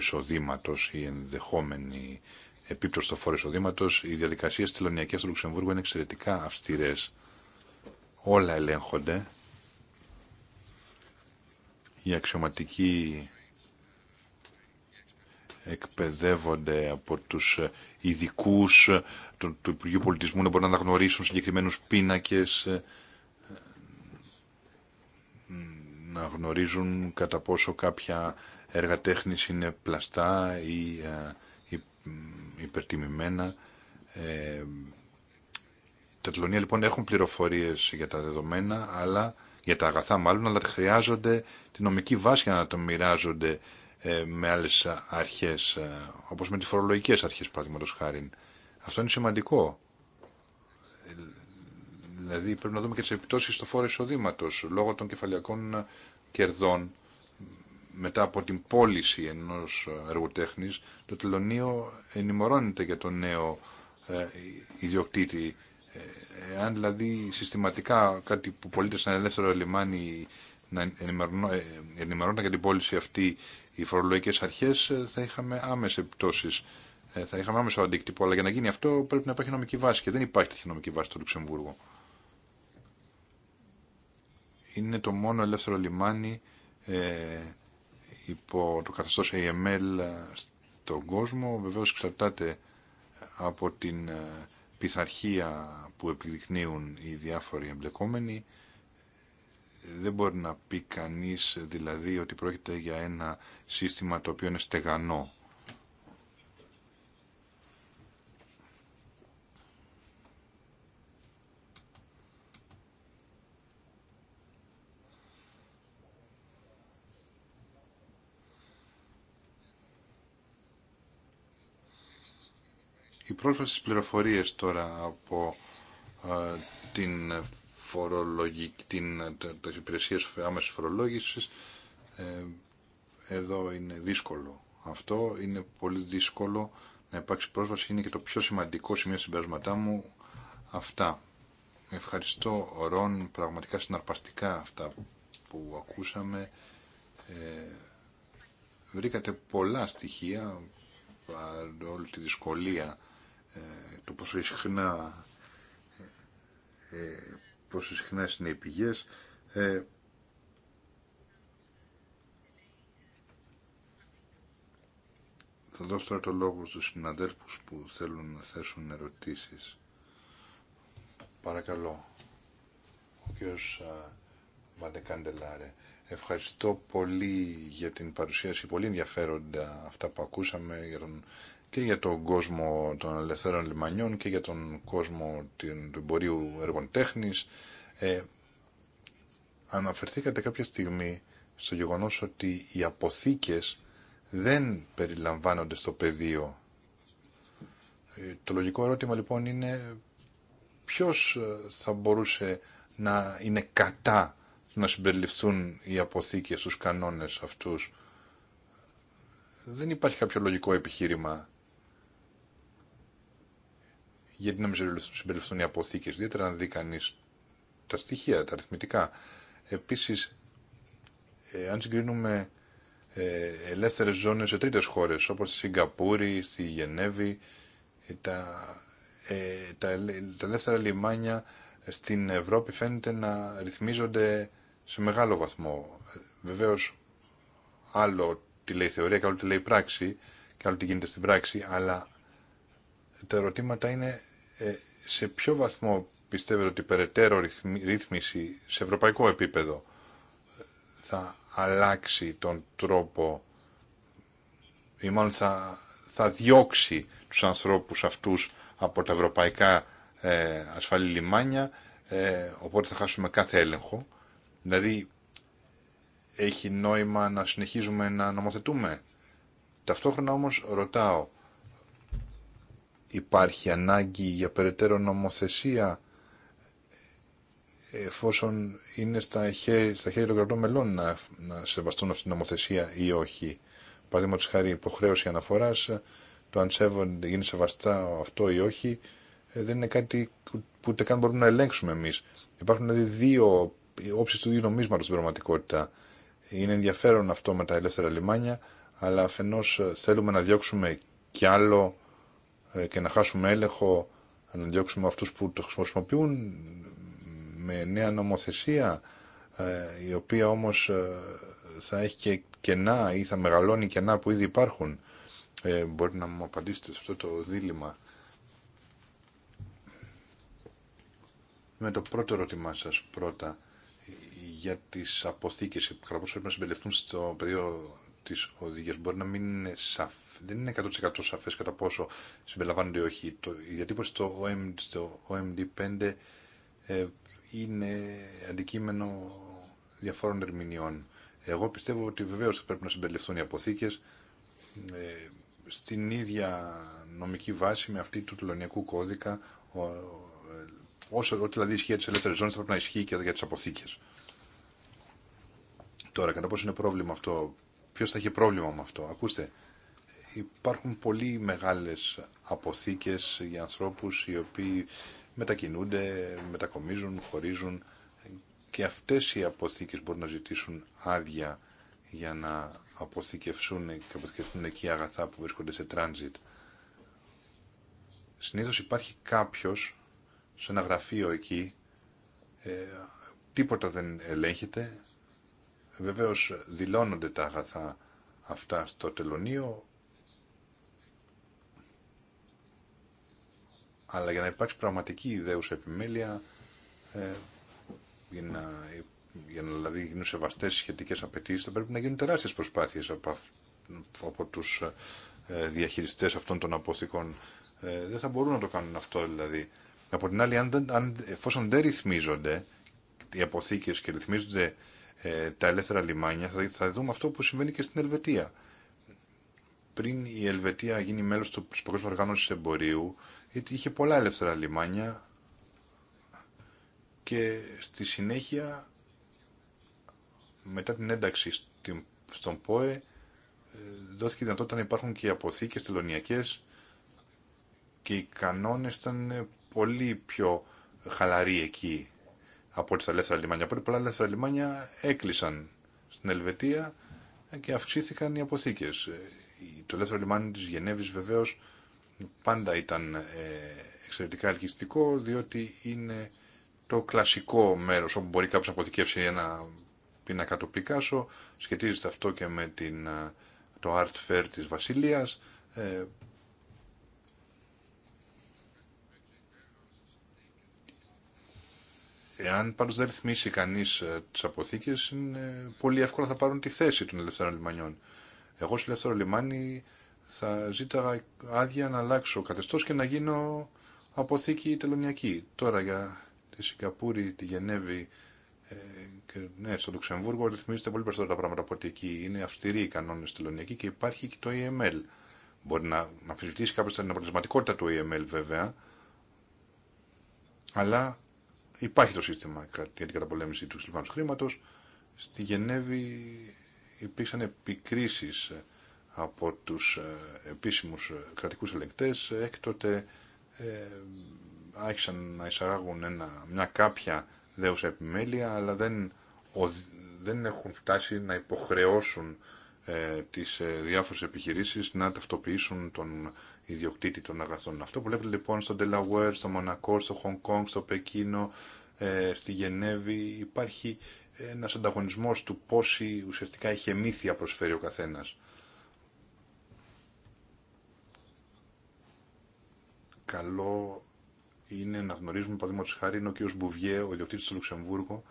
ή ενδεχόμενη επίπτωση στο φόρο εισοδήματος. Οι διαδικασίες τηλωνιακές του Λουξεμβούργου είναι εξαιρετικά αυστηρές όλα ελέγχονται. Οι αξιωματικοί εκπαιδεύονται από τους ειδικού του, του Υπουργείου Πολιτισμού να μπορούν να αναγνωρίσουν συγκεκριμένους πίνακες, να γνωρίζουν κατά πόσο κάποια έργα τέχνης είναι πλαστά ή ε, υπερτιμημένα. Ε, τα τελωνία λοιπόν έχουν πληροφορίες για τα δεδομένα, αλλά για τα αγαθά μάλλον, αλλά χρειάζονται τη νομική βάση για να το μοιράζονται ε, με άλλες αρχές, ε, όπως με τι φορολογικέ αρχέ, παραδείγματος χάρη. Αυτό είναι σημαντικό. Δηλαδή πρέπει να δούμε και τι επιπτώσει στο φόρο εισοδήματο λόγω των κεφαλιακών κερδών μετά από την πώληση ενό εργοτέχνης, το τελωνίο ενημερώνεται για το νέο ε, ιδιοκτήτη αν δηλαδή συστηματικά κάτι που πολίτες σαν ελεύθερο λιμάνι να ε, ενημερώνουν για την πώληση αυτή οι φορολογικές αρχές, ε, θα είχαμε άμεσε επιπτώσεις. Ε, θα είχαμε άμεσο αντίκτυπο, αλλά για να γίνει αυτό πρέπει να υπάρχει νομική βάση και δεν υπάρχει τέτοια νομική βάση στο Λουξεμβούργο. Είναι το μόνο ελεύθερο λιμάνι ε, υπό το καθεστώ AML στον κόσμο. Βεβαίω εξαρτάται από την πειθαρχία που επιδεικνύουν οι διάφοροι εμπλεκόμενοι. Δεν μπορεί να πει κανείς δηλαδή ότι πρόκειται για ένα σύστημα το οποίο είναι στεγανό. Η πρόσβαση στις πληροφορίες τώρα από ε, την φορολογική, την, τις υπηρεσίες άμεσης φορολόγησης, ε, εδώ είναι δύσκολο. Αυτό είναι πολύ δύσκολο να υπάρξει πρόσβαση, είναι και το πιο σημαντικό σημείο συμπερασματά μου. Αυτά. Ευχαριστώ, Ρον, πραγματικά συναρπαστικά αυτά που ακούσαμε. Ε, βρήκατε πολλά στοιχεία, όλη τη δυσκολία ε, το πόσο συχνά ε, πόσο συχνά είναι οι πηγές ε, θα δώσω τώρα το λόγο στους συναδέλφους που θέλουν να θέσουν ερωτήσεις παρακαλώ ο κ. Βαντεκάντελάρε Ευχαριστώ πολύ για την παρουσίαση, πολύ ενδιαφέροντα αυτά που ακούσαμε για τον και για τον κόσμο των ελευθέρων λιμανιών και για τον κόσμο του εμπορίου έργων τέχνης. Ε, αναφερθήκατε κάποια στιγμή στο γεγονός ότι οι αποθήκες δεν περιλαμβάνονται στο πεδίο. Ε, το λογικό ερώτημα λοιπόν είναι ποιος ε, θα μπορούσε να είναι κατά να συμπεριληφθούν οι αποθήκες στους κανόνες αυτούς. Δεν υπάρχει κάποιο λογικό επιχείρημα γιατί να μην συμπεριληφθούν οι αποθήκε, ιδιαίτερα αν δει κανεί τα στοιχεία, τα αριθμητικά. Επίση, ε, αν συγκρίνουμε ε, ελεύθερε ζώνε σε τρίτε χώρε, όπω στη Σιγκαπούρη, στη Γενέβη, ε, τα, ε, τα, τα ελεύθερα λιμάνια στην Ευρώπη φαίνεται να ρυθμίζονται σε μεγάλο βαθμό. Βεβαίω, άλλο τι λέει θεωρία και άλλο τι λέει πράξη και άλλο τι γίνεται στην πράξη, αλλά τα ερωτήματα είναι ε, σε ποιο βαθμό πιστεύετε ότι περαιτέρω ρύθμιση σε ευρωπαϊκό επίπεδο ε, θα αλλάξει τον τρόπο ή μάλλον θα, θα διώξει τους ανθρώπους αυτούς από τα ευρωπαϊκά ε, ασφαλή λιμάνια ε, οπότε θα χάσουμε κάθε έλεγχο δηλαδή έχει νόημα να συνεχίζουμε να νομοθετούμε ταυτόχρονα όμως ρωτάω υπάρχει ανάγκη για περαιτέρω νομοθεσία εφόσον είναι στα χέρια, στα των κρατών μελών να, να σεβαστούν αυτή την νομοθεσία ή όχι. Παραδείγματο χάρη υποχρέωση αναφοράς το αν σέβονται, γίνει σεβαστά αυτό ή όχι, ε, δεν είναι κάτι που ούτε καν μπορούμε να ελέγξουμε εμείς. Υπάρχουν δηλαδή δύο όψεις του δύο νομίσματος στην πραγματικότητα. Είναι ενδιαφέρον αυτό με τα ελεύθερα λιμάνια, αλλά αφενός ε, θέλουμε να διώξουμε κι άλλο ε, και να χάσουμε έλεγχο, να διώξουμε αυτούς που το χρησιμοποιούν με νέα νομοθεσία, ε, η οποία όμως ε, θα έχει και κενά ή θα μεγαλώνει κενά που ήδη υπάρχουν. Ε, μπορεί να μου απαντήσετε σε αυτό το δίλημα. Με το πρώτο ερώτημά σας πρώτα για τις αποθήκες που πρέπει να συμπεριληφθούν στο πεδίο της οδηγίας μπορεί να μην είναι σαφή δεν είναι 100% σαφέ κατά πόσο συμπεριλαμβάνονται ή όχι. Το, η διατύπωση στο, OM, το OMD5 ε, είναι αντικείμενο διαφόρων ερμηνεών. Εγώ πιστεύω ότι βεβαίω θα πρέπει να συμπεριληφθούν οι αποθήκε ε, στην ίδια νομική βάση με αυτή του τελωνιακού κώδικα ο, ε, όσο ό,τι δηλαδή ισχύει για τις ελεύθερες ζώνες θα πρέπει να ισχύει και για τι αποθήκε. Τώρα, κατά πόσο είναι πρόβλημα αυτό, ποιο θα έχει πρόβλημα με αυτό. Ακούστε, υπάρχουν πολύ μεγάλες αποθήκες για ανθρώπους οι οποίοι μετακινούνται, μετακομίζουν, χωρίζουν και αυτές οι αποθήκες μπορούν να ζητήσουν άδεια για να αποθηκευσούν και αποθηκευτούν εκεί αγαθά που βρίσκονται σε τράνζιτ. Συνήθως υπάρχει κάποιος σε ένα γραφείο εκεί, ε, τίποτα δεν ελέγχεται, βεβαίως δηλώνονται τα αγαθά αυτά στο τελωνίο, Αλλά για να υπάρξει πραγματική ιδέουσα επιμέλεια, ε, για να, για να δηλαδή, γίνουν σεβαστέ οι σχετικέ απαιτήσει, θα πρέπει να γίνουν τεράστιε προσπάθειε από, από του ε, διαχειριστέ αυτών των αποθηκών. Ε, δεν θα μπορούν να το κάνουν αυτό δηλαδή. Από την άλλη, αν αν, εφόσον δεν ρυθμίζονται οι αποθήκε και ρυθμίζονται τα ελεύθερα λιμάνια, θα, θα δούμε αυτό που συμβαίνει και στην Ελβετία πριν η Ελβετία γίνει μέλος του Παγκόσμιου Οργάνωσης Εμπορίου, είχε πολλά ελεύθερα λιμάνια και στη συνέχεια, μετά την ένταξη στον ΠΟΕ, ε, δόθηκε η δυνατότητα να υπάρχουν και αποθήκες τελωνιακές και οι κανόνες ήταν πολύ πιο χαλαροί εκεί από ό,τι στα ελεύθερα λιμάνια. Πριν πολλά ελεύθερα λιμάνια έκλεισαν στην Ελβετία και αυξήθηκαν οι αποθήκες το ελεύθερο λιμάνι της Γενέβης βεβαίως πάντα ήταν ε, εξαιρετικά ελκυστικό διότι είναι το κλασικό μέρος όπου μπορεί κάποιος να αποθηκεύσει ένα πίνακα του Πικάσο. Σχετίζεται αυτό και με την, ε, το Art Fair της Βασιλείας. Ε, εάν πάντως δεν ρυθμίσει κανείς ε, τις αποθήκες, είναι, πολύ εύκολα θα πάρουν τη θέση των ελευθερών λιμανιών. Εγώ στο ελεύθερο λιμάνι θα ζήταγα άδεια να αλλάξω καθεστώ και να γίνω αποθήκη τελωνιακή. Τώρα για τη Σιγκαπούρη, τη Γενέβη ε, και ναι, στο Λουξεμβούργο ρυθμίζεται πολύ περισσότερα πράγματα από ότι εκεί. Είναι αυστηροί οι κανόνε τελωνιακοί και υπάρχει και το EML. Μπορεί να, αμφισβητήσει κάποιο την αποτελεσματικότητα του EML βέβαια, αλλά υπάρχει το σύστημα για την καταπολέμηση του συλλογικού χρήματο. Στη Γενέβη υπήρξαν επικρίσεις από τους ε, επίσημους ε, κρατικούς ελεγκτές. Έκτοτε ε, άρχισαν να εισαγάγουν ένα, μια κάποια δέουσα επιμέλεια, αλλά δεν, δεν έχουν φτάσει να υποχρεώσουν ε, τις ε, διάφορες επιχειρήσεις να ταυτοποιήσουν τον ιδιοκτήτη των αγαθών. Αυτό που βλέπετε λοιπόν στο Delaware, στο Μονακό, στο Hong Κόνγκ, στο Πεκίνο, ε, στη Γενέβη υπάρχει ένα ανταγωνισμό του πόση ουσιαστικά μύθια προσφέρει ο καθένας. Καλό είναι να γνωρίζουμε, παραδείγματο χάρη, είναι ο κ. Μπουβιέ, ο ιδιοκτήτη του Λουξεμβούργου,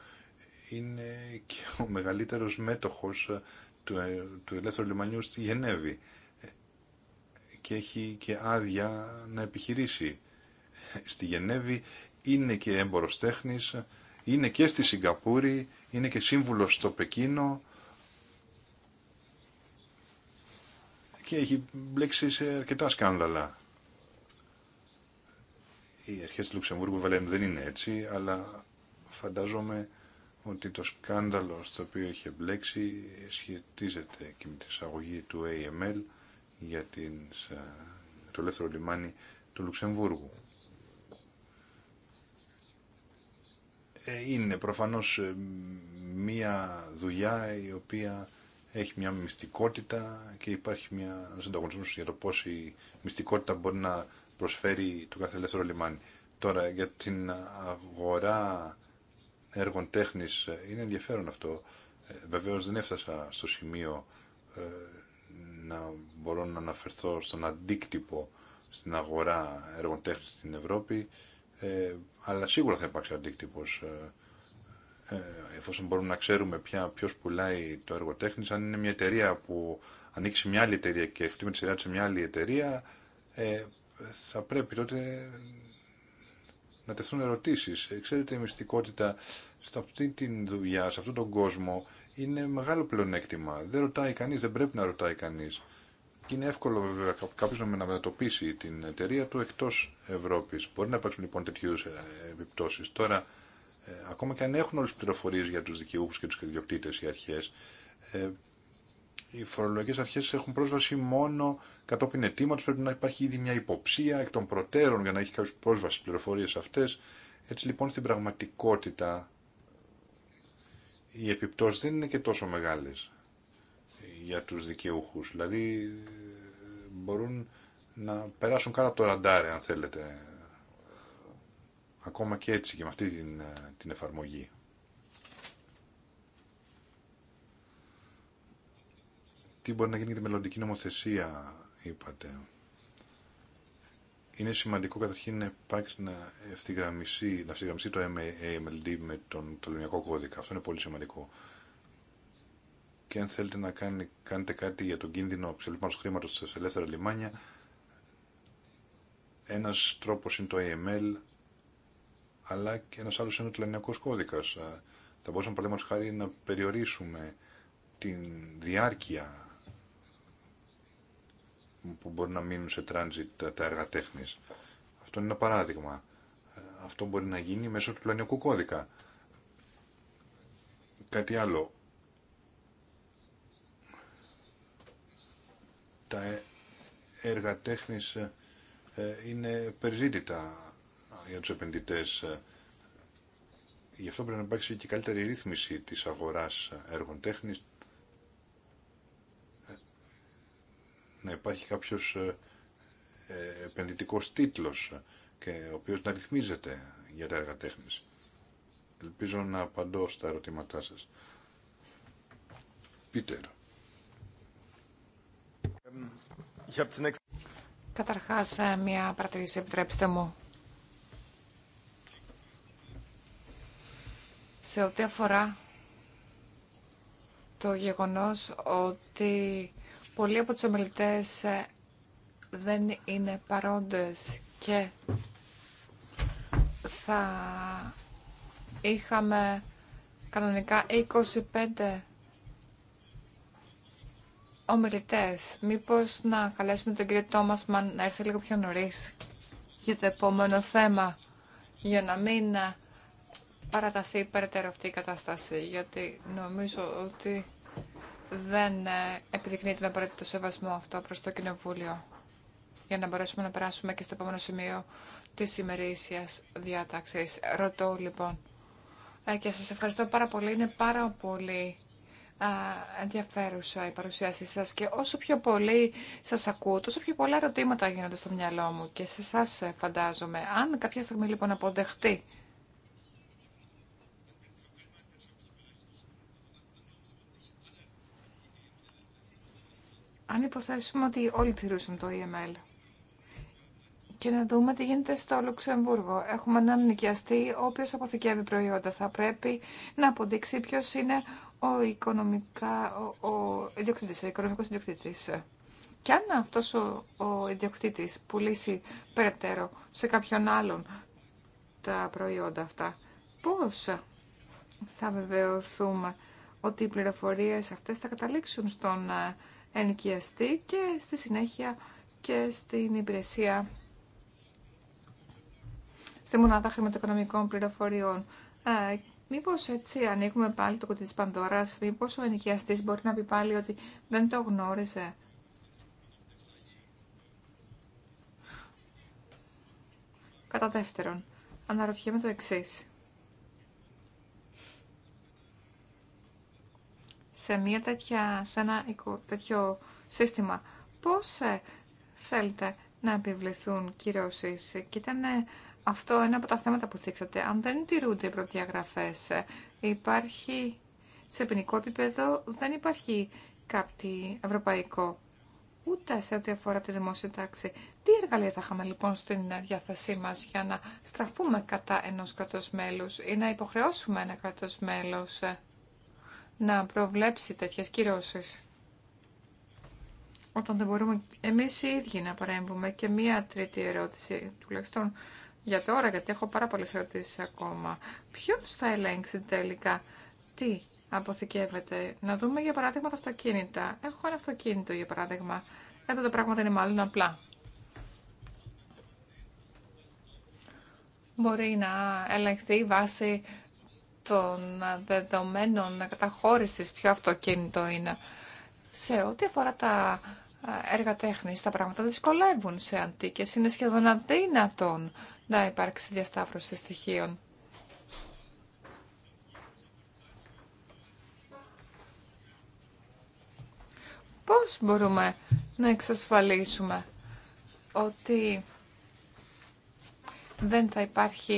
είναι και ο μεγαλύτερο μέτοχο του, ε, του ελεύθερου λιμανιού στη Γενέβη και έχει και άδεια να επιχειρήσει. Στη Γενέβη είναι και έμπορος τέχνης, είναι και στη Σιγκαπούρη, είναι και σύμβουλος στο Πεκίνο και έχει μπλέξει σε αρκετά σκάνδαλα. Οι αρχές του Λουξεμβούργου βαλένουν δεν είναι έτσι, αλλά φαντάζομαι ότι το σκάνδαλο στο οποίο έχει μπλέξει σχετίζεται και με την εισαγωγή του AML για την, ε, το ελεύθερο λιμάνι του Λουξεμβούργου. Ε, είναι προφανώς ε, μία δουλειά η οποία έχει μια μυστικότητα και υπάρχει μια ανταγωνισμός για το πώς η μυστικότητα μπορεί να προσφέρει το κάθε ελεύθερο λιμάνι. Τώρα για την αγορά έργων τέχνης ε, είναι ενδιαφέρον αυτό. βεβαίως δεν έφτασα στο σημείο να μπορώ να αναφερθώ στον αντίκτυπο στην αγορά έργων τέχνης στην Ευρώπη ε, αλλά σίγουρα θα υπάρξει αντίκτυπο ε, ε, εφόσον μπορούμε να ξέρουμε ποιο ποιος πουλάει το έργο αν είναι μια εταιρεία που ανοίξει μια άλλη εταιρεία και αυτή με τη σειρά σε μια άλλη εταιρεία, ε, θα πρέπει τότε να τεθούν ερωτήσεις. Ε, ξέρετε, η μυστικότητα σε αυτή τη δουλειά, σε αυτόν τον κόσμο, είναι μεγάλο πλεονέκτημα. Δεν ρωτάει κανεί, δεν πρέπει να ρωτάει κανείς. Και είναι εύκολο βέβαια κάποιο να μετατοπίσει την εταιρεία του εκτό Ευρώπη. Μπορεί να υπάρξουν λοιπόν τέτοιου ε, επιπτώσει. Τώρα, ε, ακόμα και αν έχουν όλε τι πληροφορίε για του δικαιούχου και του ιδιοκτήτε οι αρχέ, ε, οι φορολογικέ αρχέ έχουν πρόσβαση μόνο κατόπιν αιτήματο. Πρέπει να υπάρχει ήδη μια υποψία εκ των προτέρων για να έχει κάποιο πρόσβαση στι πληροφορίε αυτέ. Έτσι λοιπόν στην πραγματικότητα οι επιπτώσει δεν είναι και τόσο μεγάλε για τους δικαιούχους. Δηλαδή μπορούν να περάσουν κάτω από το ραντάρι αν θέλετε. Ακόμα και έτσι και με αυτή την, ε, την εφαρμογή. Τι μπορεί να γίνει για τη μελλοντική νομοθεσία, είπατε. Είναι σημαντικό καταρχήν να υπάρξει να ευθυγραμμιστεί, το MLD με τον τελωνιακό κώδικα. Αυτό είναι πολύ σημαντικό και αν θέλετε να κάνετε κάτι για τον κίνδυνο ξελπάνους χρήματος σε ελεύθερα λιμάνια, ένας τρόπος είναι το AML, αλλά και ένας άλλος είναι ο τελανιακός κώδικας. Θα μπορούσαμε παραδείγματος χάρη να περιορίσουμε την διάρκεια που μπορεί να μείνουν σε τράνζιτ τα έργα Αυτό είναι ένα παράδειγμα. Αυτό μπορεί να γίνει μέσω του πλανιακού κώδικα. Κάτι άλλο. τα ε, έργα τέχνης ε, ε, είναι περιζήτητα για τους επενδυτές. Γι' αυτό πρέπει να υπάρξει και καλύτερη ρύθμιση της αγοράς έργων τέχνης, να υπάρχει κάποιος επενδυτικός τίτλος και ο οποίος να ρυθμίζεται για τα έργα τέχνης. Ελπίζω να απαντώ στα ερωτήματά σας. Πίτερ. Καταρχάς, ε, μια παρατηρήση, επιτρέψτε μου. Σε ό,τι αφορά το γεγονός ότι πολλοί από τους ομιλητές ε, δεν είναι παρόντες και θα είχαμε κανονικά 25 Ομιλητέ, μήπω να καλέσουμε τον κύριο Τόμας να έρθει λίγο πιο νωρίς για το επόμενο θέμα, για να μην παραταθεί περαιτέρω αυτή η κατάσταση, γιατί νομίζω ότι δεν ε, επιδεικνύει τον απαραίτητο σεβασμό αυτό προς το Κοινοβούλιο για να μπορέσουμε να περάσουμε και στο επόμενο σημείο της ημερήσιας διάταξη. Ρωτώ λοιπόν. Ε, και σας ευχαριστώ πάρα πολύ. Είναι πάρα πολύ ενδιαφέρουσα η παρουσίασή σας και όσο πιο πολύ σας ακούω, τόσο πιο πολλά ερωτήματα γίνονται στο μυαλό μου και σε εσά ε, φαντάζομαι. Αν κάποια στιγμή λοιπόν αποδεχτεί αν υποθέσουμε ότι όλοι τηρούσαν το EML και να δούμε τι γίνεται στο Λουξεμβούργο. Έχουμε έναν νοικιαστή ο οποίος αποθηκεύει προϊόντα. Θα πρέπει να αποδείξει ποιος είναι ο, οικονομικά, ο, ο, ιδιοκτήτης, ο οικονομικός ιδιοκτήτης. Και αν αυτός ο, ο ιδιοκτήτης πουλήσει περαιτέρω σε κάποιον άλλον τα προϊόντα αυτά, πώς θα βεβαιωθούμε ότι οι πληροφορίες αυτές θα καταλήξουν στον ε, ενοικιαστή και στη συνέχεια και στην υπηρεσία στη μονάδα χρηματοοικονομικών πληροφοριών ε, Μήπως έτσι ανοίγουμε πάλι το κουτί της Πανδώρας, μήπως ο ενοικιαστή μπορεί να πει πάλι ότι δεν το γνώριζε. Κατά δεύτερον, αναρωτιέμαι το εξή. Σε, μια τέτοια, σε ένα τέτοιο σύστημα, πώς ε, θέλετε να επιβληθούν κυρώσεις και ήταν αυτό είναι από τα θέματα που θίξατε. Αν δεν τηρούνται οι προδιαγραφές, ε, υπάρχει σε ποινικό επίπεδο, δεν υπάρχει κάτι ευρωπαϊκό, ούτε σε ό,τι αφορά τη δημόσια τάξη. Τι εργαλεία θα είχαμε λοιπόν στην διάθεσή μας για να στραφούμε κατά ενός κράτος μέλους ή να υποχρεώσουμε ένα κράτος ε, να προβλέψει τέτοιες κυρώσεις όταν δεν μπορούμε εμείς οι ίδιοι να παρέμβουμε. Και μία τρίτη ερώτηση τουλάχιστον για τώρα, γιατί έχω πάρα πολλές ερωτήσεις ακόμα. Ποιος θα ελέγξει τελικά τι αποθηκεύεται. Να δούμε για παράδειγμα τα αυτοκίνητα. Έχω ένα αυτοκίνητο για παράδειγμα. Εδώ τα πράγματα είναι μάλλον απλά. Μπορεί να ελεγχθεί βάσει των δεδομένων καταχώρησης ποιο αυτοκίνητο είναι. Σε ό,τι αφορά τα ε, έργα τέχνης, τα πράγματα δυσκολεύουν σε αντίκες. Είναι σχεδόν αδύνατον να υπάρξει διασταύρωση στοιχείων. Πώς μπορούμε να εξασφαλίσουμε ότι δεν θα υπάρχει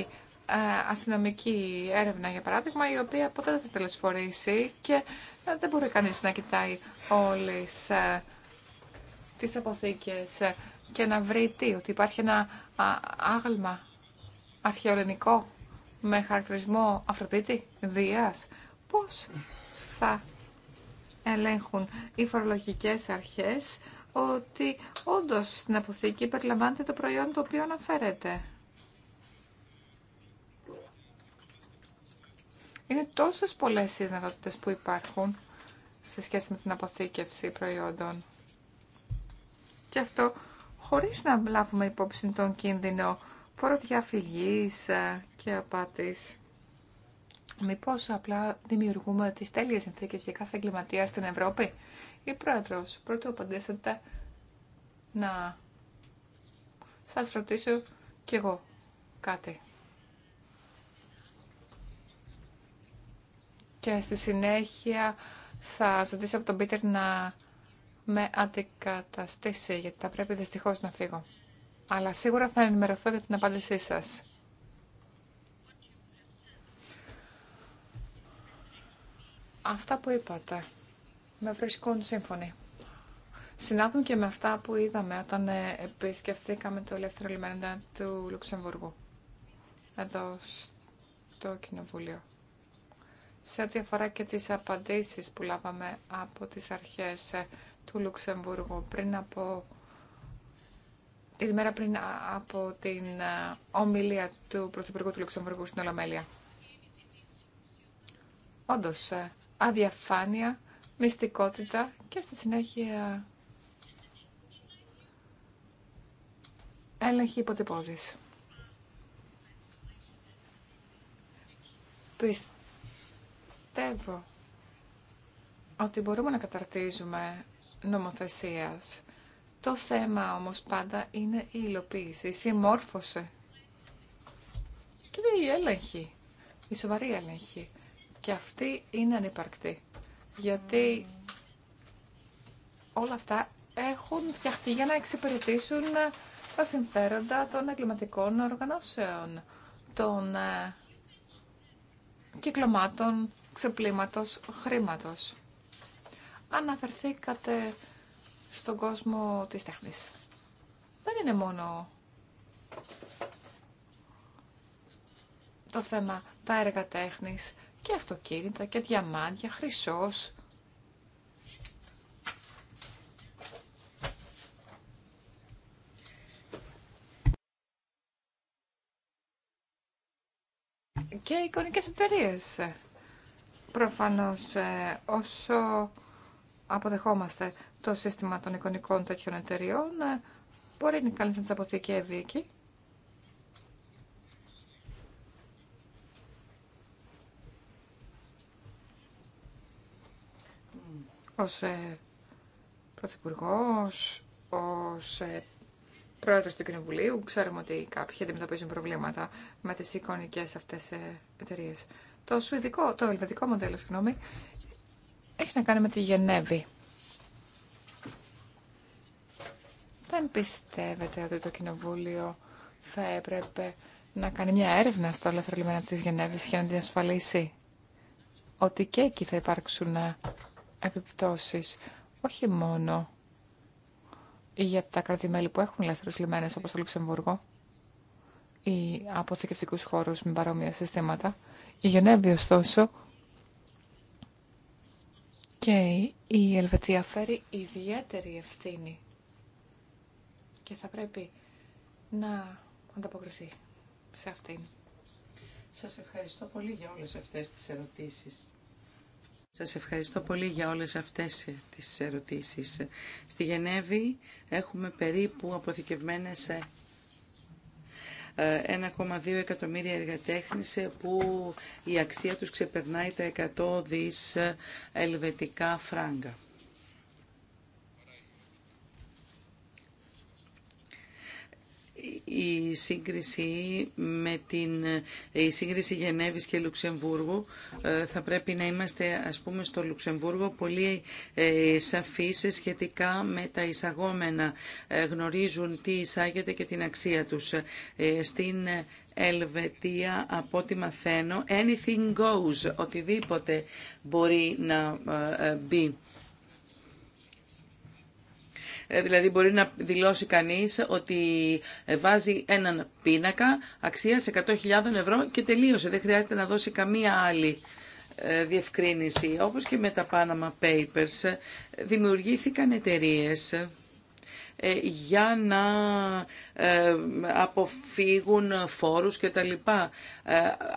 ε, αστυνομική έρευνα, για παράδειγμα, η οποία ποτέ δεν θα τελεσφορήσει και ε, δεν μπορεί κανείς να κοιτάει όλες ε, τις αποθήκες και να βρει τι, ότι υπάρχει ένα άγαλμα αρχαιολενικό με χαρακτηρισμό Αφροδίτη, Δίας. Πώς θα ελέγχουν οι φορολογικές αρχές ότι όντως στην αποθήκη περιλαμβάνεται το προϊόν το οποίο αναφέρεται. Είναι τόσες πολλές οι δυνατότητε που υπάρχουν σε σχέση με την αποθήκευση προϊόντων. Και αυτό χωρίς να λάβουμε υπόψη τον κίνδυνο φοροδιαφυγής ε, και απάτης. Μήπως απλά δημιουργούμε τις τέλειες συνθήκες για κάθε εγκληματία στην Ευρώπη. Η Πρόεδρος, πρώτο απαντήσατε να σας ρωτήσω κι εγώ κάτι. Και στη συνέχεια θα ζητήσω από τον Πίτερ να με αντικαταστήσει, γιατί θα πρέπει δυστυχώς να φύγω. Αλλά σίγουρα θα ενημερωθώ για την απάντησή σα. Αυτά που είπατε με βρίσκουν σύμφωνοι. Συνάδουν και με αυτά που είδαμε όταν ε, επισκεφθήκαμε το ελεύθερο λιμένα του Λουξεμβουργού. Εδώ στο Κοινοβούλιο. Σε ό,τι αφορά και τις απαντήσεις που λάβαμε από τις αρχές ε, του Λουξεμβούργου πριν από την ημέρα πριν από την ε, ομιλία του Πρωθυπουργού του Λουξεμβούργου στην Ολομέλεια. Όντως, ε, αδιαφάνεια, μυστικότητα και στη συνέχεια έλεγχη υποτυπώδης. Πιστεύω ότι μπορούμε να καταρτίζουμε νομοθεσίας. Το θέμα όμως πάντα είναι η υλοποίηση, η συμμόρφωση και η έλεγχη, η σοβαρή έλεγχη. Και αυτή είναι ανυπαρκτή, γιατί όλα αυτά έχουν φτιαχτεί για να εξυπηρετήσουν τα συμφέροντα των εγκληματικών οργανώσεων, των ε, κυκλωμάτων ξεπλήματος χρήματος αναφερθήκατε στον κόσμο της τέχνης. Δεν είναι μόνο το θέμα τα έργα τέχνης και αυτοκίνητα και διαμάντια, χρυσός. Και εικονικές εταιρείε. Προφανώς ε, όσο αποδεχόμαστε το σύστημα των εικονικών τέτοιων εταιριών. Ε, μπορεί κάνει να τις αποθηκεύει εκεί. ως ε, πρωθυπουργός, ως ε, πρόεδρος του Κοινοβουλίου. Ξέρουμε ότι κάποιοι αντιμετωπίζουν προβλήματα με τις εικονικές αυτές ε, εταιρείε. Το σουηδικό, το ελβετικό μοντέλο, συγγνώμη, έχει να κάνει με τη Γενέβη. Δεν πιστεύετε ότι το Κοινοβούλιο θα έπρεπε να κάνει μια έρευνα στα όλα λιμένα της Γενέβης για να διασφαλίσει ότι και εκεί θα υπάρξουν ε, επιπτώσεις, όχι μόνο για τα κρατη που έχουν ελεύθερους λιμένες όπως το Λουξεμβούργο ή αποθηκευτικούς χώρους με παρόμοια συστήματα. Η Γενέβη, ωστόσο, και η Ελβετία φέρει ιδιαίτερη ευθύνη και θα πρέπει να ανταποκριθεί σε αυτήν. Σας ευχαριστώ πολύ για όλες αυτές τις ερωτήσεις. Σας ευχαριστώ πολύ για όλες αυτές ε, τις ερωτήσεις. Στη Γενέβη έχουμε περίπου αποθηκευμένες ε, 1,2 ε, εκατομμύρια εργατέχνες ε, που η αξία τους ξεπερνάει τα 100 δις ε, ελβετικά φράγκα. η σύγκριση με την η σύγκριση Γενέβης και Λουξεμβούργου ε, θα πρέπει να είμαστε ας πούμε στο Λουξεμβούργο πολύ ε, σαφείς σχετικά με τα εισαγόμενα ε, γνωρίζουν τι εισάγεται και την αξία τους στην Ελβετία, από ό,τι μαθαίνω, anything goes, οτιδήποτε μπορεί να μπει ε, δηλαδή μπορεί να δηλώσει κανείς ότι ε, βάζει έναν πίνακα αξίας 100.000 ευρώ και τελείωσε. Δεν χρειάζεται να δώσει καμία άλλη ε, διευκρίνηση. Όπως και με τα Panama Papers δημιουργήθηκαν εταιρείε για να αποφύγουν φόρους και τα λοιπά.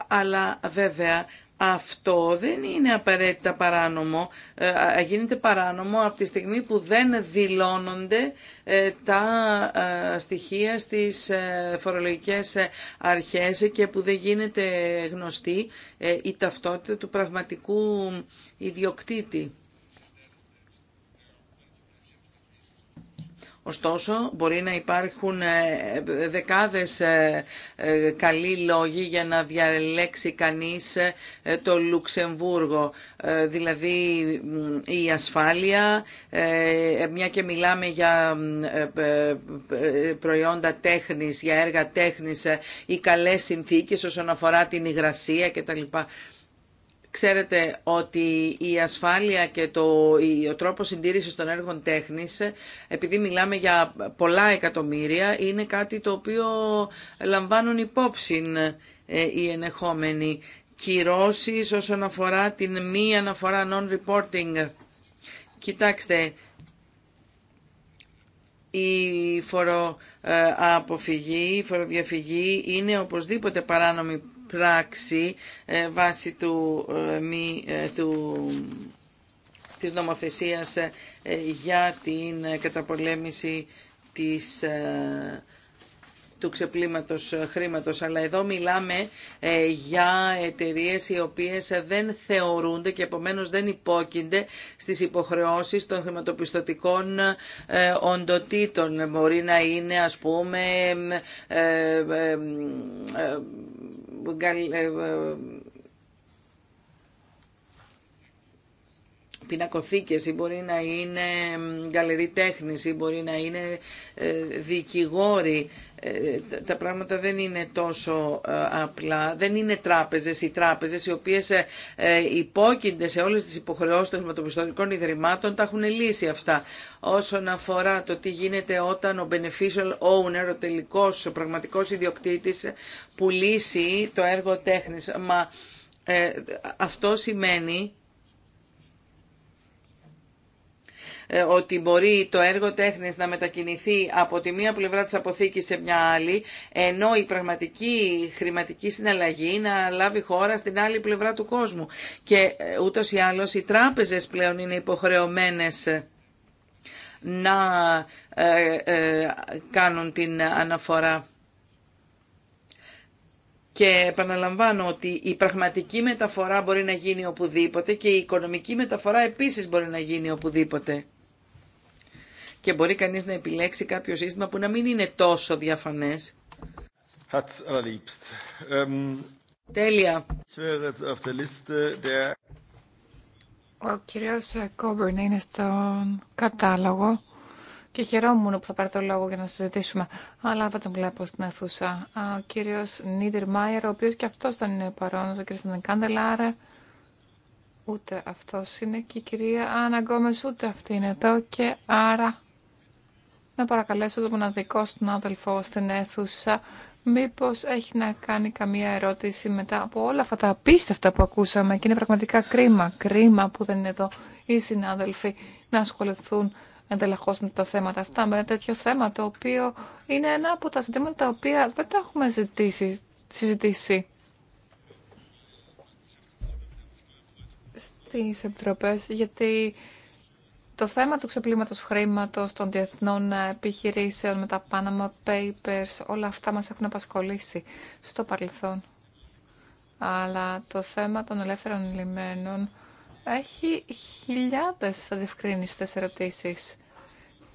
Αλλά βέβαια αυτό δεν είναι απαραίτητα παράνομο. Ε, γίνεται παράνομο από τη στιγμή που δεν δηλώνονται ε, τα ε, στοιχεία στις φορολογικές αρχές και που δεν γίνεται γνωστή η ταυτότητα του πραγματικού ιδιοκτήτη. Ωστόσο, μπορεί να υπάρχουν ε, ε, δεκάδες ε, καλοί λόγοι για να διαλέξει κανείς το Λουξεμβούργο. Δηλαδή, η ασφάλεια, μια και μιλάμε για προϊόντα τέχνης, για έργα τέχνης, οι καλές συνθήκες όσον αφορά την υγρασία κτλ. Ξέρετε ότι η ασφάλεια και το, ο τρόπος συντήρησης των έργων τέχνης, επειδή μιλάμε για πολλά εκατομμύρια, είναι κάτι το οποίο λαμβάνουν υπόψη ε, οι ενεχόμενοι κυρώσεις όσον αφορά την μη αναφορά non-reporting. Κοιτάξτε, η φοροαποφυγή, ε, η φοροδιαφυγή είναι οπωσδήποτε παράνομη πράξη ε, βάσει του, ε, μη, ε, του, της νομοθεσίας για την καταπολέμηση της του ξεπλήματος χρήματος, αλλά εδώ μιλάμε για εταιρείες οι οποίες δεν θεωρούνται και επομένως δεν υπόκεινται στις υποχρεώσεις των χρηματοπιστωτικών οντοτήτων. Μπορεί να είναι, ας πούμε, ε, ε, πινακοθήκες ή μπορεί να είναι γκαλερί τέχνης ή μπορεί να είναι ε, δικηγόροι ε, τα πράγματα δεν είναι τόσο ε, απλά. Δεν είναι τράπεζες οι τράπεζες οι οποίες ε, υπόκεινται σε όλες τις υποχρεώσεις των χρηματοπιστωτικών ιδρυμάτων τα έχουν λύσει αυτά. Όσον αφορά το τι γίνεται όταν ο beneficial owner, ο τελικός, ο πραγματικός ιδιοκτήτης πουλήσει το έργο τέχνης. Μα αυτό σημαίνει Ε, ότι μπορεί το έργο τέχνης να μετακινηθεί από τη μία πλευρά της αποθήκης σε μια άλλη, ενώ η πραγματική χρηματική συναλλαγή να λάβει χώρα στην άλλη πλευρά του κόσμου. Και ε, ούτως ή άλλως οι τράπεζες πλέον είναι υποχρεωμένες να ε, κάνουν την αναφορά. Και επαναλαμβάνω ότι η πραγματική μεταφορά μπορεί να γίνει οπουδήποτε και η οικονομική μεταφορά επίσης μπορεί να γίνει οπουδήποτε και μπορεί κανείς να επιλέξει κάποιο σύστημα που να μην είναι τόσο διαφανές. Ähm, Τέλεια. Ο κύριος Κόμπερν είναι στον κατάλογο και χαιρόμουν που θα πάρει το λόγο για να συζητήσουμε. Αλλά θα τον βλέπω στην αθούσα. Ο κύριος Νίτερ Μάιερ, ο οποίος και αυτός δεν είναι παρόν, ο κύριος Κάντελάρα, ούτε αυτός είναι και η κυρία Άννα Γκόμες, ούτε αυτή είναι εδώ και άρα να παρακαλέσω τον μοναδικό συνάδελφο στην αίθουσα μήπως έχει να κάνει καμία ερώτηση μετά από όλα αυτά τα απίστευτα που ακούσαμε και είναι πραγματικά κρίμα, κρίμα που δεν είναι εδώ οι συνάδελφοι να ασχοληθούν εντελεχώς με τα θέματα αυτά, με ένα τέτοιο θέμα το οποίο είναι ένα από τα ζητήματα τα οποία δεν τα έχουμε ζητήσει, συζητήσει. Στις επιτροπές, γιατί το θέμα του ξεπλήματος χρήματος των διεθνών επιχειρήσεων με τα Panama Papers, όλα αυτά μας έχουν απασχολήσει στο παρελθόν. Αλλά το θέμα των ελεύθερων λιμένων έχει χιλιάδες αδευκρίνηστες ερωτήσεις.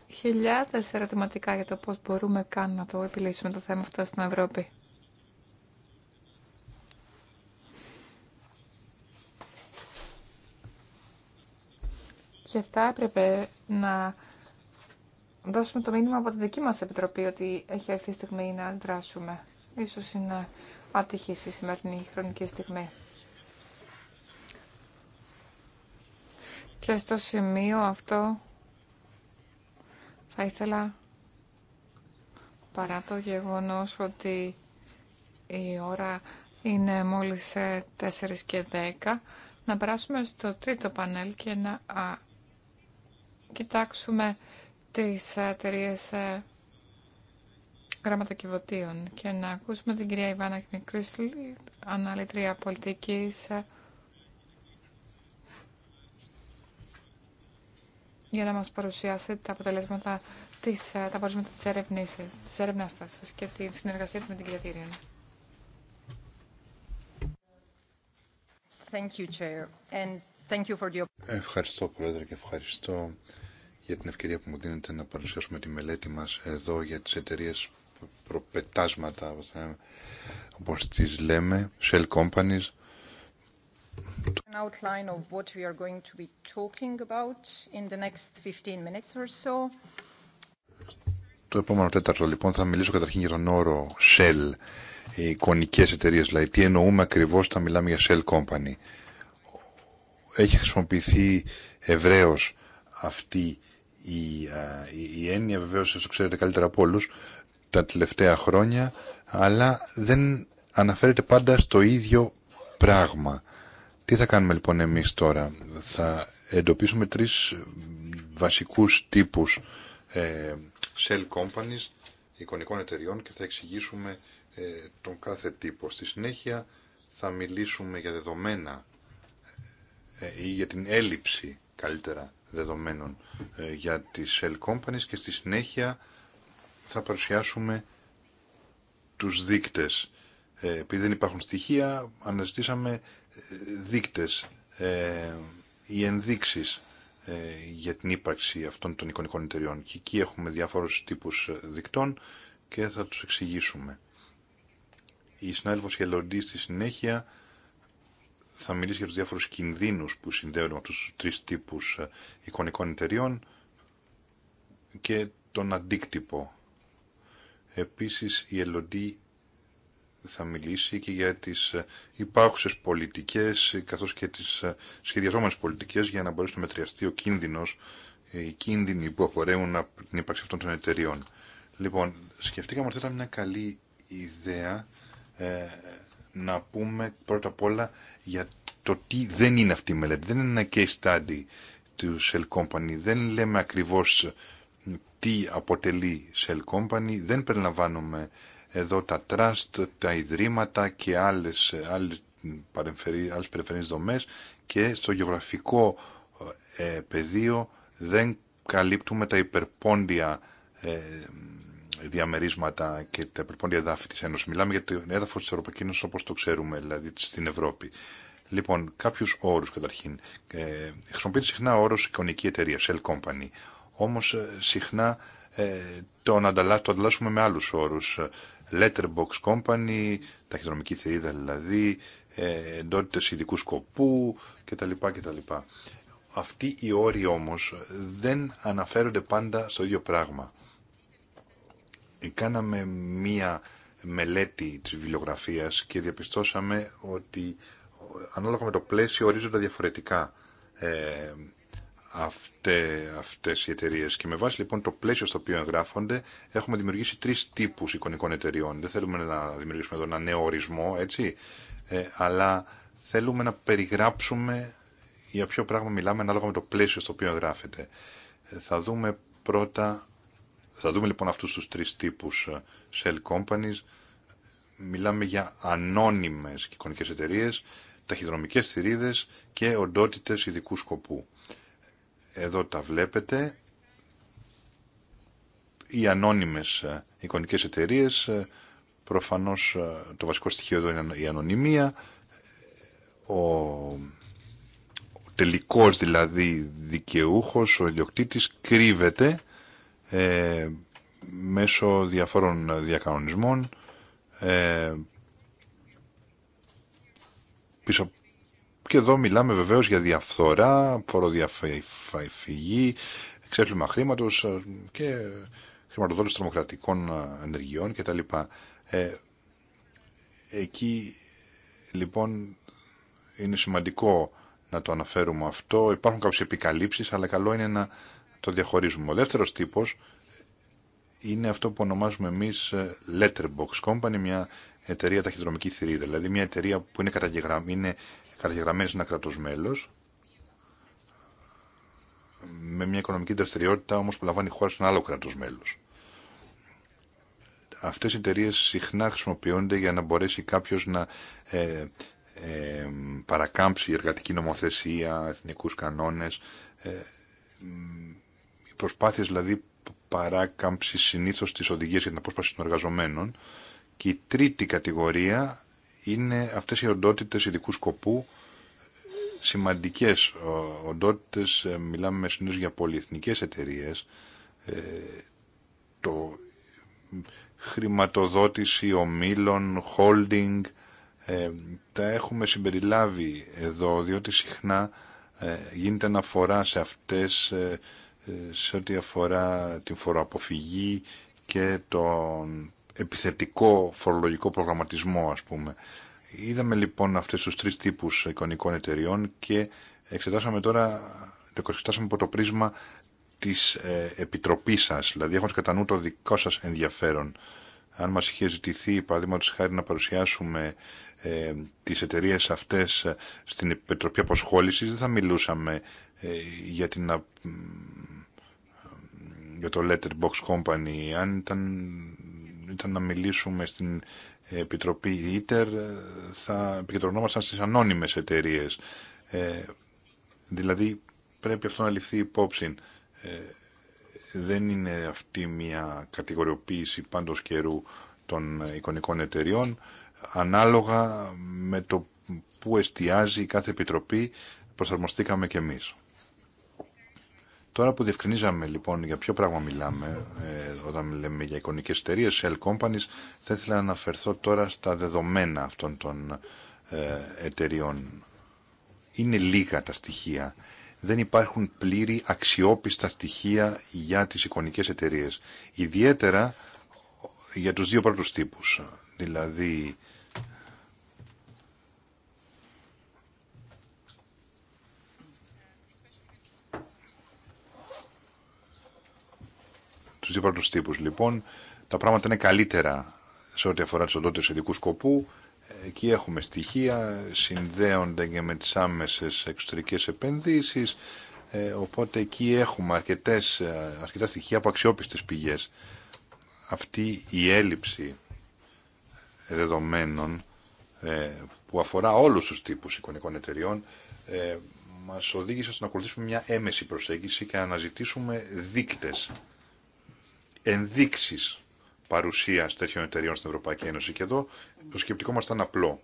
Χιλιάδες ερωτηματικά για το πώς μπορούμε καν να το επιλύσουμε το θέμα αυτό στην Ευρώπη. και θα έπρεπε να δώσουμε το μήνυμα από τη δική μας Επιτροπή ότι έχει έρθει η στιγμή να αντιδράσουμε. Ίσως είναι άτυχη η σημερινή χρονική στιγμή. Και στο σημείο αυτό θα ήθελα παρά το γεγονός ότι η ώρα είναι μόλις 4 ε, και 10 να περάσουμε στο τρίτο πανέλ και να κοιτάξουμε τις εταιρείε ε, γραμματοκιβωτίων και να ακούσουμε την κυρία Ιβάνα Κνικρίστλ, αναλυτρία πολιτικής, ε, για να μας παρουσιάσει τα αποτελέσματα της, ε, τα αποτελέσματα της έρευνας, της έρευνας σας και τη συνεργασία της με την κυρία Τύριον. Thank you, Chair. And thank you for the... Ευχαριστώ, Πρόεδρε, και ευχαριστώ για την ευκαιρία που μου δίνετε να παρουσιάσουμε τη μελέτη μας εδώ για τις εταιρείες προπετάσματα, όπως τις λέμε, shell companies. Το επόμενο τέταρτο λοιπόν θα μιλήσω καταρχήν για τον όρο Shell, οι εικονικές εταιρείες, δηλαδή τι εννοούμε ακριβώς όταν μιλάμε για Shell Company. Έχει χρησιμοποιηθεί ευρέως αυτή η η, η έννοια βεβαίως όσο ξέρετε καλύτερα από όλους τα τελευταία χρόνια αλλά δεν αναφέρεται πάντα στο ίδιο πράγμα. Τι θα κάνουμε λοιπόν εμείς τώρα. Θα εντοπίσουμε τρεις βασικούς τύπους ε, shell companies, εικονικών εταιριών και θα εξηγήσουμε ε, τον κάθε τύπο. Στη συνέχεια θα μιλήσουμε για δεδομένα ε, ή για την έλλειψη καλύτερα δεδομένων ε, για τις Shell Companies και στη συνέχεια θα παρουσιάσουμε τους δείκτες. Ε, επειδή δεν υπάρχουν στοιχεία, αναζητήσαμε ε, δείκτες οι ενδείξεις για την ύπαρξη αυτών των εικονικών εταιριών. Και εκεί έχουμε διάφορους τύπους δικτών και θα τους εξηγήσουμε. Η συνάδελφος Χελοντή στη συνέχεια θα μιλήσει για τους διάφορους κινδύνους που συνδέονται με τους τρεις τύπους ε, εικονικών εταιριών και τον αντίκτυπο. Επίσης η Ελλοντή θα μιλήσει και για τις ε, υπάρχουσες πολιτικές ε, καθώς και τις σχεδιαζόμενες πολιτικές για να μπορέσει να μετριαστεί ο κίνδυνος, οι κίνδυνοι που απορρέουν από την ύπαρξη αυτών των εταιριών. Λοιπόν, σκεφτήκαμε ότι ήταν μια καλή ιδέα ε, να πούμε πρώτα απ' όλα για το τι δεν είναι αυτή η μελέτη. Δεν είναι ένα case study του Shell Company. Δεν λέμε ακριβώς τι αποτελεί Shell Company. Δεν περιλαμβάνουμε εδώ τα trust, τα ιδρύματα και άλλες, άλλες, άλλες περιφερειακές δομές και στο γεωγραφικό ε, πεδίο δεν καλύπτουμε τα υπερπόντια ε, διαμερίσματα και τα προπόνια εδάφη της Ένωση. Μιλάμε για το έδαφο τη Ευρωπαϊκή, Ένωση όπως το ξέρουμε, δηλαδή στην Ευρώπη. Λοιπόν, κάποιου όρου καταρχήν. Ε, χρησιμοποιείται συχνά ο όρο εικονική εταιρεία, Shell Company. Όμως ε, συχνά ε, τον το ανταλλάσσουμε με άλλους όρου. Letterbox Company, ταχυδρομική θερίδα, δηλαδή, ε, εντότητες ειδικού σκοπού κτλ. Αυτοί οι όροι όμως δεν αναφέρονται πάντα στο ίδιο πράγμα. Ε, κάναμε μία μελέτη της βιβλιογραφίας και διαπιστώσαμε ότι ε, ανάλογα με το πλαίσιο ορίζονται διαφορετικά ε, αυτέ, αυτές οι εταιρείε. Και με βάση λοιπόν το πλαίσιο στο οποίο εγγράφονται έχουμε δημιουργήσει τρεις τύπους εικονικών εταιρεών. Δεν θέλουμε να δημιουργήσουμε εδώ ένα νέο ορισμό, έτσι, ε, αλλά θέλουμε να περιγράψουμε για ποιο πράγμα μιλάμε ανάλογα με το πλαίσιο στο οποίο εγγράφεται. θα δούμε πρώτα θα δούμε λοιπόν αυτούς τους τρεις τύπους ε, shell companies. Μιλάμε για ανώνυμες εικονικές εταιρείε, ταχυδρομικές θηρίδες και οντότητες ειδικού σκοπού. Εδώ τα βλέπετε. Οι ανώνυμες ε, εικονικές εταιρείε, ε, προφανώς το βασικό στοιχείο εδώ είναι η ανωνυμία, ο τελικός δηλαδή δικαιούχος, ο ιδιοκτήτης κρύβεται ε, μέσω διαφόρων διακανονισμών ε, πίσω και εδώ μιλάμε βεβαίως για διαφθορά, φοροδιαφυγή, εξέφλημα χρήματος ε, και χρηματοδότηση τρομοκρατικών ε, ενεργειών κτλ. Ε, εκεί λοιπόν είναι σημαντικό να το αναφέρουμε αυτό. Υπάρχουν κάποιες επικαλύψεις, αλλά καλό είναι να το διαχωρίζουμε. Ο δεύτερος τύπος είναι αυτό που ονομάζουμε εμείς ε, Letterbox Company, μια εταιρεία ταχυδρομική θηρίδα, δηλαδή μια εταιρεία που είναι, καταγεγραμμένη είναι καταγεγραμμένη σε ένα κράτος μέλος, με μια οικονομική δραστηριότητα όμως που λαμβάνει η χώρα σε ένα άλλο κράτος μέλος. Αυτές οι εταιρείε συχνά χρησιμοποιούνται για να μπορέσει κάποιος να ε, ε, παρακάμψει εργατική νομοθεσία, εθνικούς κανόνες, ε, προσπάθειες δηλαδή παράκαμψη συνήθως της οδηγίας για την απόσπαση των εργαζομένων και η τρίτη κατηγορία είναι αυτές οι οντότητες ειδικού σκοπού σημαντικές ε, οντότητες, ε, μιλάμε συνήθως για πολυεθνικές εταιρείες, ε, το χρηματοδότηση ομίλων, holding, τα έχουμε συμπεριλάβει εδώ, διότι συχνά γίνεται αναφορά σε αυτές σε ό,τι αφορά την φοροαποφυγή και τον επιθετικό φορολογικό προγραμματισμό ας πούμε. Είδαμε λοιπόν αυτές τους τρεις τύπους εικονικών εταιριών και εξετάσαμε τώρα, το εξετάσαμε από το πρίσμα της ε, επιτροπής σας, δηλαδή έχοντας κατά νου το δικό σας ενδιαφέρον. Αν μας είχε ζητηθεί, παραδείγματος χάρη, να παρουσιάσουμε ε, τις εταιρείε αυτές ε, στην Επιτροπή Αποσχόλησης, δεν θα μιλούσαμε ε, για την για το Letterbox Company. Αν ήταν, ήταν να μιλήσουμε στην Επιτροπή ITER, θα επικεντρωνόμασταν στις ανώνυμες εταιρείε. Ε, δηλαδή, πρέπει αυτό να ληφθεί υπόψη. Ε, δεν είναι αυτή μια κατηγοριοποίηση πάντως καιρού των εικονικών εταιριών, ανάλογα με το που εστιάζει κάθε επιτροπή, προσαρμοστήκαμε και εμείς. Τώρα που διευκρινίζαμε λοιπόν για ποιο πράγμα μιλάμε, ε, όταν λέμε για εικονικές εταιρείε, shell companies, θα ήθελα να αναφερθώ τώρα στα δεδομένα αυτών των ε, εταιριών. Είναι λίγα τα στοιχεία. Δεν υπάρχουν πλήρη αξιόπιστα στοιχεία για τις εικονικές εταιρείε. Ιδιαίτερα για τους δύο πρώτους τύπους. Δηλαδή τους τύπους. Λοιπόν, τα πράγματα είναι καλύτερα σε ό,τι αφορά τις οντότητες ειδικού σκοπού. Εκεί έχουμε στοιχεία, συνδέονται και με τις άμεσες εξωτερικές επενδύσεις, ε, οπότε εκεί έχουμε αρκετές, ε, αρκετά στοιχεία από αξιόπιστες πηγές. Αυτή η έλλειψη δεδομένων ε, που αφορά όλους τους τύπους εικονικών εταιριών ε, μας οδήγησε στο να ακολουθήσουμε μια έμεση προσέγγιση και να αναζητήσουμε δείκτες Ενδείξει παρουσίας τέτοιων εταιριών στην Ευρωπαϊκή Ένωση. Και εδώ το σκεπτικό μας ήταν απλό.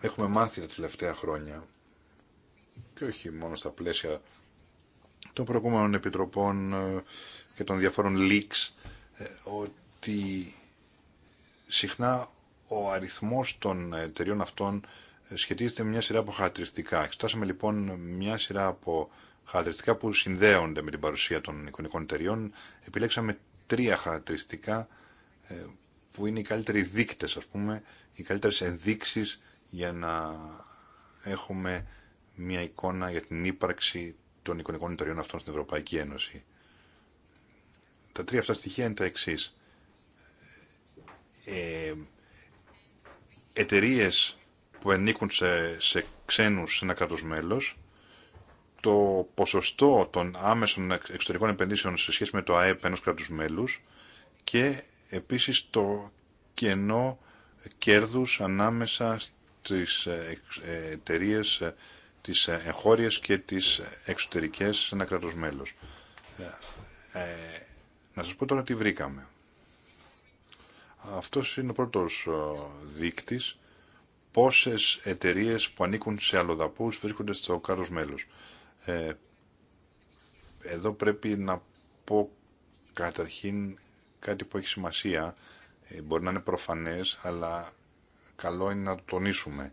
Έχουμε μάθει τα τελευταία χρόνια και όχι μόνο στα πλαίσια των προηγούμενων επιτροπών ε, και των διαφόρων leaks ε, ότι συχνά ο αριθμός των εταιριών αυτών ε, σχετίζεται με μια σειρά από χαρακτηριστικά. Εξετάσαμε λοιπόν μια σειρά από χαρακτηριστικά που συνδέονται με την παρουσία των εικονικών εταιριών, επιλέξαμε τρία χαρακτηριστικά ε, που είναι οι καλύτεροι δείκτες, ας πούμε, οι καλύτερες ενδείξεις για να έχουμε μια εικόνα για την ύπαρξη των εικονικών εταιριών αυτών στην Ευρωπαϊκή Ένωση. Τα τρία αυτά στοιχεία είναι τα εξή. Ε, που ανήκουν σε, σε σε ένα κράτος μέλος το ποσοστό των άμεσων εξωτερικών επενδύσεων σε σχέση με το ΑΕΠ ενός κράτους μέλους και επίσης το κενό κέρδους ανάμεσα στις ε, ε, εταιρείε ε, τις εγχώριες και τις εξωτερικές σε ένα κράτος μέλος. Ε, να σας πω τώρα τι βρήκαμε. Αυτός είναι ο πρώτος δείκτης πόσες εταιρείες που ανήκουν σε αλλοδαπούς βρίσκονται στο κράτος μέλος. Ε, εδώ πρέπει να πω καταρχήν κάτι που έχει σημασία. Ε, μπορεί να είναι προφανές, αλλά καλό είναι να το τονίσουμε.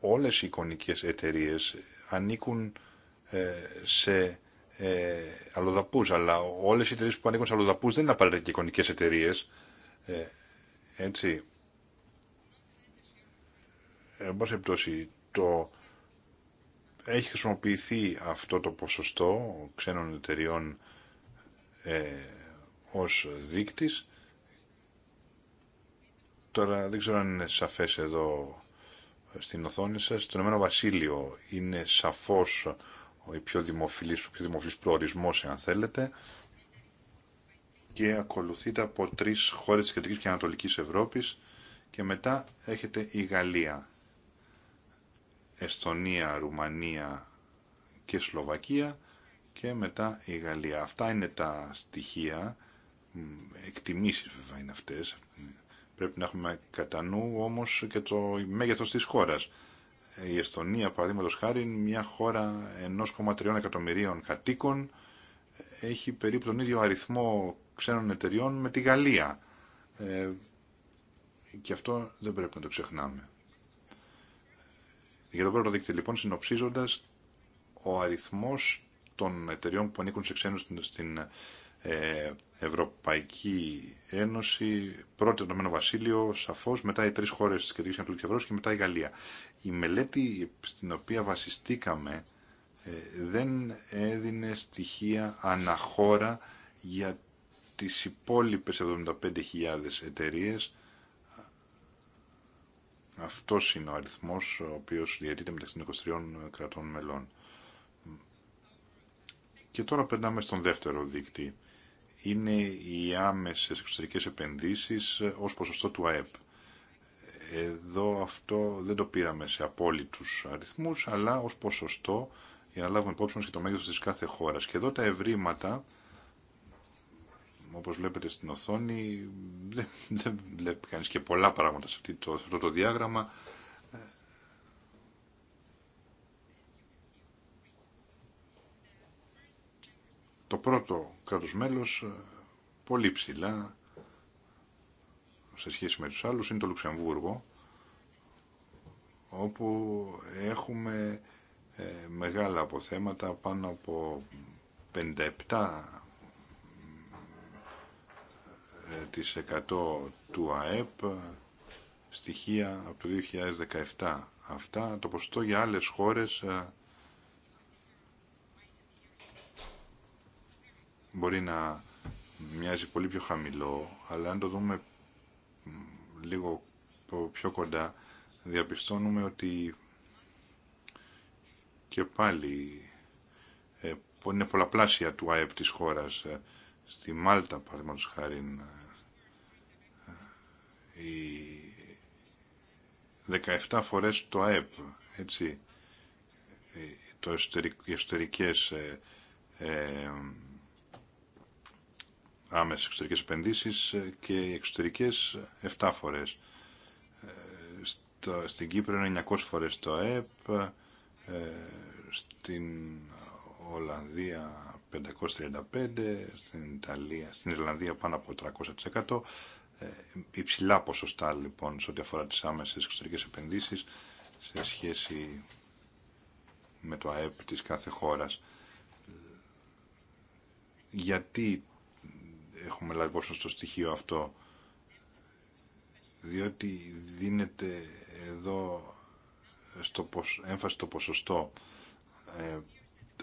Όλες οι εικονικές εταιρείες ανήκουν ε, σε αλλοδαπούς, αλλά όλες οι εταιρείες που ανήκουν σε αλλοδαπούς δεν είναι απαραίτητα και εικονικές εταιρείες. Έτσι, εν πάση το έχει χρησιμοποιηθεί αυτό το ποσοστό ξένων εταιριών ε, ως δείκτης. Τώρα δεν ξέρω αν είναι σαφές εδώ ε, στην οθόνη σας. Το Ηνωμένο Βασίλειο είναι σαφώς ο πιο δημοφιλής, ο πιο προορισμός, αν θέλετε, και ακολουθείται από τρεις χώρες της Κεντρικής και Ανατολικής Ευρώπης και μετά έχετε η Γαλλία Εστονία, Ρουμανία και Σλοβακία και μετά η Γαλλία. Αυτά είναι τα στοιχεία, εκτιμήσεις βέβαια είναι αυτές. Πρέπει να έχουμε κατά νου όμως και το μέγεθος της χώρας. Η Εστονία, παραδείγματο χάρη, μια χώρα 1,3 εκατομμυρίων κατοίκων, έχει περίπου τον ίδιο αριθμό ξένων εταιριών με τη Γαλλία. Ε, και αυτό δεν πρέπει να το ξεχνάμε. Για το πρώτο δίκτυο, λοιπόν, συνοψίζοντα, ο αριθμό των εταιριών που ανήκουν σε ξένου στην ε, Ευρωπαϊκή Ένωση, πρώτο το Ηνωμένο Βασίλειο, σαφώ, μετά οι τρει χώρε τη Κεντρική Ανατολική Ευρώπη και μετά η Γαλλία. Η μελέτη στην οποία βασιστήκαμε ε, δεν έδινε στοιχεία αναχώρα για τις υπόλοιπες 75.000 εταιρείες αυτός είναι ο αριθμό ο οποίος διαιρείται μεταξύ των 23 κρατών μελών. Και τώρα περνάμε στον δεύτερο δείκτη. Είναι οι άμεσες εξωτερικέ επενδύσεις ως ποσοστό του ΑΕΠ. Εδώ αυτό δεν το πήραμε σε απόλυτου αριθμούς, αλλά ως ποσοστό για να λάβουμε υπόψη μα και το μέγεθο τη κάθε χώρα. Και εδώ τα ευρήματα όπως βλέπετε στην οθόνη δεν, βλέπει κανείς και πολλά πράγματα σε αυτό το, αυτό το διάγραμμα. Το πρώτο κράτος μέλος πολύ ψηλά σε σχέση με τους άλλους είναι το Λουξεμβούργο όπου έχουμε ε, μεγάλα αποθέματα πάνω από 57 του ΑΕΠ, στοιχεία από το 2017. Αυτά το ποσοστό για άλλες χώρες ε, μπορεί να μοιάζει πολύ πιο χαμηλό, αλλά αν το δούμε λίγο πιο κοντά, διαπιστώνουμε ότι και πάλι ε, είναι πολλαπλάσια του ΑΕΠ της χώρας. Ε, στη Μάλτα, παραδείγματος χάρη, 17 φορές το ΑΕΠ, έτσι, το εσωτερικ, οι εσωτερικές ε, ε, άμεσες εξωτερικές επενδύσεις ε, και οι εξωτερικές 7 φορές. Ε, στην Κύπρο είναι 900 φορές το ΑΕΠ, ε, στην Ολλανδία 535, στην Ιταλία, στην Ιρλανδία πάνω από 300%, ε, υψηλά ποσοστά λοιπόν σε ό,τι αφορά τις άμεσες εξωτερικές επενδύσεις σε σχέση με το ΑΕΠ της κάθε χώρας. Γιατί έχουμε λάβει πόσο στο στοιχείο αυτό διότι δίνεται εδώ στο έμφαση στο ποσοστό ε,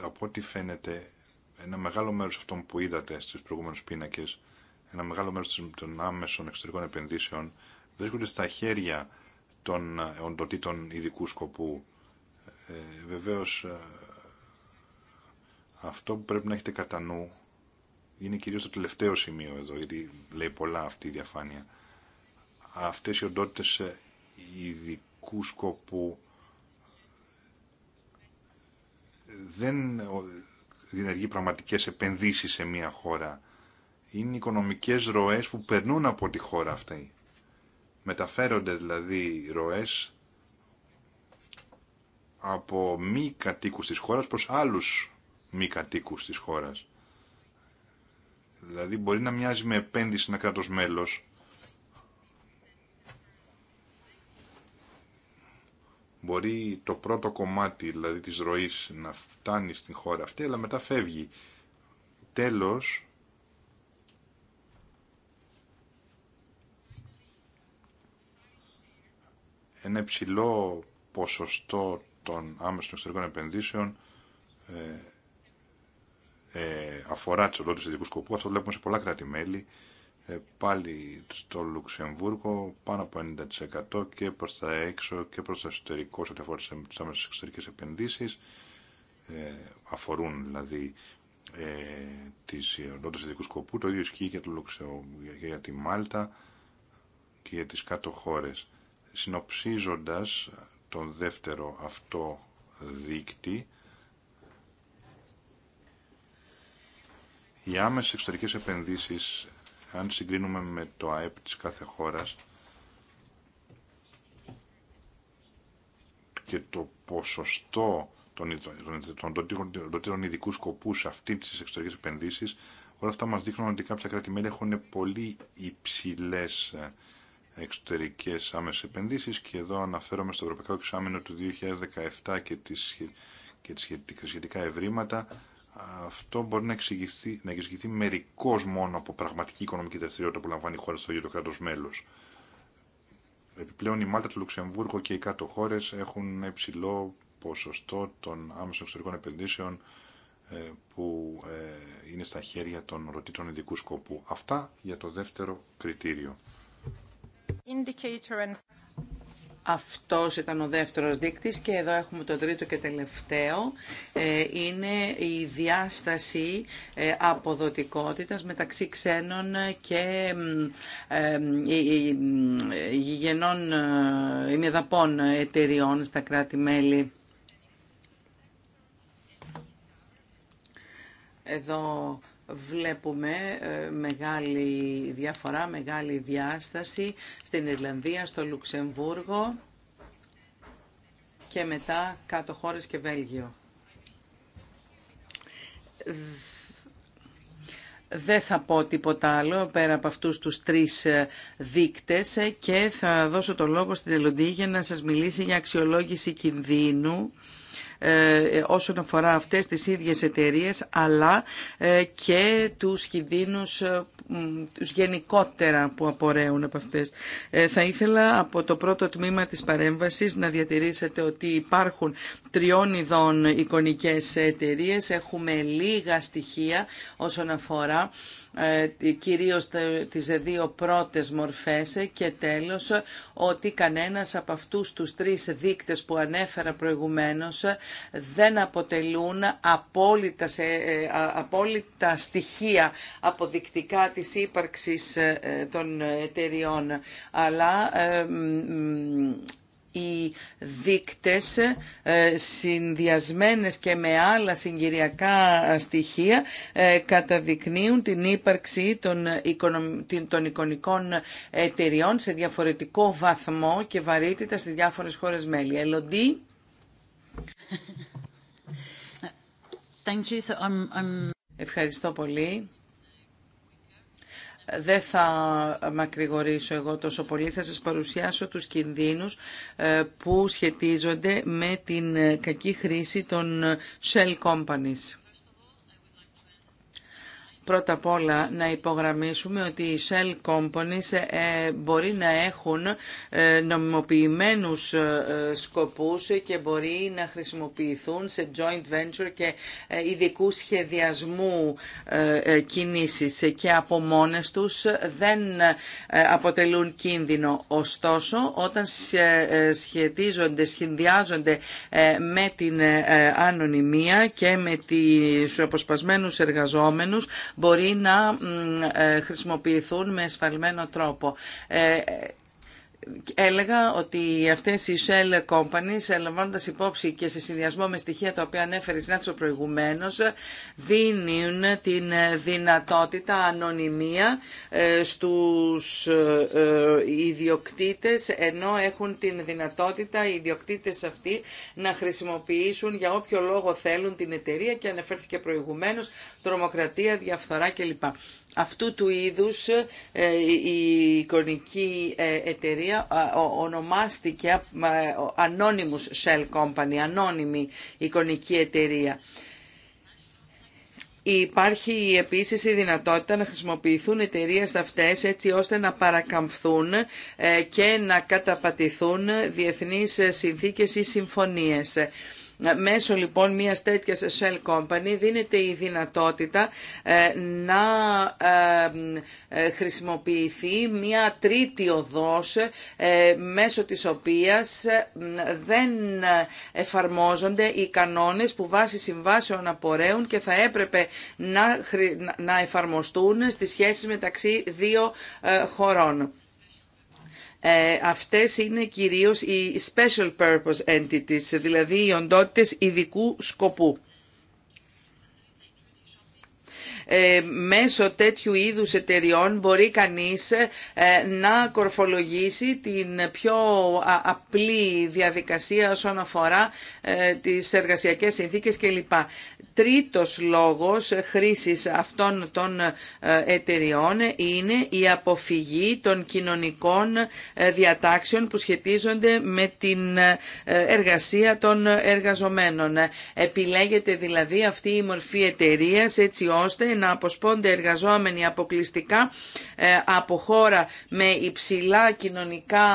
από ό,τι φαίνεται ένα μεγάλο μέρος αυτών που είδατε στις προηγούμενες πίνακες ένα μεγάλο μέρος των άμεσων εξωτερικών επενδύσεων βρίσκονται στα χέρια των ε, οντοτήτων ειδικού σκοπού. Ε, βεβαίως ε, αυτό που πρέπει να έχετε κατά νου είναι κυρίως το τελευταίο σημείο εδώ, γιατί λέει πολλά αυτή η διαφάνεια. Αυτές οι οντότητες ε, ειδικού σκοπού δεν δημιουργεί πραγματικές επενδύσεις σε μια χώρα είναι οικονομικές ροές που περνούν από τη χώρα αυτή. Μεταφέρονται δηλαδή ροές από μη κατοίκους της χώρας προς άλλους μη κατοίκους της χώρας. Δηλαδή μπορεί να μοιάζει με επένδυση ένα κράτος μέλος. Μπορεί το πρώτο κομμάτι δηλαδή της ροής να φτάνει στην χώρα αυτή, αλλά μετά φεύγει. Τέλος, ένα υψηλό ποσοστό των άμεσων εξωτερικών επενδύσεων ε, ε, αφορά τις οντότητε ειδικού σκοπού. Αυτό βλέπουμε σε πολλά κράτη-μέλη. Ε, πάλι στο Λουξεμβούργο πάνω από 90% και προς τα έξω και προς τα εσωτερικό σε ό,τι αφορά τι άμεσε εξωτερικέ επενδύσει. Ε, αφορούν δηλαδή ε, τι οντότητε ειδικού σκοπού. Το ίδιο ισχύει για, το, για, τη Μάλτα και για τι κάτω χώρες Συνοψίζοντας τον δεύτερο αυτό δίκτυ, οι άμεσες εξωτερικές επενδύσεις, αν συγκρίνουμε με το ΑΕΠ της κάθε χώρας και το ποσοστό των δοτήρων ειδικού σκοπού σε αυτή τη εξωτερική επενδύσει, όλα αυτά μα δείχνουν ότι κάποια κράτη-μέλη έχουν πολύ υψηλέ ε, εξωτερικές άμεσες επενδύσεις και εδώ αναφέρομαι στο Ευρωπαϊκό Εξάμεινο του 2017 και, τις, και τις σχετικά ευρήματα. Αυτό μπορεί να εξηγηθεί, να εξηγηθεί μερικώς μόνο από πραγματική οικονομική δραστηριότητα που λαμβάνει η χώρα στο ίδιο το κράτος μέλος. Επιπλέον η Μάλτα, το Λουξεμβούργο και οι κάτω χώρε έχουν υψηλό ποσοστό των άμεσων εξωτερικών επενδύσεων ε, που ε, είναι στα χέρια των ρωτήτων ειδικού σκοπού. Αυτά για το δεύτερο κριτήριο. Αυτός ήταν ο δεύτερος δείκτης και εδώ έχουμε το τρίτο και τελευταίο. Ε, είναι η διάσταση ε, αποδοτικότητας μεταξύ ξένων και ε, γηγενών ημιδαπών εταιριών στα κράτη-μέλη. Εδώ βλέπουμε ε, μεγάλη διαφορά, μεγάλη διάσταση στην Ιρλανδία, στο Λουξεμβούργο και μετά κάτω χώρες και Βέλγιο. Δεν θα πω τίποτα άλλο πέρα από αυτούς τους τρεις ε, δείκτες ε, και θα δώσω το λόγο στην Ελλοντή για να σας μιλήσει για αξιολόγηση κινδύνου ε, όσον αφορά αυτές τις ίδιες εταιρείες αλλά ε, και τους κινδύνους ε, τους γενικότερα που απορρέουν από αυτές. Θα ήθελα από το πρώτο τμήμα της παρέμβασης να διατηρήσετε ότι υπάρχουν τριών ειδών εικονικές εταιρείε. Έχουμε λίγα στοιχεία όσον αφορά ε, κυρίως τις δύο πρώτες μορφές και τέλος ότι κανένας από αυτούς τους τρεις δείκτες που ανέφερα προηγουμένως δεν αποτελούν απόλυτα, ε, απόλυτα στοιχεία αποδεικτικά της ύπαρξης ε, των εταιριών αλλά οι δείκτες ε, συνδυασμένες και με άλλα συγκυριακά στοιχεία ε, καταδεικνύουν την ύπαρξη των εικονικών εταιριών σε διαφορετικό βαθμό και βαρύτητα στις διάφορες χώρες μέλη. Ελοντή. Ευχαριστώ πολύ. Δεν θα μακρηγορήσω εγώ τόσο πολύ. Θα σας παρουσιάσω τους κινδύνους ε, που σχετίζονται με την κακή χρήση των shell companies πρώτα απ' όλα να υπογραμμίσουμε ότι οι shell companies ε, μπορεί να έχουν ε, νομιμοποιημένους ε, σκοπούς και μπορεί να χρησιμοποιηθούν σε joint venture και ειδικού σχεδιασμού κινήσεις και από μόνες τους δεν αποτελούν κίνδυνο. Ωστόσο, όταν σχετίζονται, σχεδιάζονται με την ανωνυμία και με τους αποσπασμένους εργαζόμενους μπορεί να ε, χρησιμοποιηθούν με εσφαλμένο τρόπο. Ε, έλεγα ότι αυτές οι shell companies, λαμβάνοντας υπόψη και σε συνδυασμό με στοιχεία τα οποία ανέφερε η Σνάτσο προηγουμένως, δίνουν την δυνατότητα ανωνυμία ε, στους ε, ε, ιδιοκτήτες, ενώ έχουν την δυνατότητα οι ιδιοκτήτες αυτοί να χρησιμοποιήσουν για όποιο λόγο θέλουν την εταιρεία και ανεφέρθηκε προηγουμένως τρομοκρατία, διαφθορά κλπ. Αυτού του είδους ε, η εικονική ε, εταιρεία ονομάστηκε Anonymous Shell Company, ανώνυμη εικονική εταιρεία. Υπάρχει επίσης η δυνατότητα να χρησιμοποιηθούν εταιρείε αυτές έτσι ώστε να παρακαμφθούν ε, και να καταπατηθούν διεθνείς συνθήκες ή συμφωνίες. Μέσω λοιπόν μιας τέτοιας shell company δίνεται η δυνατότητα ε, να ε, ε, χρησιμοποιηθεί μια τρίτη οδός μέσω της οποίας δεν εφαρμόζονται οι κανόνες που βάσει συμβάσεων απορρέουν και θα έπρεπε να εφαρμοστούν στις σχέσεις μεταξύ δύο χωρών. Ε, αυτές είναι κυρίως οι special purpose entities, δηλαδή οι οντότητες ειδικού σκοπού. Ε, μέσω τέτοιου είδους εταιριών μπορεί κανείς ε, να κορφολογήσει την πιο απλή διαδικασία όσον αφορά ε, τις εργασιακές συνθήκες κλπ. Τρίτος λόγος χρήσης αυτών των εταιριών είναι η αποφυγή των κοινωνικών διατάξεων που σχετίζονται με την εργασία των εργαζομένων. Επιλέγεται δηλαδή αυτή η μορφή εταιρείας έτσι ώστε να αποσπώνται εργαζόμενοι αποκλειστικά ε, από χώρα με υψηλά κοινωνικά,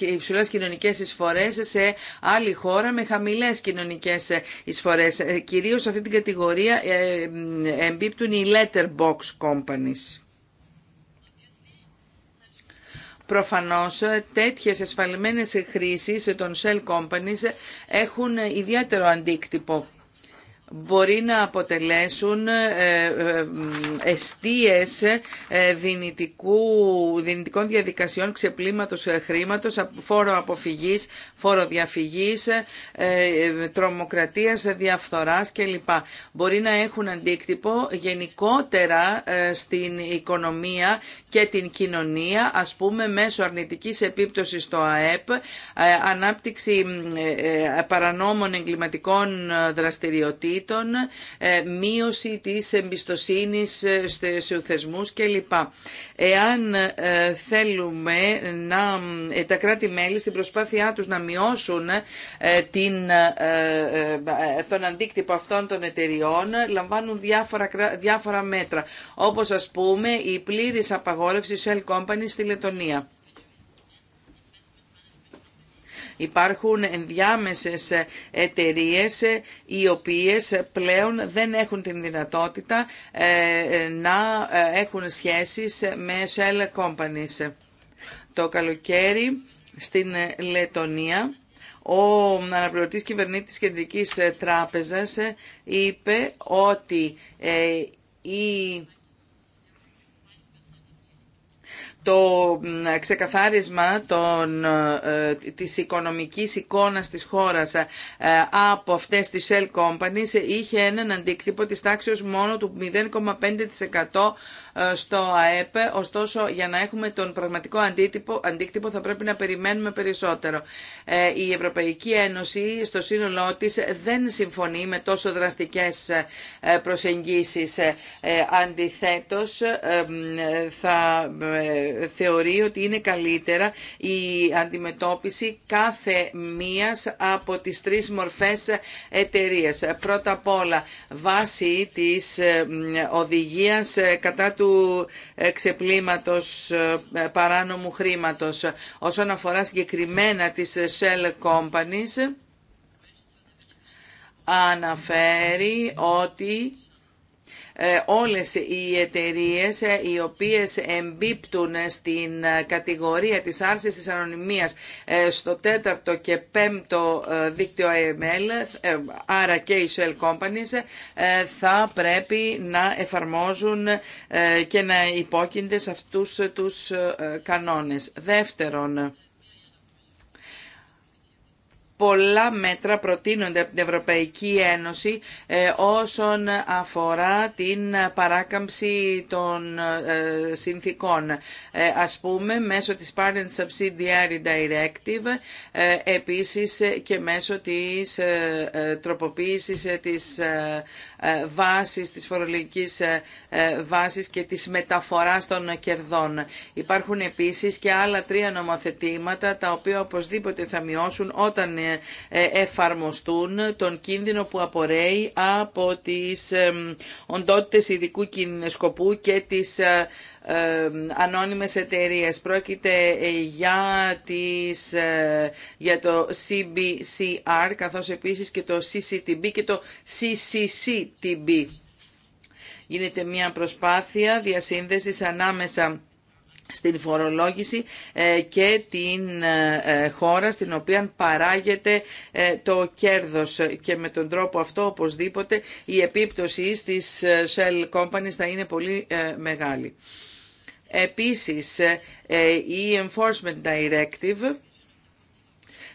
υψηλές κοινωνικές εισφορές σε άλλη χώρα με χαμηλές κοινωνικές εισφορές. Ε, κυρίως σε αυτή την κατηγορία ε, εμπίπτουν οι letterbox companies. Προφανώς τέτοιες εσφαλμένες χρήσεις των shell companies έχουν ιδιαίτερο αντίκτυπο μπορεί να αποτελέσουν ε, ε, εστίες ε, δυνητικού, δυνητικών διαδικασιών ξεπλήματος χρήματος, φόρο αποφυγής, φόρο διαφυγής, τρομοκρατίας, διαφθοράς κλπ. Μπορεί να έχουν αντίκτυπο γενικότερα στην οικονομία και την κοινωνία, ας πούμε μέσω αρνητικής επίπτωσης στο ΑΕΠ, ανάπτυξη παρανόμων εγκληματικών δραστηριοτήτων, δραστηριοτήτων, ε, μείωση της εμπιστοσύνης ε, στους θεσμούς κλπ. Εάν ε, θέλουμε να, τα κράτη-μέλη στην προσπάθειά τους να μειώσουν την, τον αντίκτυπο αυτών των εταιριών, λαμβάνουν διάφορα, διάφορα μέτρα, όπως ας πούμε η πλήρης απαγόρευση Shell Company στη Λετωνία. Υπάρχουν ενδιάμεσες εταιρείε οι οποίες πλέον δεν έχουν την δυνατότητα ε, να ε, έχουν σχέσεις με shell companies. Το καλοκαίρι στην Λετωνία ο αναπληρωτής κυβερνήτης Κεντρικής Τράπεζας είπε ότι ε, η το ξεκαθάρισμα των, ε, ε, της οικονομικής εικόνας της χώρας ε, από αυτές τις shell companies είχε έναν αντίκτυπο της τάξης μόνο του 0,5% ε, στο ΑΕΠ, ωστόσο για να έχουμε τον πραγματικό αντίτυπο, αντίκτυπο θα πρέπει να περιμένουμε περισσότερο. Ε, η Ευρωπαϊκή Ένωση στο σύνολό της δεν συμφωνεί με τόσο δραστικές ε, προσεγγίσεις. Αντιθέτως θα θεωρεί ότι είναι καλύτερα η αντιμετώπιση κάθε μίας από τις τρεις μορφές εταιρείας. Πρώτα απ' όλα βάσει της οδηγίας κατά του του ξεπλήματος ε, παράνομου χρήματος. Όσον αφορά συγκεκριμένα τις Shell Companies, αναφέρει ότι ε, όλες οι εταιρείες ε, οι οποίες εμπίπτουν στην ε, κατηγορία της άρσης της ανωνυμίας στο τέταρτο και πέμπτο δίκτυο AML, άρα και οι Shell Companies, θα πρέπει να εφαρμόζουν και να υπόκεινται σε αυτούς τους κανόνες. Δεύτερον, πολλά μέτρα προτείνονται από την Ευρωπαϊκή Ένωση ε, όσον αφορά την παράκαμψη των ε, συνθήκων. Ε, ας πούμε, μέσω της Parent Subsidiary Directive, επίσης και μέσω της τροποποίησης της ε, βάσης, της φορολογικής ε, ε, βάσης και της μεταφοράς των κερδών. Υπάρχουν επίσης και άλλα τρία νομοθετήματα τα οποία οπωσδήποτε θα μειώσουν όταν εφαρμοστούν τον κίνδυνο που απορρέει από τις οντότητες ειδικού σκοπού και τις ανώνυμες εταιρείες. Πρόκειται ε, για, τις, ε, για το CBCR καθώς επίσης και το CCTB και το CCCTB. Γίνεται μια προσπάθεια διασύνδεσης ανάμεσα στην φορολόγηση ε, και την χώρα στην οποία παράγεται το κέρδος και με τον τρόπο αυτό οπωσδήποτε η επίπτωση στις Shell Companies θα είναι πολύ μεγάλη. Επίσης, ε, ε, η Enforcement Directive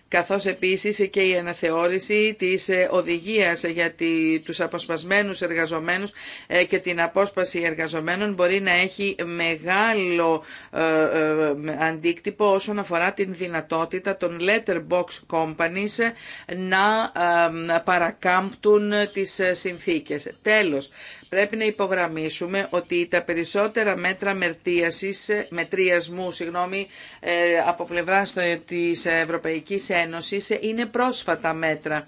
καθώς επίσης και η αναθεώρηση της ε, οδηγίας για τους αποσπασμένους εργαζομένους και την απόσπαση εργαζομένων μπορεί να έχει μεγάλο αντίκτυπο όσον αφορά την δυνατότητα των letterbox companies να παρακάμπτουν τις συνθήκες. Τέλος, Πρέπει να υπογραμμίσουμε ότι τα περισσότερα μέτρα μετρίασης, μετριασμού συγγνώμη, ε, από πλευρά της Ευρωπαϊκής Ένωσης είναι πρόσφατα μέτρα.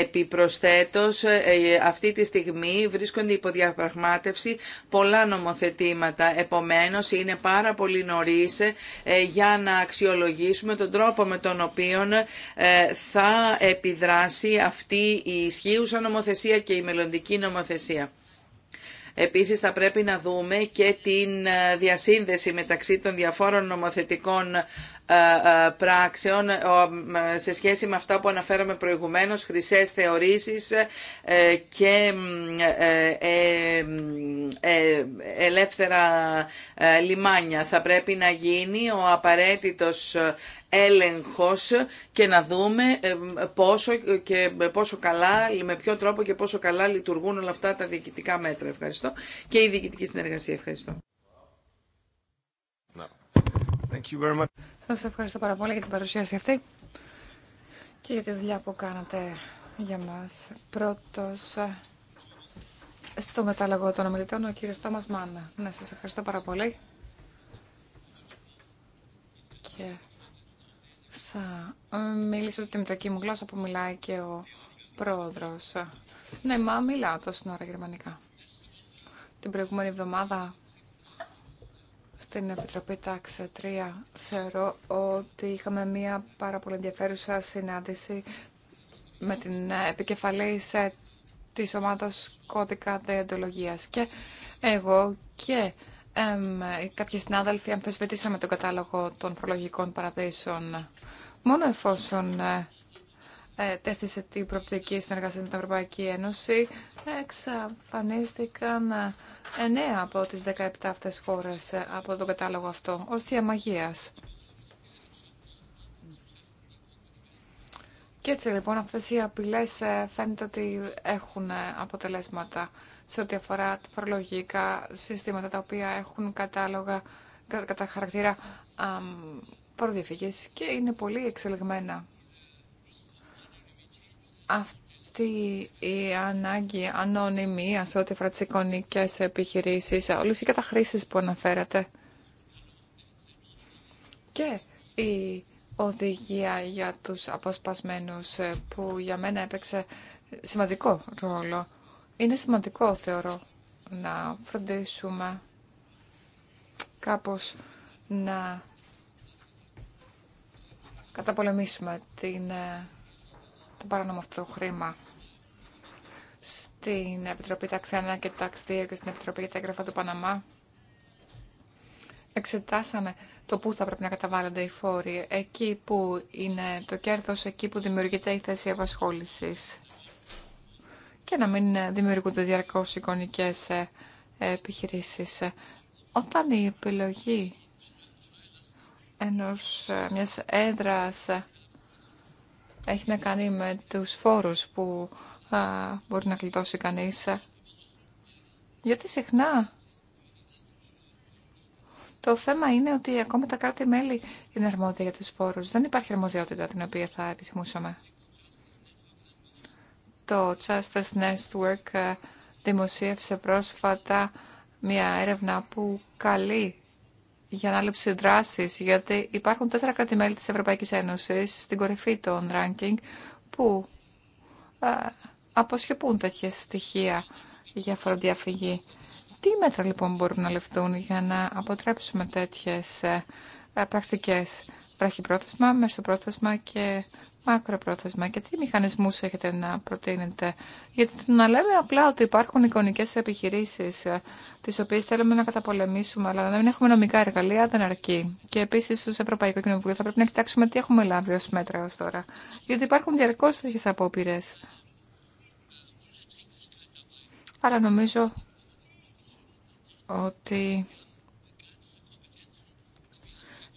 Επιπροσθέτως, ε, αυτή τη στιγμή βρίσκονται υπό διαπραγμάτευση πολλά νομοθετήματα. Επομένως, είναι πάρα πολύ νωρίς ε, για να αξιολογήσουμε τον τρόπο με τον οποίο θα επιδράσει αυτή η ισχύουσα νομοθεσία και η μελλοντική νομοθεσία. Επίσης θα πρέπει να δούμε και την ε, διασύνδεση μεταξύ των διαφόρων νομοθετικών ε, ε, πράξεων ε, σε σχέση με αυτά που αναφέραμε προηγουμένως, χρυσές θεωρήσεις και ελεύθερα λιμάνια. Θα πρέπει να γίνει ο απαραίτητος έλεγχος και να δούμε πόσο, και πόσο καλά, με ποιο τρόπο και πόσο καλά λειτουργούν όλα αυτά τα διοικητικά μέτρα. Ευχαριστώ. Και η διοικητική συνεργασία. Ευχαριστώ. Σας ευχαριστώ πάρα πολύ για την παρουσίαση αυτή και για τη δουλειά που κάνατε για μας. Πρώτος, ε, στο μετάλλαγο των ομιλητών, ο κύριος Τόμας Μάννα. Ναι, σας ευχαριστώ πάρα πολύ. Και θα μιλήσω τη μητρική μου γλώσσα που μιλάει και ο πρόεδρος. Ναι, μα μιλάω τόση ώρα γερμανικά. Την προηγούμενη εβδομάδα στην Επιτροπή Τάξη 3 θεωρώ ότι είχαμε μία πάρα πολύ ενδιαφέρουσα συνάντηση με την επικεφαλή της ομάδας κώδικα διοντολογίας και εγώ και εμ, κάποιοι συνάδελφοι αμφισβητήσαμε τον κατάλογο των φορολογικών παραδείσων μόνο εφόσον ε, ε, τέθησε την προοπτική συνεργασία με την Ευρωπαϊκή Ένωση, εξαφανίστηκαν 9 ε, από τις 17 αυτές χώρες ε, από τον κατάλογο αυτό, ως διαμαγείας. Και έτσι λοιπόν αυτές οι απειλές φαίνεται ότι έχουν αποτελέσματα σε ό,τι αφορά τα φορολογικά συστήματα τα οποία έχουν κατάλογα, κατά χαρακτήρα προδιαφυγής και είναι πολύ εξελιγμένα αυτή η ανάγκη ανώνυμία σε ό,τι αφορά τις επιχειρήσει, επιχειρήσεις, όλες οι καταχρήσει που αναφέρατε και η οδηγία για τους αποσπασμένους που για μένα έπαιξε σημαντικό ρόλο. Είναι σημαντικό θεωρώ να φροντίσουμε κάπως να καταπολεμήσουμε την ε, το παράνομο αυτό το χρήμα στην Επιτροπή Ταξένα και Ταξιδία και στην Επιτροπή για τα έγγραφα του Παναμά. Εξετάσαμε το πού θα πρέπει να καταβάλλονται οι φόροι, εκεί που είναι το κέρδος, εκεί που δημιουργείται η θέση απασχόλησης και να μην δημιουργούνται διαρκώς εικονικές ε, επιχειρήσεις. Όταν η επιλογή ενός, ε, μιας έδρας ε, έχει να κάνει με τους φόρους που α, μπορεί να γλιτώσει κανείς. Γιατί συχνά το θέμα είναι ότι ακόμα τα κράτη-μέλη είναι αρμόδια για τους φόρους. Δεν υπάρχει αρμοδιότητα την οποία θα επιθυμούσαμε. Το Justice Network ε, δημοσίευσε πρόσφατα μια έρευνα που καλεί για ανάληψη δράση, γιατί υπάρχουν τέσσερα κράτη-μέλη τη Ευρωπαϊκή Ένωση στην κορυφή των ranking που ε, αποσχεπούν τέτοια στοιχεία για φοροδιαφυγή. Τι μέτρα λοιπόν μπορούν να λεφθούν για να αποτρέψουμε τέτοιες ε, πρακτικές βραχυπρόθεσμα, μεσοπρόθεσμα και μακροπρόθεσμα και τι μηχανισμούς έχετε να προτείνετε. Γιατί να λέμε απλά ότι υπάρχουν εικονικές επιχειρήσεις ε, τις οποίες θέλουμε να καταπολεμήσουμε, αλλά να μην έχουμε νομικά εργαλεία δεν αρκεί. Και επίσης στο Ευρωπαϊκό Κοινοβούλιο θα πρέπει να κοιτάξουμε τι έχουμε λάβει ως μέτρα ως τώρα. Γιατί υπάρχουν διαρκώς τέτοιες απόπειρε. Αλλά νομίζω ότι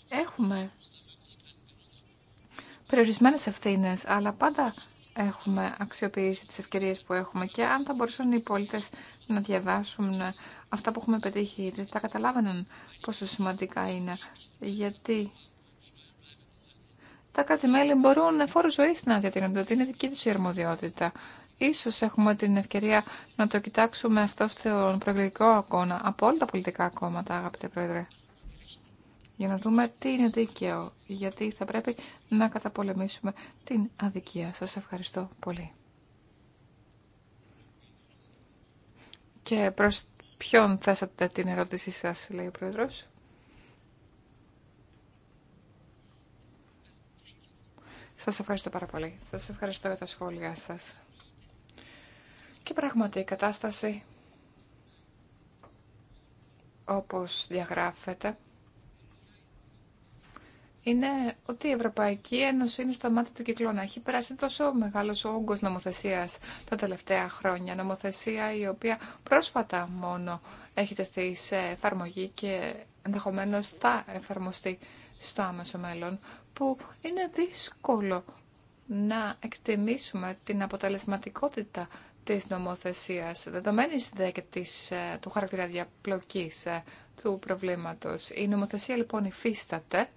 έχουμε Περιορισμένε ευθύνε, αλλά πάντα έχουμε αξιοποιήσει τις ευκαιρίες που έχουμε και αν θα μπορούσαν οι πολίτες να διαβάσουν αυτά που έχουμε πετύχει, θα καταλάβαιναν πόσο σημαντικά είναι. Γιατί τα κράτη-μέλη μπορούν φόρου ζωή να διατηρούνται, ότι είναι δική του η αρμοδιότητα. Ίσως έχουμε την ευκαιρία να το κοιτάξουμε αυτό στον προεκλογικό αγώνα από όλα τα πολιτικά κόμματα, αγαπητέ Πρόεδρε για να δούμε τι είναι δίκαιο, γιατί θα πρέπει να καταπολεμήσουμε την αδικία. Σας ευχαριστώ πολύ. Και προς ποιον θέσατε την ερώτησή σας, λέει ο Πρόεδρος. Σας ευχαριστώ πάρα πολύ. Σας ευχαριστώ για τα σχόλιά σας. Και πράγματι η κατάσταση όπως διαγράφεται είναι ότι η Ευρωπαϊκή Ένωση είναι στο μάτι του κυκλώνα. Έχει περάσει τόσο μεγάλος όγκος νομοθεσίας τα τελευταία χρόνια. Νομοθεσία η οποία πρόσφατα μόνο έχει τεθεί σε εφαρμογή και ενδεχομένω θα εφαρμοστεί στο άμεσο μέλλον, που είναι δύσκολο να εκτιμήσουμε την αποτελεσματικότητα της νομοθεσίας, δεδομένης δε και ε, του χαρακτήρα διαπλοκής ε, του προβλήματος. Η νομοθεσία λοιπόν υφίσταται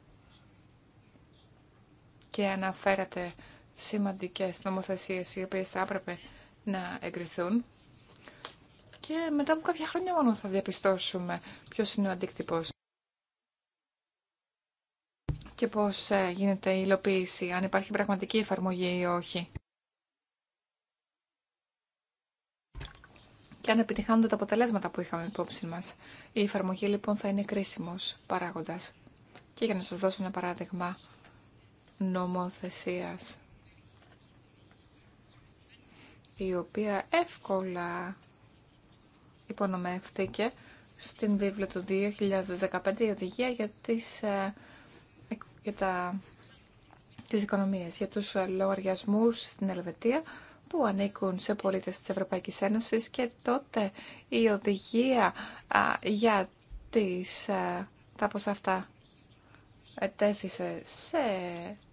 και αναφέρατε σημαντικές νομοθεσίες οι οποίες θα έπρεπε να εγκριθούν. Και μετά από κάποια χρόνια μόνο θα διαπιστώσουμε ποιος είναι ο αντίκτυπος και πώς ε, γίνεται η υλοποίηση, αν υπάρχει πραγματική εφαρμογή ή όχι. Και αν επιτυχάνονται τα αποτελέσματα που είχαμε υπόψη μας. Η εφαρμογή λοιπόν θα είναι κρίσιμος παράγοντας. Και για να σας δώσω ένα παράδειγμα, νομοθεσίας η οποία εύκολα υπονομεύθηκε στην βίβλο του 2015 η οδηγία για τις, ε, για τα, τις οικονομίες, για τους λογαριασμούς στην Ελβετία που ανήκουν σε πολίτες της Ευρωπαϊκής Ένωσης και τότε η οδηγία για τις, ε, τα ποσά αυτά ετέθησε σε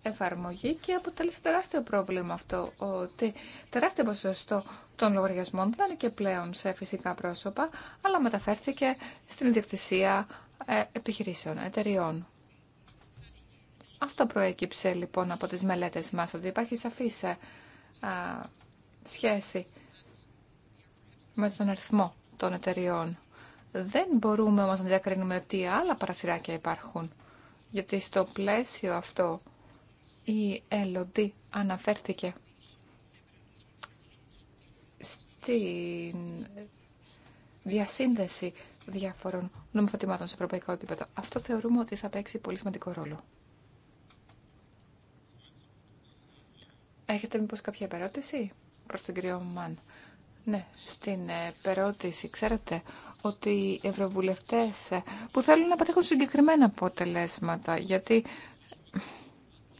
εφαρμογή και αποτέλεσε τεράστιο πρόβλημα αυτό ότι τεράστιο ποσοστό των λογαριασμών δεν είναι και πλέον σε φυσικά πρόσωπα αλλά μεταφέρθηκε στην ιδιοκτησία ε, επιχειρήσεων, εταιριών. Αυτό προέκυψε λοιπόν από τις μελέτες μας ότι υπάρχει σαφής ε, α, σχέση με τον αριθμό των εταιριών. Δεν μπορούμε όμως να διακρίνουμε τι άλλα παραθυράκια υπάρχουν γιατί στο πλαίσιο αυτό η ΕΛΟΝΤΗ αναφέρθηκε στη διασύνδεση διάφορων νομοθετημάτων σε ευρωπαϊκό επίπεδο. Αυτό θεωρούμε ότι θα παίξει πολύ σημαντικό ρόλο. Έχετε μήπως κάποια ερώτηση προς τον κύριο Μαν. Ναι, στην ε, περώτηση ξέρετε ότι οι ευρωβουλευτές ε, που θέλουν να πετύχουν συγκεκριμένα αποτελέσματα, γιατί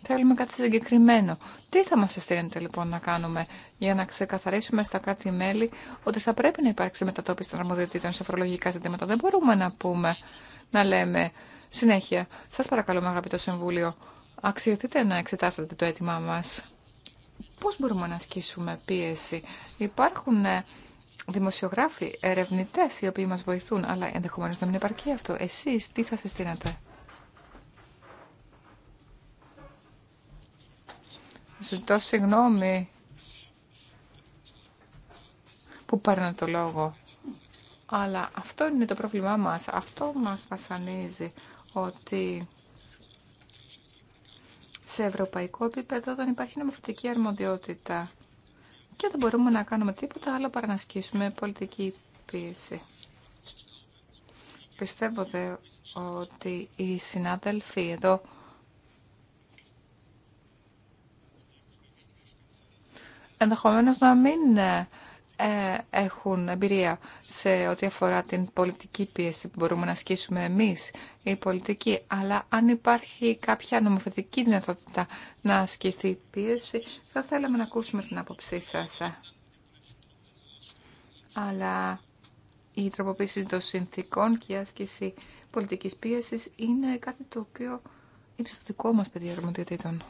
θέλουμε κάτι συγκεκριμένο. Τι θα μας εστήνετε λοιπόν να κάνουμε για να ξεκαθαρίσουμε στα κράτη-μέλη ότι θα πρέπει να υπάρξει μετατόπιση των αρμοδιοτήτων σε φορολογικά ζητήματα. Δεν μπορούμε να πούμε, να λέμε συνέχεια. Σας παρακαλώ αγαπητό Συμβούλιο, αξιοθείτε να εξετάσετε το αίτημά μας πώς μπορούμε να ασκήσουμε πίεση. Υπάρχουν ε, δημοσιογράφοι, ερευνητές οι οποίοι μας βοηθούν, αλλά ενδεχομένως να μην υπάρχει αυτό. Εσείς τι θα συστήνατε. Ζητώ συγγνώμη που παίρνω το λόγο. Αλλά αυτό είναι το πρόβλημά μας. Αυτό μας βασανίζει ότι σε ευρωπαϊκό επίπεδο δεν υπάρχει νομοθετική αρμοδιότητα και δεν μπορούμε να κάνουμε τίποτα άλλο παρά να ασκήσουμε πολιτική πίεση. Πιστεύω δε ότι οι συνάδελφοι εδώ ενδεχομένως να μην ε, ε, έχουν εμπειρία σε ό,τι αφορά την πολιτική πίεση που μπορούμε να ασκήσουμε εμείς, η πολιτική, αλλά αν υπάρχει κάποια νομοθετική δυνατότητα να ασκηθεί πίεση, θα θέλαμε να ακούσουμε την άποψή σας. Αλλά η τροποποίηση των συνθήκων και η άσκηση πολιτικής πίεσης είναι κάτι το οποίο είναι στο δικό μας πεδίο αρμοδιοτήτων.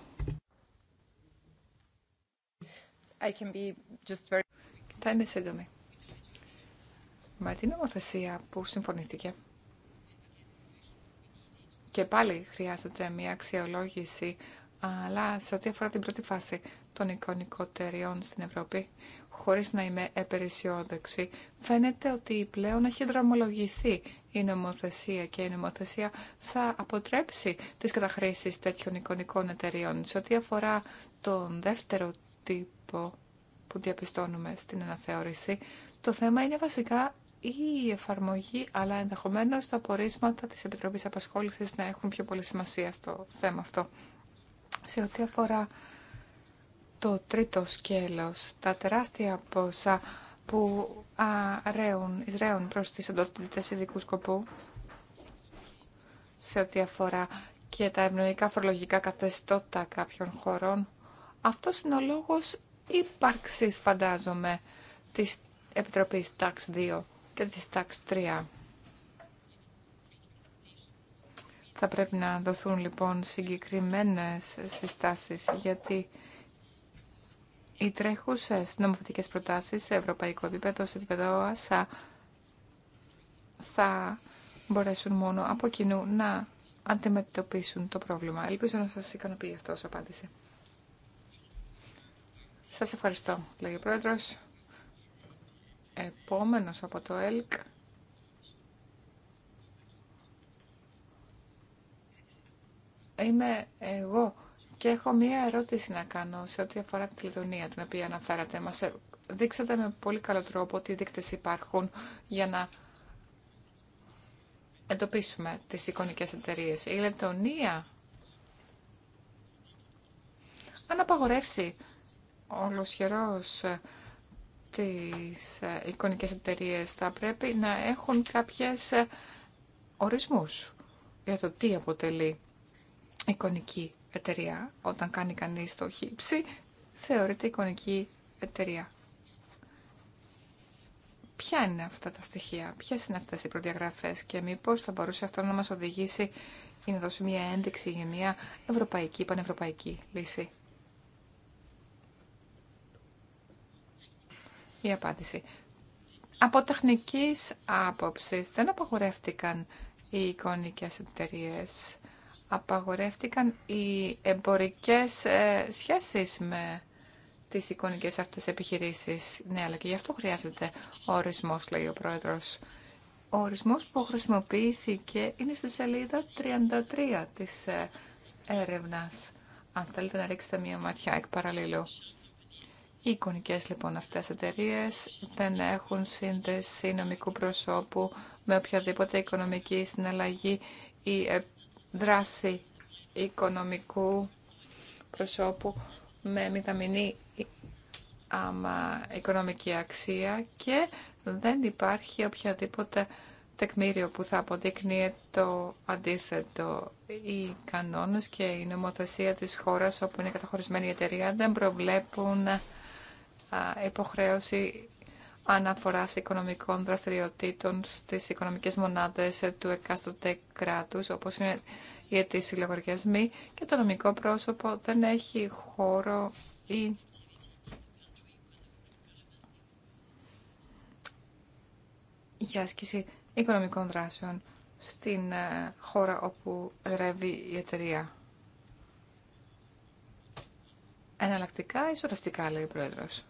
Θα είμαι σύντομη. Με την νομοθεσία που συμφωνήθηκε και πάλι χρειάζεται μια αξιολόγηση, αλλά σε ό,τι αφορά την πρώτη φάση των εικονικοτεριών στην Ευρώπη, χωρίς να είμαι επερισιόδεξη, φαίνεται ότι πλέον έχει δρομολογηθεί η νομοθεσία και η νομοθεσία θα αποτρέψει τις καταχρήσεις τέτοιων εικονικών εταιριών. Σε ό,τι αφορά τον δεύτερο τύπο που διαπιστώνουμε στην αναθεώρηση. Το θέμα είναι βασικά η εφαρμογή, αλλά ενδεχομένω τα απορίσματα της Επιτροπής απασχόληση να έχουν πιο πολύ σημασία στο θέμα αυτό. Σε ό,τι αφορά το τρίτο σκέλος, τα τεράστια ποσά που ρέουν εισραίουν προς τις εντότητες ειδικού σκοπού, σε ό,τι αφορά και τα ευνοϊκά φορολογικά καθεστώτα κάποιων χωρών, αυτός είναι ο λόγος ύπαρξη, φαντάζομαι τη επιτροπή Τάξ 2 και τη Τάξ 3. Θα πρέπει να δοθούν λοιπόν συγκεκριμένες συστάσεις γιατί οι τρέχουσες νομοθετικές προτάσεις σε ευρωπαϊκό επίπεδο, σε επίπεδο ΑΣΑ θα μπορέσουν μόνο από κοινού να αντιμετωπίσουν το πρόβλημα. Ελπίζω να σας ικανοποιεί αυτό ως απάντηση. Σας ευχαριστώ, λέγει ο Πρόεδρος. Επόμενος από το ΕΛΚ. Είμαι εγώ και έχω μία ερώτηση να κάνω σε ό,τι αφορά την κλειδονία την οποία αναφέρατε. Μας ε, δείξατε με πολύ καλό τρόπο τι δείκτες υπάρχουν για να εντοπίσουμε τις εικονικές εταιρείε. Η Λετωνία αν απαγορεύσει ολοσχερός ε, τις ε, εικονικές εταιρείε θα πρέπει να έχουν κάποιες ε, ορισμούς για το τι αποτελεί εικονική εταιρεία. Όταν κάνει κανείς το χύψη, θεωρείται εικονική εταιρεία. Ποια είναι αυτά τα στοιχεία, ποιε είναι αυτέ οι προδιαγραφέ και μήπω θα μπορούσε αυτό να μα οδηγήσει ή να δώσει μια ένδειξη για μια ευρωπαϊκή, πανευρωπαϊκή λύση. Η απάντηση. Από τεχνικής άποψης δεν απαγορεύτηκαν οι εικονικές εταιρείε. Απαγορεύτηκαν οι εμπορικές ε, σχέσεις με τις εικονικές αυτές επιχειρήσεις. Ναι, αλλά και γι' αυτό χρειάζεται ο ορισμός, λέει ο πρόεδρος. Ο ορισμός που χρησιμοποιήθηκε είναι στη σελίδα 33 της ε, έρευνας. Αν θέλετε να ρίξετε μία ματιά εκ παραλληλού. Οι εικονικές λοιπόν αυτές εταιρείε δεν έχουν σύνδεση νομικού προσώπου με οποιαδήποτε οικονομική συναλλαγή ή ε, δράση οικονομικού προσώπου με μηδαμινή άμα, οικονομική αξία και δεν υπάρχει οποιαδήποτε τεκμήριο που θα αποδείκνει το αντίθετο. Οι κανόνες και η νομοθεσία της χώρας όπου είναι καταχωρισμένη η εταιρεία δεν προβλέπουν υποχρέωση αναφοράς οικονομικών δραστηριοτήτων στις οικονομικές μονάδες του εκάστοτε κράτους, όπως είναι οι αιτήσεις λογαριασμοί και το νομικό πρόσωπο δεν έχει χώρο ή για άσκηση οικονομικών δράσεων στην ε, χώρα όπου ρεύει η εταιρεία. Εναλλακτικά οπου εδρεύει η σωρευτικά, σωραστικά λεει ο Πρόεδρος.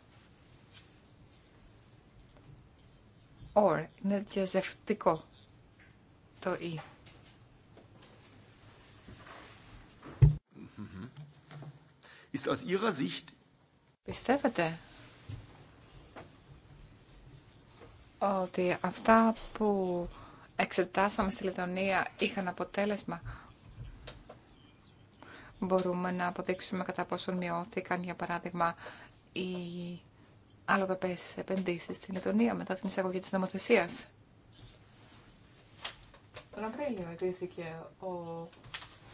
or. Είναι διαζευτικό το e. Ist aus Ihrer Πιστεύετε ότι αυτά που εξετάσαμε στη Λετωνία είχαν αποτέλεσμα. Μπορούμε να αποδείξουμε κατά πόσον μειώθηκαν, για παράδειγμα, οι αλλοδαπές επενδύσεις στην Λετωνία μετά την εισαγωγή της νομοθεσίας. Τον Απρίλιο εγκρίθηκε ο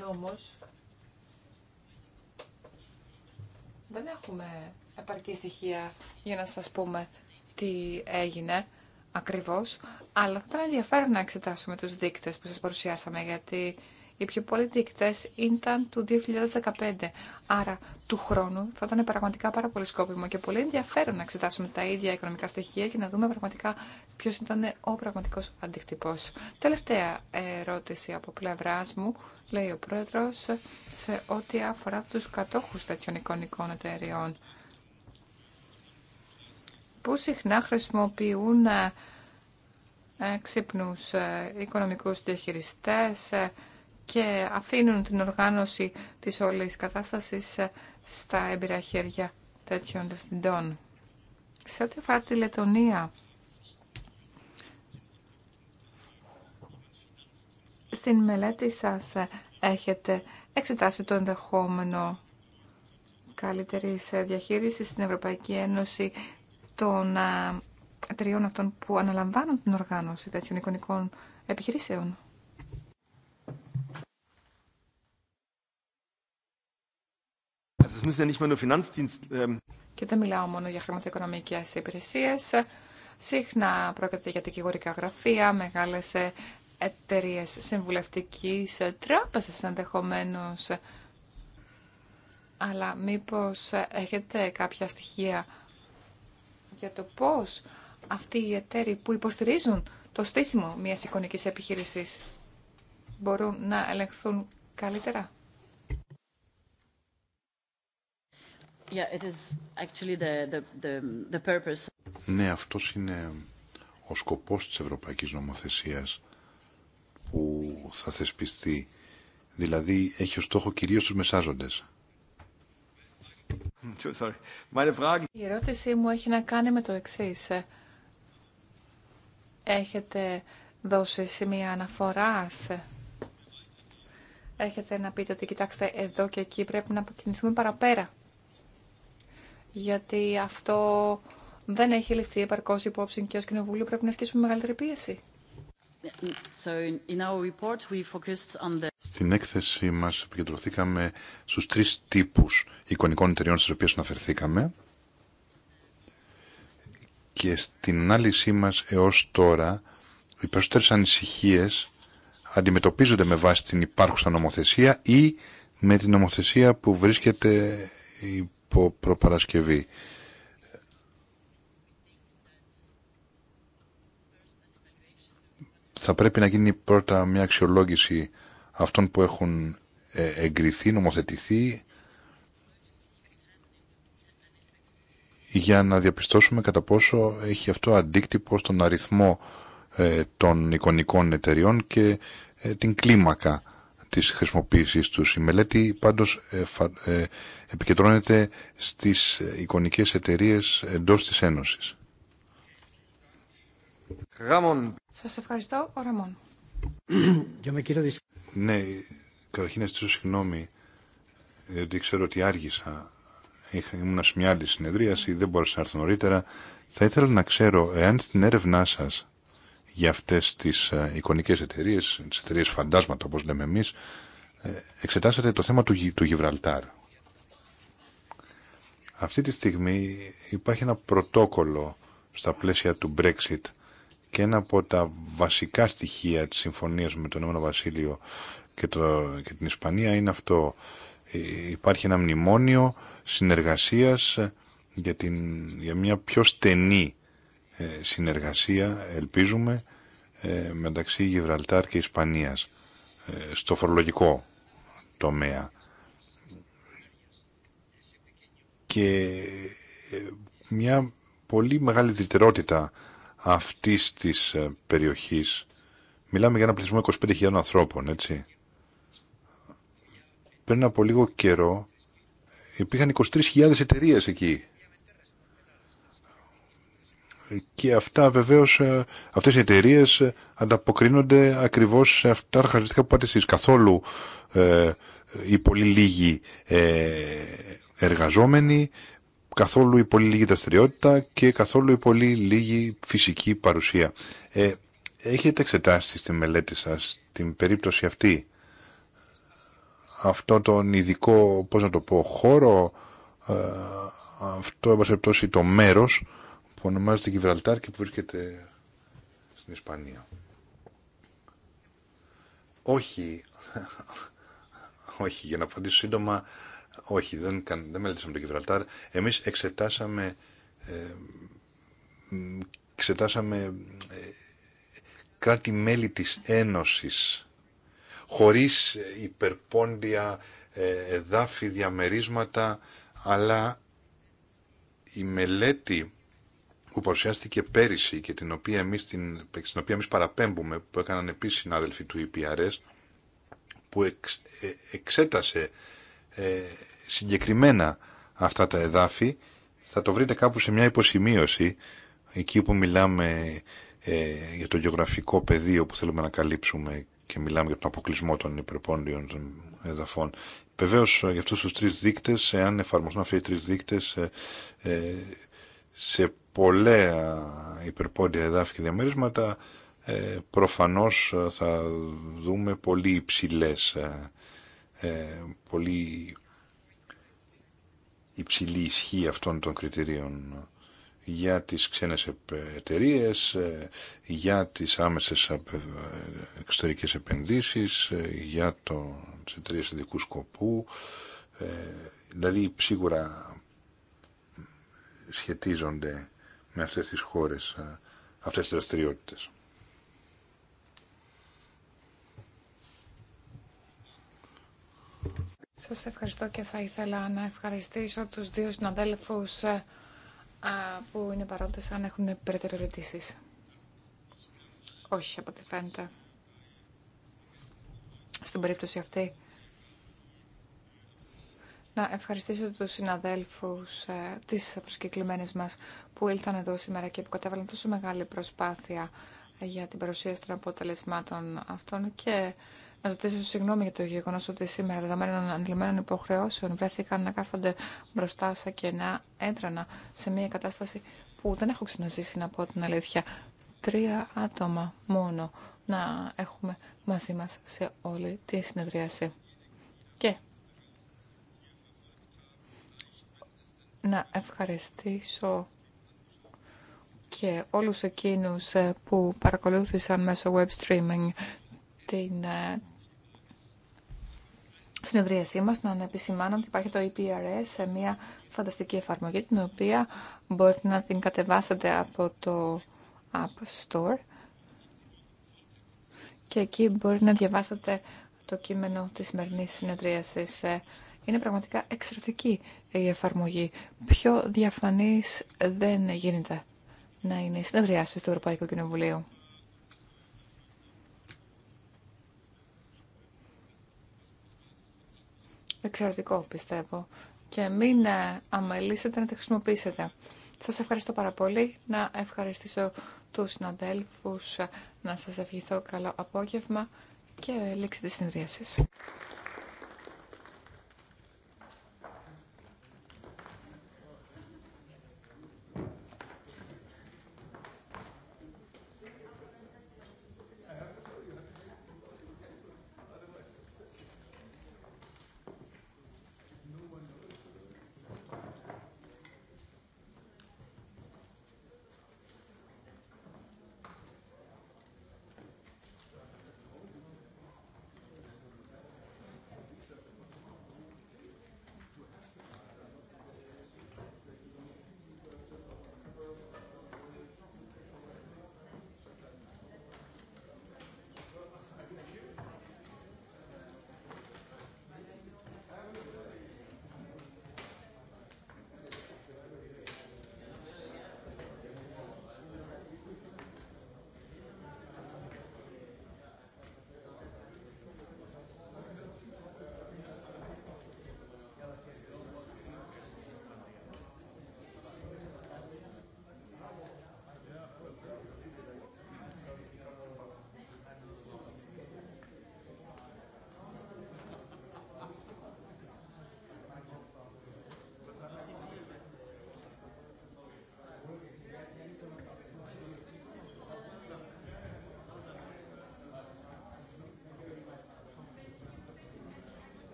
νόμος. Δεν έχουμε επαρκή στοιχεία για να σας πούμε τι έγινε ακριβώς, αλλά θα ήταν ενδιαφέρον να εξετάσουμε τους δείκτες που σας παρουσιάσαμε, γιατί οι πιο πολλοί διεκτέ ήταν του 2015. Άρα του χρόνου θα ήταν πραγματικά πάρα πολύ σκόπιμο και πολύ ενδιαφέρον να εξετάσουμε τα ίδια οικονομικά στοιχεία και να δούμε πραγματικά ποιο ήταν ο πραγματικό αντίκτυπο. Τελευταία ερώτηση από πλευρά μου, λέει ο πρόεδρο, σε ό,τι αφορά του κατόχου τέτοιων εικονικών εταιριών. Που συχνά χρησιμοποιούν ε, ξύπνους ε, οικονομικούς διαχειριστές, ε, και αφήνουν την οργάνωση της όλης κατάστασης ε, στα έμπειρα χέρια τέτοιων διευθυντών. Σε ό,τι αφορά τη Λετωνία, στην μελέτη σας ε, έχετε εξετάσει το ενδεχόμενο καλύτερης ε, διαχείρισης στην Ευρωπαϊκή Ένωση των εταιριών αυτών που αναλαμβάνουν την οργάνωση τέτοιων εικονικών επιχειρήσεων. Ähm, Και δεν μιλάω μόνο για χρηματοοικονομικές υπηρεσίε. Συχνά πρόκειται για δικηγορικά γραφεία, μεγάλε εταιρείε συμβουλευτική ε, Τράπεζα ενδεχομένω. Αλλά μήπω ε, έχετε κάποια στοιχεία για το πώ αυτοί οι εταίροι που υποστηρίζουν το στήσιμο μιας εικονική επιχείρηση, μπορούν να ελεγχθούν καλύτερα. Ναι, αυτός είναι ο σκοπός της Ευρωπαϊκής Νομοθεσίας που θα θεσπιστεί. Δηλαδή έχει ως στόχο κυρίως τους μεσάζοντες. Η ερώτησή μου έχει να κάνει με το εξή. Έχετε δώσει σημεία αναφοράς. Έχετε να πείτε ότι κοιτάξτε εδώ και εκεί πρέπει να κινηθούμε παραπέρα γιατί αυτό δεν έχει ληφθεί επαρκώς υπόψη και ως Κοινοβούλιο πρέπει να ασκήσουμε μεγαλύτερη πίεση. Στην έκθεση μας επικεντρωθήκαμε στους τρεις τύπους εικονικών εταιριών στις οποίες αναφερθήκαμε και στην ανάλυση μας έως τώρα οι περισσότερες ανησυχίες αντιμετωπίζονται με βάση την υπάρχουσα νομοθεσία ή με την νομοθεσία που βρίσκεται από προπαρασκευή. Θα πρέπει να γίνει πρώτα μια αξιολόγηση αυτών που έχουν ε, εγκριθεί, νομοθετηθεί, για να διαπιστώσουμε κατά πόσο έχει αυτό αντίκτυπο στον αριθμό ε, των εικονικών εταιριών και ε, την κλίμακα της χρησιμοποίησής του Η μελέτη πάντως ε, ε, επικεντρώνεται στις ε, εικονικές εταιρείες εντός της Ένωσης. Σας ευχαριστώ, ο Ραμόν. ναι, καταρχήν να ζητήσω συγγνώμη, διότι ξέρω ότι άργησα. Είχα, ήμουν σε μια άλλη συνεδρίαση, δεν μπόρεσα να έρθω νωρίτερα. Θα ήθελα να ξέρω, εάν στην έρευνά σας για αυτές τις ε, εικονικές εταιρείε, τις εταιρείε φαντάσματα όπως λέμε εμείς, ε, εξετάσατε το θέμα του, του Γιβραλτάρ. Αυτή τη στιγμή υπάρχει ένα πρωτόκολλο στα πλαίσια του Brexit και ένα από τα βασικά στοιχεία της συμφωνίας με τον ΕΒ Βασίλειο και, την Ισπανία είναι αυτό. Ε, υπάρχει ένα μνημόνιο συνεργασίας για, την, για μια πιο στενή ε, συνεργασία, ελπίζουμε, ε, μεταξύ Γιβραλτάρ και Ισπανίας ε, στο φορολογικό τομέα. Και μια πολύ μεγάλη διτερότητα αυτής της περιοχής. Μιλάμε για ένα πληθυσμό 25.000 ανθρώπων, έτσι. Πριν από λίγο καιρό υπήρχαν 23.000 εταιρείε εκεί και αυτά βεβαίως, ε, αυτές οι εταιρείε ε, ανταποκρίνονται ακριβώς σε αυτά τα χαρακτηριστικά που πάτε εσείς. Καθόλου ε, οι πολύ λίγοι ε, εργαζόμενοι, καθόλου η πολύ λίγη δραστηριότητα και καθόλου η πολύ λίγη φυσική παρουσία. Ε, έχετε εξετάσει στη μελέτη σας την περίπτωση αυτή, αυτό τον ειδικό, πώς να το πω, χώρο, ε, αυτό, εμπασχεπτώσει, το μέρος, που ονομάζεται Γιβραλτάρ και που βρίσκεται στην Ισπανία. Όχι, όχι, για να απαντήσω σύντομα, όχι, δεν, δεν μελετήσαμε το Γιβραλτάρ. Εμείς εξετάσαμε, ε, εξετάσαμε ε, κράτη-μέλη της Ένωσης χωρίς υπερπόντια ε, εδάφη διαμερίσματα αλλά η μελέτη που παρουσιάστηκε πέρυσι και την οποία εμείς, την, παραπέμπουμε, που έκαναν επίσης συνάδελφοι του EPRS, που ε, εξέτασε ε, συγκεκριμένα αυτά τα εδάφη, θα το βρείτε κάπου σε μια υποσημείωση, εκεί που μιλάμε ε, για το γεωγραφικό πεδίο που θέλουμε να καλύψουμε και μιλάμε για τον αποκλεισμό των υπερπόντιων εδαφών. Βεβαίω για αυτού του τρει δείκτε, εάν εφαρμοστούν αυτοί οι τρει δείκτε, ε, σε Πολλά υπερπόντια εδάφη και διαμέρισματα ε, προφανώς ε, θα δούμε πολύ υψηλές ε, ε, πολύ υψηλή ισχύ αυτών των κριτηρίων για τις ξένες εταιρείε, για τις άμεσες εξωτερικές επενδύσεις, για το, τις εταιρείες ειδικού σκοπού. δηλαδή σίγουρα σχετίζονται με αυτές τις χώρες, ε, αυτές τις δραστηριότητε. Σας ευχαριστώ και θα ήθελα να ευχαριστήσω τους δύο συναδέλφους ε, που είναι παρόντες αν έχουν περαιτέρω ερωτήσει. Όχι, από ό,τι φαίνεται. Στην περίπτωση αυτή να ευχαριστήσω τους συναδέλφους ε, της προσκεκλημένης μας που ήλθαν εδώ σήμερα και που κατέβαλαν τόσο μεγάλη προσπάθεια ε, για την παρουσίαση των αποτελεσμάτων αυτών και να ζητήσω συγγνώμη για το γεγονό ότι σήμερα δεδομένων ανελειμμένων υποχρεώσεων βρέθηκαν να κάθονται μπροστά σα και να έντρανα σε μια κατάσταση που δεν έχω ξαναζήσει να πω την αλήθεια. Τρία άτομα μόνο να έχουμε μαζί μας σε όλη τη συνεδρίαση. Και να ευχαριστήσω και όλους εκείνους ε, που παρακολούθησαν μέσω web streaming την ε, συνεδρίασή μας να επισημάνω ότι υπάρχει το EPRS σε μια φανταστική εφαρμογή την οποία μπορείτε να την κατεβάσετε από το App Store και εκεί μπορείτε να διαβάσετε το κείμενο της σημερινής συνεδρίασης ε, είναι πραγματικά εξαιρετική η εφαρμογή. Πιο διαφανής δεν γίνεται να είναι οι συνεδριάσεις του Ευρωπαϊκού Κοινοβουλίου. Εξαιρετικό πιστεύω. Και μην ε, αμελήσετε να τα χρησιμοποιήσετε. Σας ευχαριστώ πάρα πολύ. Να ευχαριστήσω τους συναδέλφους, ε, να σας ευχηθώ καλό απόγευμα και λήξη της συνεδρίασης.